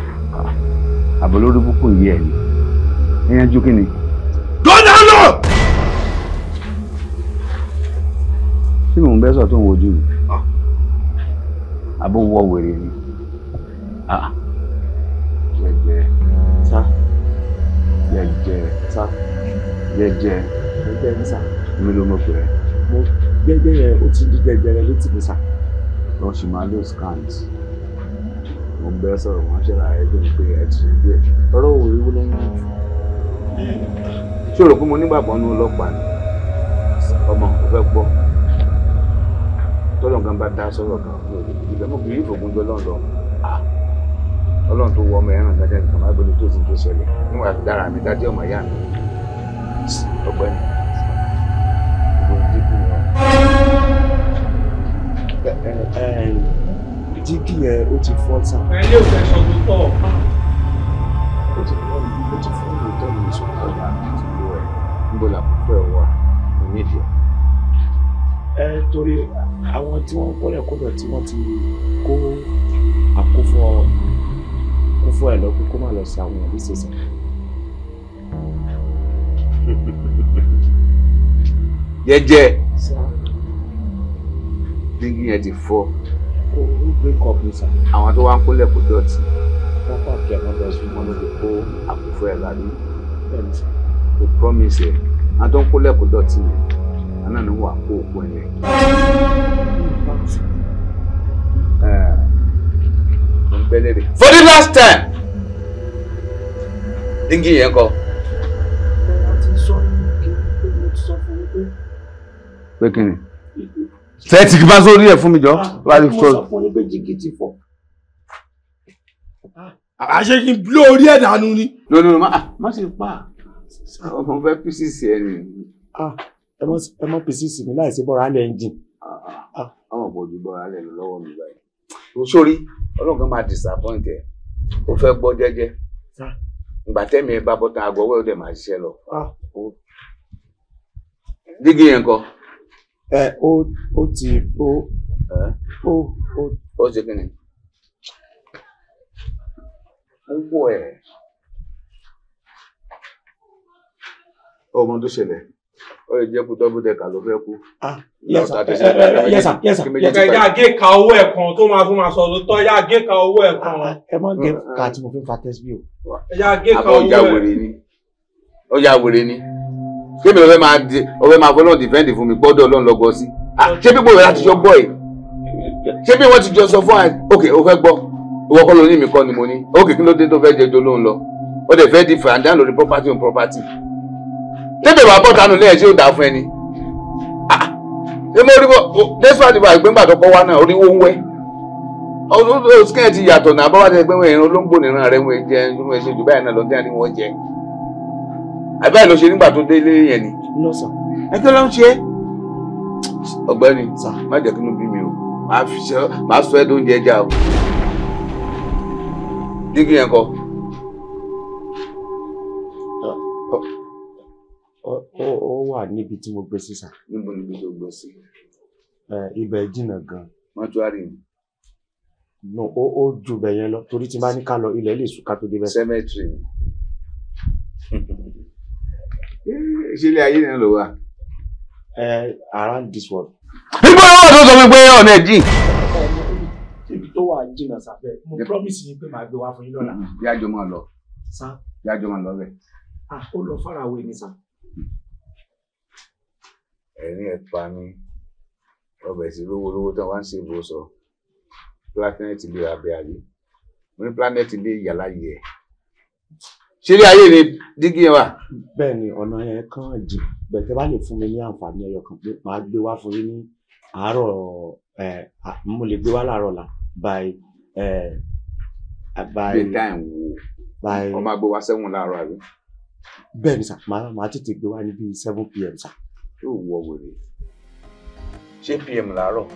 àbọ̀ lórí yìí ẹ̀ ni ìyẹn ju kí ni. dọ́dà lọ. ṣé mò ń bẹ́ sọ tó ń wojú mi àbó wọ wèrè ni. Ah. jẹ́jẹ́ sá jẹ́jẹ́ sá jẹ́jẹ́ jẹ́jẹ́ sá. mi ló mọ̀ pé. mo jẹ́jẹ́ yẹn o ti di jẹ́jẹ́ rẹ létí mi sá. lọ́ọ̀ṣì máa lọ scans mo ń bẹ́ sọ̀rọ̀ wọ́n ṣẹlẹ̀ ààrẹ tó ń pe ẹ̀ tì í bí ẹ̀ ọ̀rọ̀ òwe wúlẹ́yìn ṣé o rò pé mo nígbàgbọ́ nínú ọlọ́pàá ni ọmọ ò fẹ́ gbọ́ tọ́lọ̀ gan bá dá sọ́rọ̀ gan ní òde ìgbà mo bìrì ìfògùn jọ lọ́n lọ ọlọ́run tó wọ ọmọ ẹran dáadáa nìkan máa gbọ́dọ̀ tó sì tó ṣẹlẹ̀ níwọ̀n àti dára mi dájẹ́ ọmọ ìyá mi ọgbẹ́ni ìgbòho dídì ni wọn dígí yẹn ó ti fọ́ tán. ẹ yóò fẹ́ tó tọ̀. ó ti fọ́ mi ó ti fọ́ mi tell me some other things to do ẹ̀ níbo la kó fẹ́ wà mo ní ìdí ẹ̀. ẹ torí àwọn tí wọ́n kọ́lẹ̀ kọ́dọ̀ tí wọ́n ti kó àkófọ kófọ ẹ̀ lọ́kùn kó má lọ sí àwọn ìlú ṣẹṣẹ. jẹ́jẹ́ dígí yẹn ti fọ́ àwọn tó wá ń kólẹ̀ kó dọ̀tí pápákí àwọn lọ sí wọn ló lè kó àkófọ ẹ̀ lárí parents go promise ẹ adán kó lẹ́kọ̀ọ́ dọ̀tí yẹn àná ni wà kó òkú ẹ yẹn. for the last time dígí yẹn kọ. pé kí ni. tẹ́tì bá sórí ẹ̀ fún mi jọ. Ah, mo sọ fún yín pé jìgìtì fọ́ àṣẹ kí n bí orí ẹ̀ dànù ni. lọ́nà má ah, ṣe pa ọmọ fẹ́ pieces ẹ ni. Ah, ẹ mọ pieces mi láì sí bọ́ra lẹ́ engine. ọmọ kò ju bọ́ra lẹ́nu lọ́wọ́ mi báyìí. sórí ọlọ́gán máa disappoint ẹ ó fẹ́ gbọ́ jẹ́jẹ́ ìgbà tẹ́mi ẹ bá bọ́tán aago ọwọ́ ẹ̀ dẹ̀ máa ṣiṣẹ́ lọ. Ah. dígí yẹn kọ. ẹ ó ti ó ó ó ó ṣe kí ni ń wọ ẹ. ọmọ tó ṣẹlẹ̀ ó lè jẹ́ kó tọ́ bóde kà ló fẹ́ kú. yẹsà yẹsà yẹsà. ẹ̀ka gé ka owó ẹ̀kan tó máa fún ma sọ lóòótọ́ yá gé ka owó ẹ̀kan. Ah, ẹ má gé ka tí mo fi fa tẹ́sí bí o. yá gé ka owó ẹ̀kan. àbọ̀ ọjà wèrè ni ọjà wèrè ni kébì ló fẹ́ máa di ọfẹ́ máa fọlọ́n dìfẹ́ǹdì fún mi gbọ́dọ̀ ọlọ́run lọ́gọ́ sí. Ah, ṣé bí gbòòrò láti jọ gbọ́ ẹ̀ ṣé bí wọ́n ti jọ sọ fún ẹ ok o fẹ́ gbọ́ owó kọ́ onye ní mi kọ́ ni mo ní ó kìkì ló dé tó fẹ́ jẹ jọ lọ ó fẹ́ di property on property tẹ́tẹ̀ wà bọ́ta lẹ́yìn tí ó ẹni ah, ṣé mo rí bọ́ despite náà ń wẹ́ yàtọ̀ náà bọ́ wá ìran rẹ̀ wọ́n jẹ́ ẹni ṣe jù báyìí náà lọ dé àní wọ́n jẹ àbí ṣe nígbà tó dé ilé yẹn ni. ẹ kí ló ń ṣe o sọ ẹ́ dígí yẹn kọ. ó wà níbi tí mo gbé sí sà. níbo ni mo gbé sí. ibẹ̀ jìnnà gan. mọ́túárì ni. no ó ó ju bẹ̀ yẹn lọ torí tí n bá ní ká lọ ilẹ̀ lè sùn ká tó débẹ̀. cemetery ni. ìṣẹ̀lẹ̀ *laughs* ayé náà ló wà. around this world. nígbà wo ló sọ fún mi pé ọ̀nà ẹ̀ jìn jìnnà sáfẹ́ mo promise yín pé màá gbé wá fún yín lọ́la. bí àjọ máa lọ bí àjọ máa lọ bẹ́ẹ̀. ó lọ farawé ni sá. ẹ̀rín ẹ̀ pa mí ọbẹ̀ tí lówó lówó tán wá ń ṣe bó sọ planẹ̀tì lè abẹ́ ayé mo ní planẹ̀tì lè yàrá yẹ ṣé ilé ayé ni dígí yẹn wà. bẹ́ẹ̀ ni ọ̀nà yẹn kàn jìn bẹ̀tẹ̀ bá lè fún mi ní àǹfààní ẹyọ kan pé màá gbé wá fún yín ní àárọ̀ mo lè gbé wá láàárọ̀ la by uh, by by ọmọ àgbẹ̀ wa sẹ́wọ̀n láàárọ̀ àbí. bẹ́ẹ̀ ni sà màá màá tètè gbé wá ní bíi seven pm sà. yóò wọ wèrè ṣé pm làárọ̀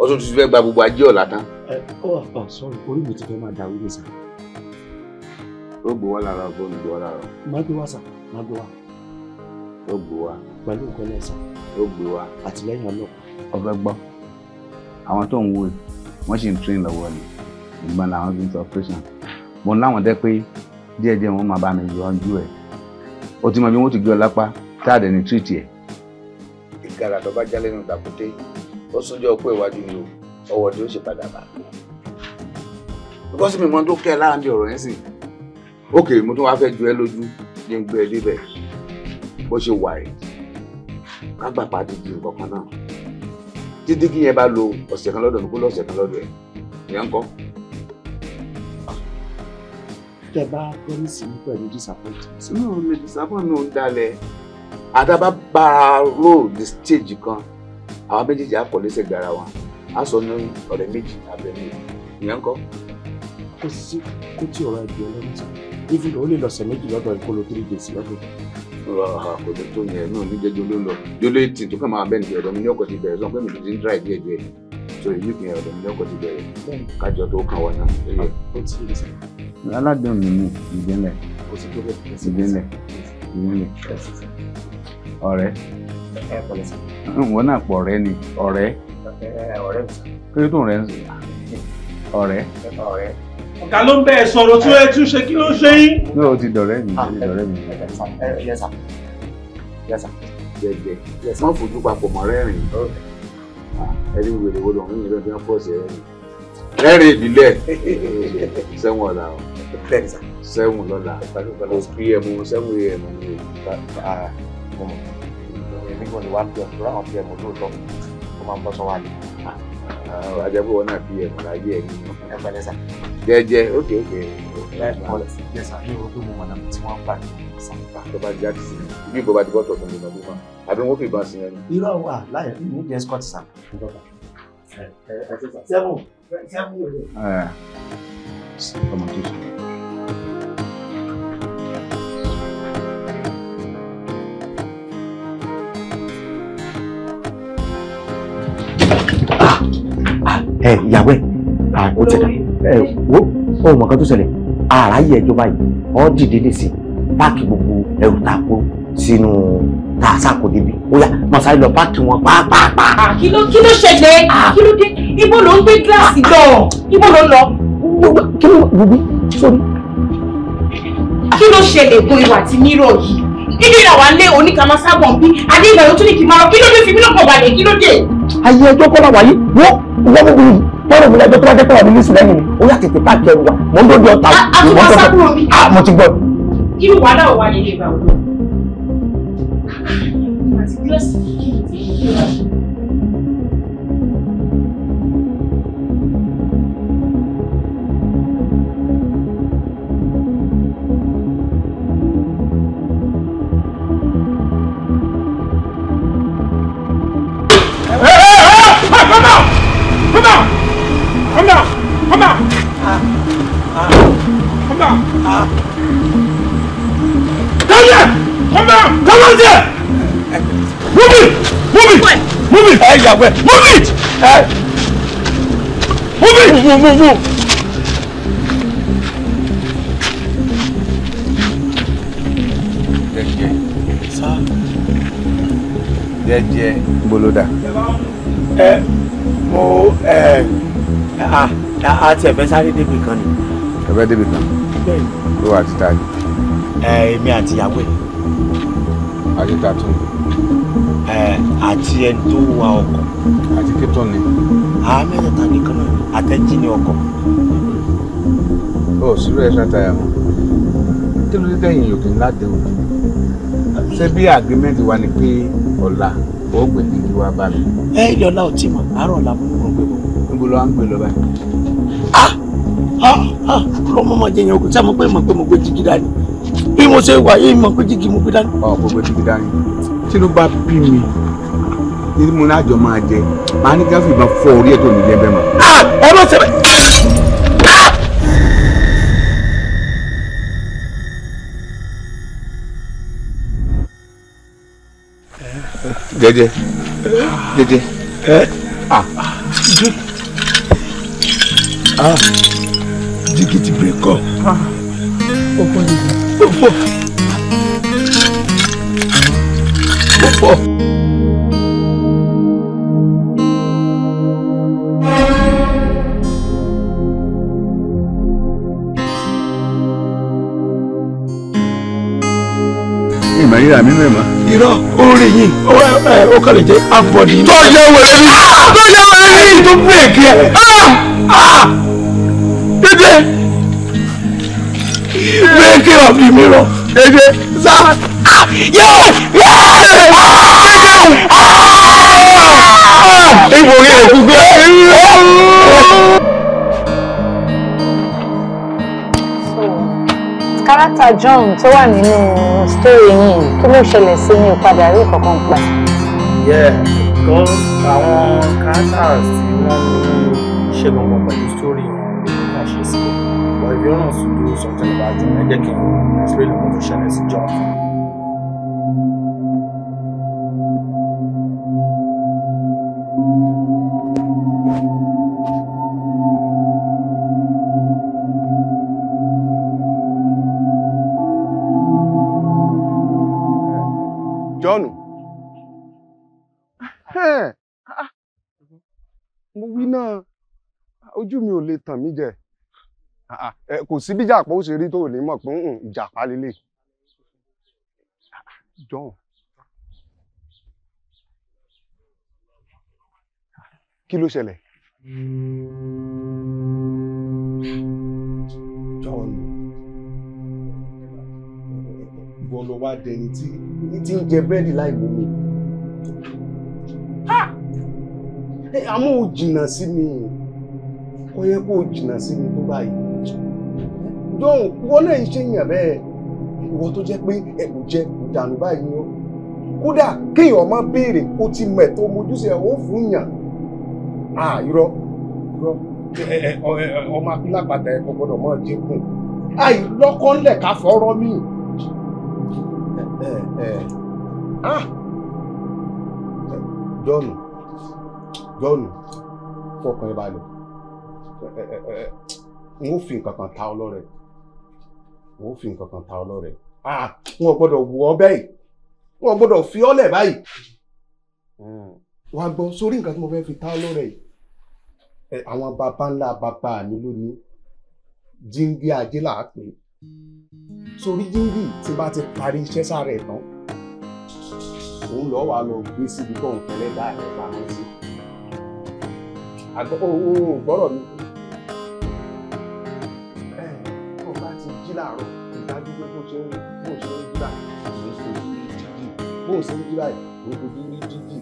ọtún ah, ah. ti fẹ́ gba gbogbo ajé ọ̀la tán. ẹ ọ ọ sọ̀rọ̀ orí mi ti fẹ́ máa dàrú mi sà. ó gbé wá lára ọgbọ́n mi gbé wá lára. má gbé wá sà má gbé wá. ó gbé wá. pẹ̀lú nǹkan náà sà. ó gbé wá. àtìlẹ́yìn ọlọ́pàá. gbọ́ àwọn tó ń wò wọ́n sì ń train lọ́wọ́ ni ìgbọ́n làwọn fi ń sọ operation mo ń láwọn dẹ́ pé díẹ̀díẹ̀ wọ́n máa bá mi yọ ojú ẹ̀ ó ti mọ bí wọ́n ti gbé ọ lápá táàdẹ̀ ní túìtì ẹ̀. ìkàrà tó bá já lẹ́nu dàkúté ó súnjọ́ ọpọ́ ìwájú ni o ọwọ́ ni ó ṣe padà bá. bíkọ́sì mi mọ́ tó kẹ́ ẹ láàrin ọ̀rọ̀ yẹn sì ókè mo tún wáá fẹ́ ju ẹ lójú ní gbé ẹ débẹ̀ bó ṣe wà ẹ̀ ká gbà pàdé ju nǹkan kan náà títí kí yẹn bá lo ọ̀sẹ̀ kan lọ́dọ̀ mi kó lọ́sẹ̀ kan lọ́dọ̀ ẹ̀ ìyá ń kọ́. tẹ bá promise mi pẹ̀lú disappointment. no mi disappointment ń dalẹ̀ àtàbà bá a rò ní stage kan àwọn méjèèjì á kọ̀ lẹ́sẹ̀ gbára wa á sọ ní ọ̀rẹ́ méjì abẹ́ mi ìyá ń kọ́. kò sí kó tí ọ̀rọ̀ ẹ̀dùn ọlọ́run ta even though ó lè lọ́sẹ̀ méjì lọ́dọ̀ ìkọlù three days lọ́dọ̀ kò ní tó yẹn náà ní jẹjọ ló lọ jọlọ ètì tó kàn máa bẹ́ẹ̀ ní ọ̀dọ̀ mi ní ọkọ̀ ti bẹ̀rẹ̀ sọ pé mi ti ń dra ìdí ẹ̀dí ẹ̀ so èyí kì í ọ̀dọ̀ mi ní ọkọ̀ ti bẹ̀rẹ̀ kájọ tó kàn wọ́n náà. aládùn mi ni ìdílé ìdílé ìdílé ọ̀rẹ́ wọn náà pọ̀ ọ̀rẹ́ ni ọ̀rẹ́ kí ló tó ń rẹ́ ọ̀rẹ́ ọ̀gá ló ń bẹ̀ ẹ̀ sọ̀rọ̀ tí ó ẹ tún ṣe kí ló ṣe yín. ní o ti dọ̀rẹ́ mi o ti ah, dọ̀rẹ́ mi. yẹsà eh, eh, eh, yẹsà jẹjẹ yẹsà wọn fojú papọ̀ mọ́ rẹ́rìn ah, ẹni wèrè wo lòun yìí lọ́dún fọ́ọ̀sì rẹ́rìn rẹ́rìn ìbílẹ̀ *laughs* sẹ́wọ̀n ọ̀la o sẹ́wọ̀n lọ́la o pí ẹmu sẹ́wọ̀n ẹmu ah, ni èmi kò ní wá pí ẹmu lọ́wọ́ pí ẹmu lóòótọ́ kó máa bọ́ sọ́wọ́ àlè. àjẹbí wọn náà pí ẹmu láyé ẹni. ẹ jẹ́jẹ́ ok ok. láì mọ yes àbí o pé mo mọ̀ náà tí wọ́n ń pàdé sàǹfà. tó bá jáde sí i bí ìbọn bá ti bọ́ tọ̀tún lè mọ̀ bí wọn àbí wọn fi ìbọn sí yẹn. irọ́ wà láyé ní jẹ́ scott sam. sẹ́fún sẹ́fún rẹ̀. ọmọ tó sọ. Ah, ah, ẹ ìyàwó ẹ ah, ó ti dà ẹ wo ohun mọ̀kan tó ṣẹlẹ̀ àráyé ẹjọ́ báyìí ọ́ dìde nìsín páàkì gbogbo ẹrù tá a kó sínú tá a sáko débi ó yá máa sáré lọ páàkì wọn pàápàá. Ah, kí ló kí ló ṣẹlẹ̀ ah. kí ló dé ibo ló ń gbé gíláàsì lọ ah. ibo ló ń lọ. kí ló gbogbo sórí. kí ló ṣẹlẹ̀ gun ìwà tí nírọ̀ yìí nínú ìràwá lé oníkàmáságbọ̀n bí adé ìgbà yóò tún ní kí n máa rọ kí ló dé fi mí lọ́kàn balẹ̀ kí ló dé. ayé ẹjọ́ kọ́ wáyé wọ́n wọ́n tọ́rọ̀ mi lẹ́jọ́ tó bá jẹ́ pẹ̀lú nílùú sùlẹ́yìn ni ó yà tètè páàkì ẹrù wa mò ń dójú ọ̀tá ìwọ́n tó fẹ́ mo ti gbọ́. irú wàhálà ò wáyé nígbà wo. move, move, move. Jẹ́jẹ́. Sá. Jẹ́jẹ́. Boloda. Ẹ mo ẹ a a ti ẹ̀fẹ́ sáré débi kan ni. Ẹ̀fẹ́ débi kan. Bẹ́ẹ̀ni. Ló wà títa ni. Ẹ èmi àti ìyàwó ẹ̀. Àti tàtún. Ẹ àti ẹni tó wa ọkọ̀. Àti kíntàn ni àá mẹ́tẹ̀ẹ̀ta nìkan náà àtẹ́jì ní ọkọ̀. ó sírò ẹ̀ ṣàtàyà mọ́ kí ló dé tẹ̀yìn yòókì ńlá dé o ṣé bí àgbẹ̀mẹ́ntì wa ni pé ọ̀la ó gbé ní kí wàá bá mi. ẹ yọlá ò tí mà àárọ̀ ọ̀la mo ní kò gbé bọ̀. níbo ló wá ń gbé lọ báyìí. lọ́mọ máa jẹ yẹn o kò sáà mo pé mo pé mo gbé jígí dání bí mo ṣe wà yé mi mo pé jígí mo gbé dání. ọ̀ gbogbo jígí dání tinubu bá bí mi ní mo náà jọ máa jẹ màá ní ká fìbọn fọ orí ẹ̀ tó ní jẹ bẹ́ẹ̀ mọ́. ẹ ló ṣe bẹ́ẹ̀. jẹ́jẹ́ ah, ah. jìgìtì break up ó pọ̀ ó pọ̀ ìmọ̀ ríra mi mẹ́mọ́. irọ́ orin yìí ó kàn lè jẹ́ àfọ̀dì. tó yẹ wẹ̀rẹ̀ ni ah! tó yẹ wẹ̀rẹ̀ ni tó bírèkì ẹ̀ ah! ah! dédé bírèkì ọ̀bì mi rọ dédé sá yẹ yẹ dédé ìbò yẹ òkú gbé. kárátà John tó wà nínú sítórì yìí kí ló ṣẹlẹ̀ sí ní ìpadà rí kankan pa. yeah because àwọn characters tí wọ́n ní ṣe gbọ̀ngàn pẹ̀lú sítórì wọn ṣe sí i but if you wan to do something about John ẹ jẹ́ kí n explain nǹkan tó ṣẹlẹ̀ sí John Jọ́ọ̀nù. Mo wí náà, ojú mi ò lè tàn mí jẹ. Kò sí bí jàpá ó ṣe rí tó lè mọ̀ pé ìjàpá lélẹ̀. Jọ́ọ̀n. Kí ló ṣẹlẹ̀? Jọ́ọ̀nù. Ìwọ wá dẹni tí tí ń jẹ búrẹ́dì láì mú mi. àmọ́ o mi o jìnnà sí mi tó báyìí. dóhùn wọ́n náà ṣe yàn bẹ́ẹ̀ ìwọ tó jẹ́ pé ẹ̀kú jẹ́ ìdànù báyìí ni ó. kódà kéèyàn ti mọ̀ ẹ̀ tó mojúṣe ẹ̀ ó fún yàn. à irọ́ irọ́ ọmọ akílápàtà ẹ̀ kò gbọ́dọ̀ mọ̀ ọ́ dínkù. àì lọ́kọ́ ńlẹ̀ ká jọ́nù eh, eh, eh. ah! jọ́nù fọkàn ẹ balẹ̀ n ó fi nǹkan ta ọlọ́rẹ̀ n ó fi nǹkan ta ọlọ́rẹ̀ ah! wọn gbọ́dọ̀ wù bẹ́ẹ̀ wọn gbọ́dọ̀ fi ọ́ lẹ̀ báyìí hmm. wàá gbọ́ sórí nǹkan tí mo fẹ́ fi ta ọlọ́rẹ̀ yìí àwọn ńlá mi ajé pè é. sórí yíyí tí bá ti parí iṣẹ́ sára ẹ̀ tán òun lọ́ wàá lọ gbé síbi tó ń fẹ́lẹ́ dá ẹ̀ pamọ́ sí àgbọ̀ òun gbọ́rọ̀ mi ẹ̀ tó bá ti jí láàárọ̀ ìdájú pé bó ṣe ń bó ṣe ń jí láàárọ̀ kò ní jíjì bó ṣe ń jí láàárọ̀ kò ní jíjì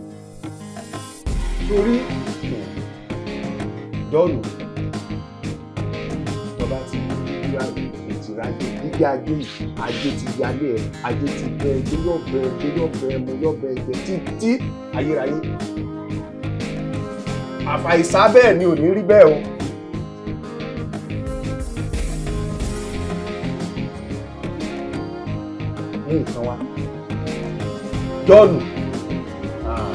torí dọ́ọ̀nù tó bá ti jí láàárọ̀ rájò gbígbé ajé yìí ajé ti yálé ẹ ajé ti bẹ ẹgbẹ yọbẹ ẹgbẹ yọbẹ ẹmu yọbẹ ẹgbẹ títí ayérayé àfàìsá bẹ́ẹ̀ ni ò ní rí bẹ́ẹ̀ o. mú nǹkan wá jọ́ọ̀nù ah,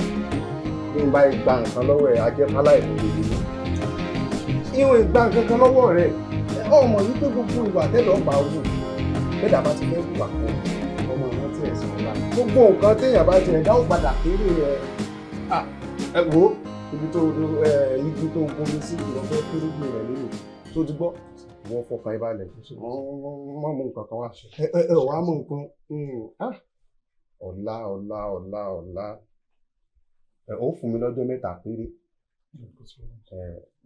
bí n bá gba nǹkan lọ́wọ́ ẹ̀ ajẹ́fáláì ló lè rí i. ìwọ̀n ìgbà nǹkan kan lọ́wọ́ rẹ̀ ọmọ yìí pé gbogbo ìwà tẹ́lọ̀ ń bá wù bẹ́ẹ̀dá bá ti fẹ́ wù àpò ọmọ ìwọ́n ti ẹ̀sìn ńlá gbogbo nǹkan téèyàn bá ti ẹ̀dá ó padà kéré ẹ̀ ẹ wo ibi tó igi tó gbomi sí ìrọ̀fẹ́ kéré gbé rẹ̀ lórí tó ti gbọ́ wọ́n fọkàn ìbàlẹ̀ mọ́ mú nǹkan kan wá ẹ ẹ wàá mú nǹkan hmm, ọ̀la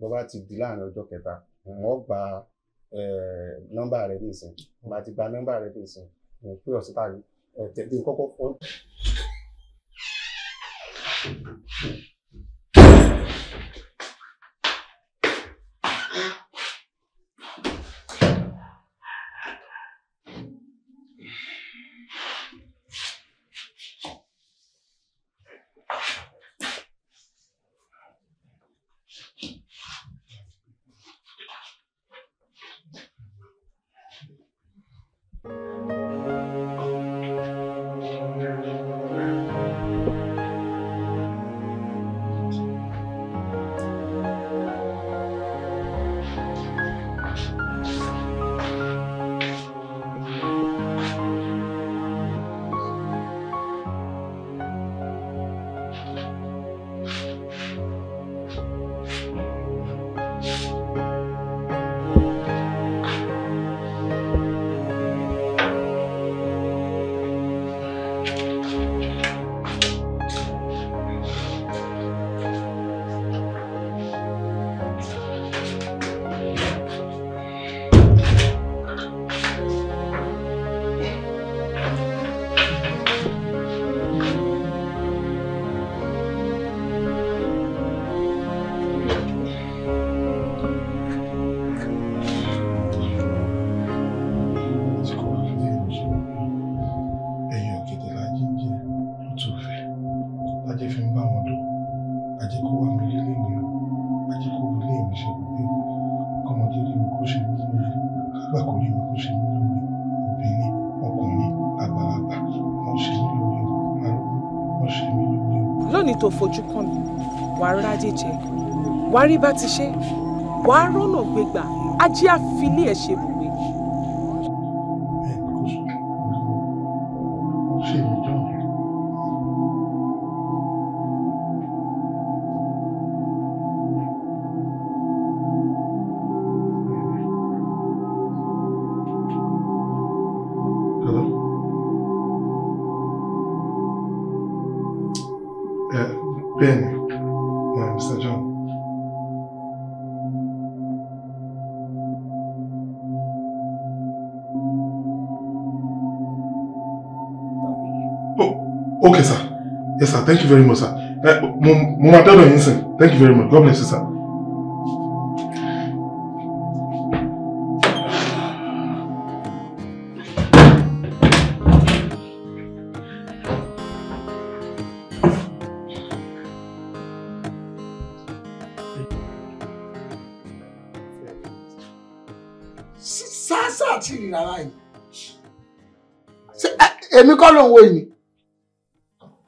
ọ̀la ọ̀la ọ̀la Eh, nọ́mbà rẹ nìsín màá ti gba nọ́mbà rẹ nìsín pé ọ̀sítà tẹ̀lé kọ́kọ́ fọ́. tó fojú kàn mí wà á ráyè jẹ wà á rí bá ti ṣe wà á rọ́nà gbégbà ajé àfilé ẹ̀ ṣe bù. Okay, sir. Yes, sir. Thank you very much, sir. Eh, mo máa dọ́dọ̀ yín sìn. Thank you very much. God bless you, sir. sáà tí ì rárá yìí eh, èmi kọ́ ló ń wo yìí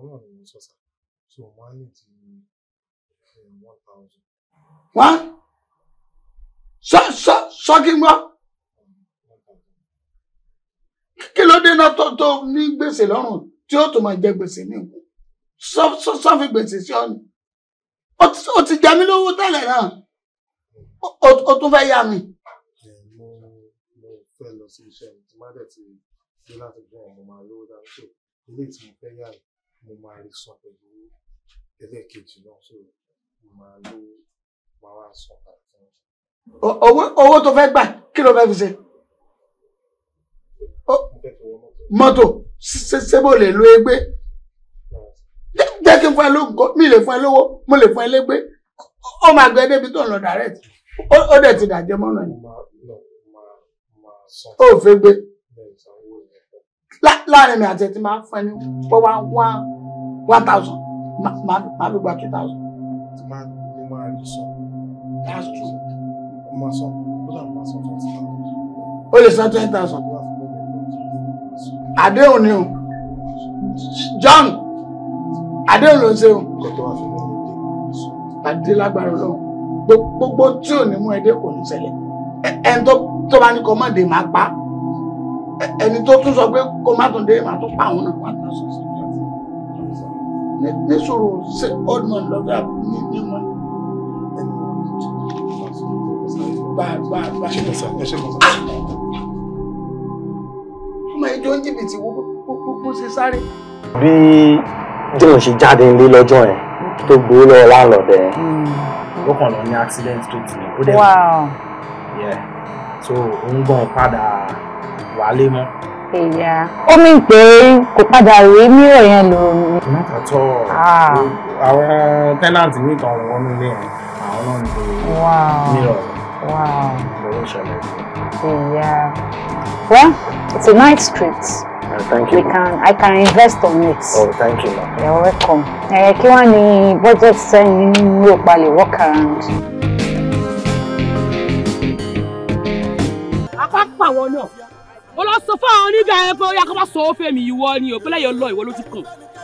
òun náà ni mo so mo á ní eh, one thousand. one sọ sọ sọ kí kí ló dé náà tó ní gbèsè lọ́rùn tí ó tó máa jẹ gbèsè ní ìkú sọ gbèsè sí ọ̀nà ó ti jẹ mí lówó tẹ́lẹ̀ náà ó tún fẹ́ yá mi. mo fẹ́ lọ sí iṣẹ́ mi tí má dẹ̀ ti dé láti gbọ́ ọmọ màá lówó dáa tó ilé tí fẹ́ yá mi mo máa rí san pẹ̀lú ẹlẹ́ẹ̀kejì náà so mo máa ló máa wá san padà fún wọn. owó owó tó fẹ́ gbà kí ló fẹ́ fi ṣe. mọ́tò ṣé mo lè lo ẹgbẹ́ jẹ́ kí n fún ẹ lóko mi lè fún ẹ lówó mo lè fún ẹ lẹ́gbẹ́ ó máa gbẹ débi tó ń lọ direct ó dẹ̀ ti dàjẹ́ mọ́nà yìí. ó fẹ́ gbé láàrin mi àti ẹ ti máa fún ẹ ní pé one one one thousand máa fi gba two thousand. ti máa ní máa rí sọ. that's true. mo máa sọ ó dà máa sọ twenty thousand. o lè san twenty thousand. àdéhùn ni o John àdéhùn ló ń ṣe o. àdé lágbára Ọlọ́run gbogbo tí ò ní mú ẹdẹ kò ní ṣẹlẹ̀ ẹ ẹ tó bá ní kọ mọdé máa pa á ẹni tó tún sọ pé kó má tún dé màá tún pa àwọn náà wà tán sọ sí i ní sòrò ṣe old man lọ́dọ̀ ní ní wọn. ọmọ ìjọ ń jìbìtì wo gbogbo ṣe sáré. bí John ṣe jáde nílé lọ́jọ́ yẹn tó gbowó lọ́wọ́ láńlọ́ọ̀dẹ̀ yẹn hmm. ó kàn lọ ní accident tó ti ní. wow. yeah so òun gan padà wálé mọ́. ìyá ó mì pé kò padà rí mírọ̀ yẹn lò ní. not at ah. àwọn tẹ́nàntì mi kan wọ́n nílé yẹn àwọn náà ń lo mírọ̀ lọ́wọ́ ìṣẹ̀lẹ̀. ìyá well it's a nice treat. Uh, thank you. We can, I can invest on it. Oh, thank you. Ma. You're welcome. Uh, kí wá ni budget sẹ́yìn ní òpá lè work around? Apá pàwọ̀ náà o lọ sọ fún àwọn onígbà yẹn pé ó yà kó má sọ ó fẹ́ mi ìwọ ni o bẹ́lẹ̀ yẹn lọ ìwọ ló ti kàn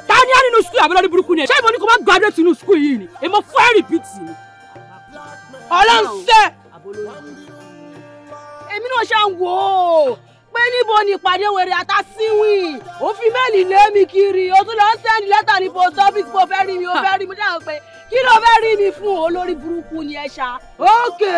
ta ni á nínú skul àbí lórí burúkú ni ṣé ìbọn ní kó má graduate nínú skul yìí ni èmo fún rìpítì ni ọlọ́nsẹ̀ èmi náà ṣe ń wò ó pé níbo ni ìpàdé wèrè àtàsíwìn òfin mẹ́ẹ̀lì lé mi kiri o tún lọ ń sẹ́ndì lẹ́tà ní post office mo fẹ́ rí mi o fẹ́ rí mi dáhùn pé kí ló fẹ́ rí mi fún olórí burúkú ni ẹ ṣá. ókè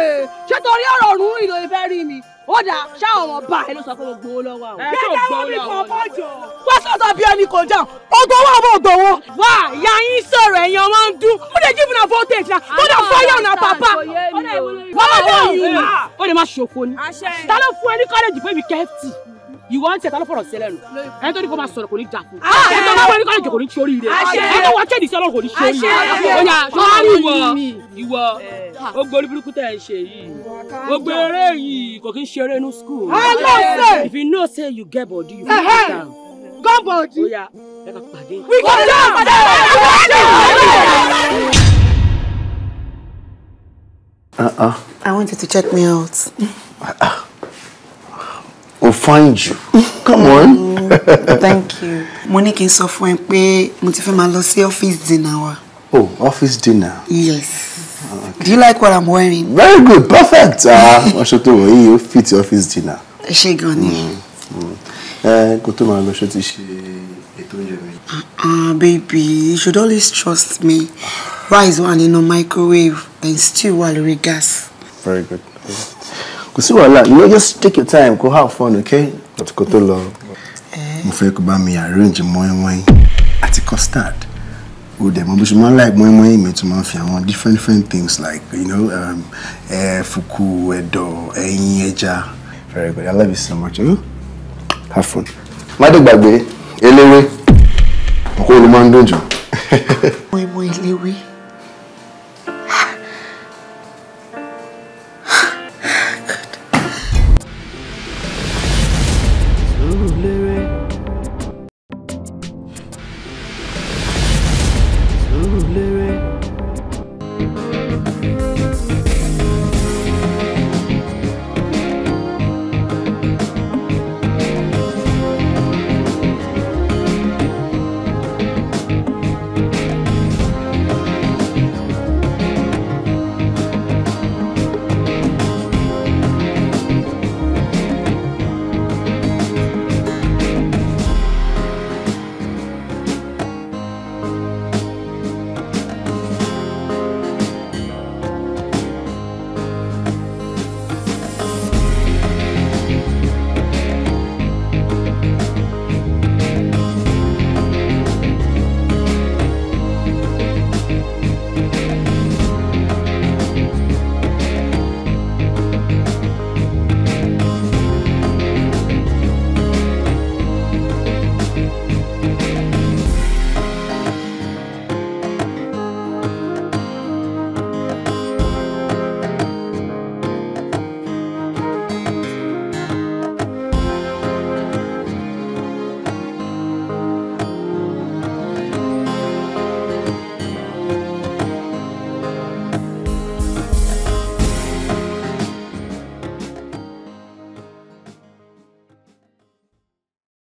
ṣé torí ọ̀rọ̀ ọ̀run ìlò ìfẹ́ rí mi ó dà ṣáwọn ọmọ bá ẹ ló sọ pé o gbowó lọ́wọ́ àwọn. ẹ tó gbowó lọ́wọ́ àwọn ni. wọ́n sọ̀tọ̀ bí ẹni kò dáhùn ó gbowó àbọ̀ ògbowó. wá ìyá yín sọ̀rọ̀ ẹ̀yìn ọmọ ń dún ó lè jíìpù náà voltage la ó lè fọyọ̀ náà ah, pàpà. ó lè máa ṣòfò ni ta ló fún ẹ ní kọ́lẹ́jì fún èmi kẹ́ẹ̀tì ìwọ ń tẹ ta ló fọ̀rọ̀ sílẹ̀ nù ẹni tó ní kó máa sọ̀rọ̀ kò ní jà fún ah, ah, ẹni tó máa wọ ah, ẹni kọ́ lẹ́jọ̀ kò ní sórí rẹ ẹni tó wọ kéde sí ọlọ́run kò ní sórí rẹ ọ̀yà sọ́ọ́rì ìwọ ìwọ gbogbo orí burúkú tẹ̀ ń ṣe yìí gbogbo eré yìí kò kí ń ṣeré inú school if you know say you get body you fit get am gan body ọ̀yà ẹ ka pàdé. we go down pàdé pàdé. Uh-uh. I want you to check me out. Uh-uh find you come on. Mm, thank you. *laughs* mo ní kí n sọ fún ẹ pé mo ti fẹ́ máa lọ sí office dinner wa. oh office dinner. yes. Ah, okay. Do you like what I'm wearing? Very good, perfect. Ah, aṣọ tó wọ̀ yìí ó fit office dinner. Ẹ ṣé gan ni. Mm, mm. Ẹ kó tó máa lọ ṣe ti ṣe ètò oúnjẹ mi. Ah, baby, you should always trust me. Rice wà nínú microwave and stew wà lórí gas. Very good. Okay kò sí wàhálà you just take your time go have fun okay. àti kó tó lọ mo fẹ́ kó bá mi arrange mọ́ínmọ́ín àti custard o dẹ̀ mo bí ṣe máa ń like mọ́ínmọ́ín mi tún máa ń fi àwọn different different things like you know um, eh, fuku ẹ̀dọ̀ ẹyin ẹja very good i love you so much huh? have fun. má dé gbàgbé eléwé ọkọ olùmọ̀ ń dùn jù. mọ́ínmọ́ín eléwé.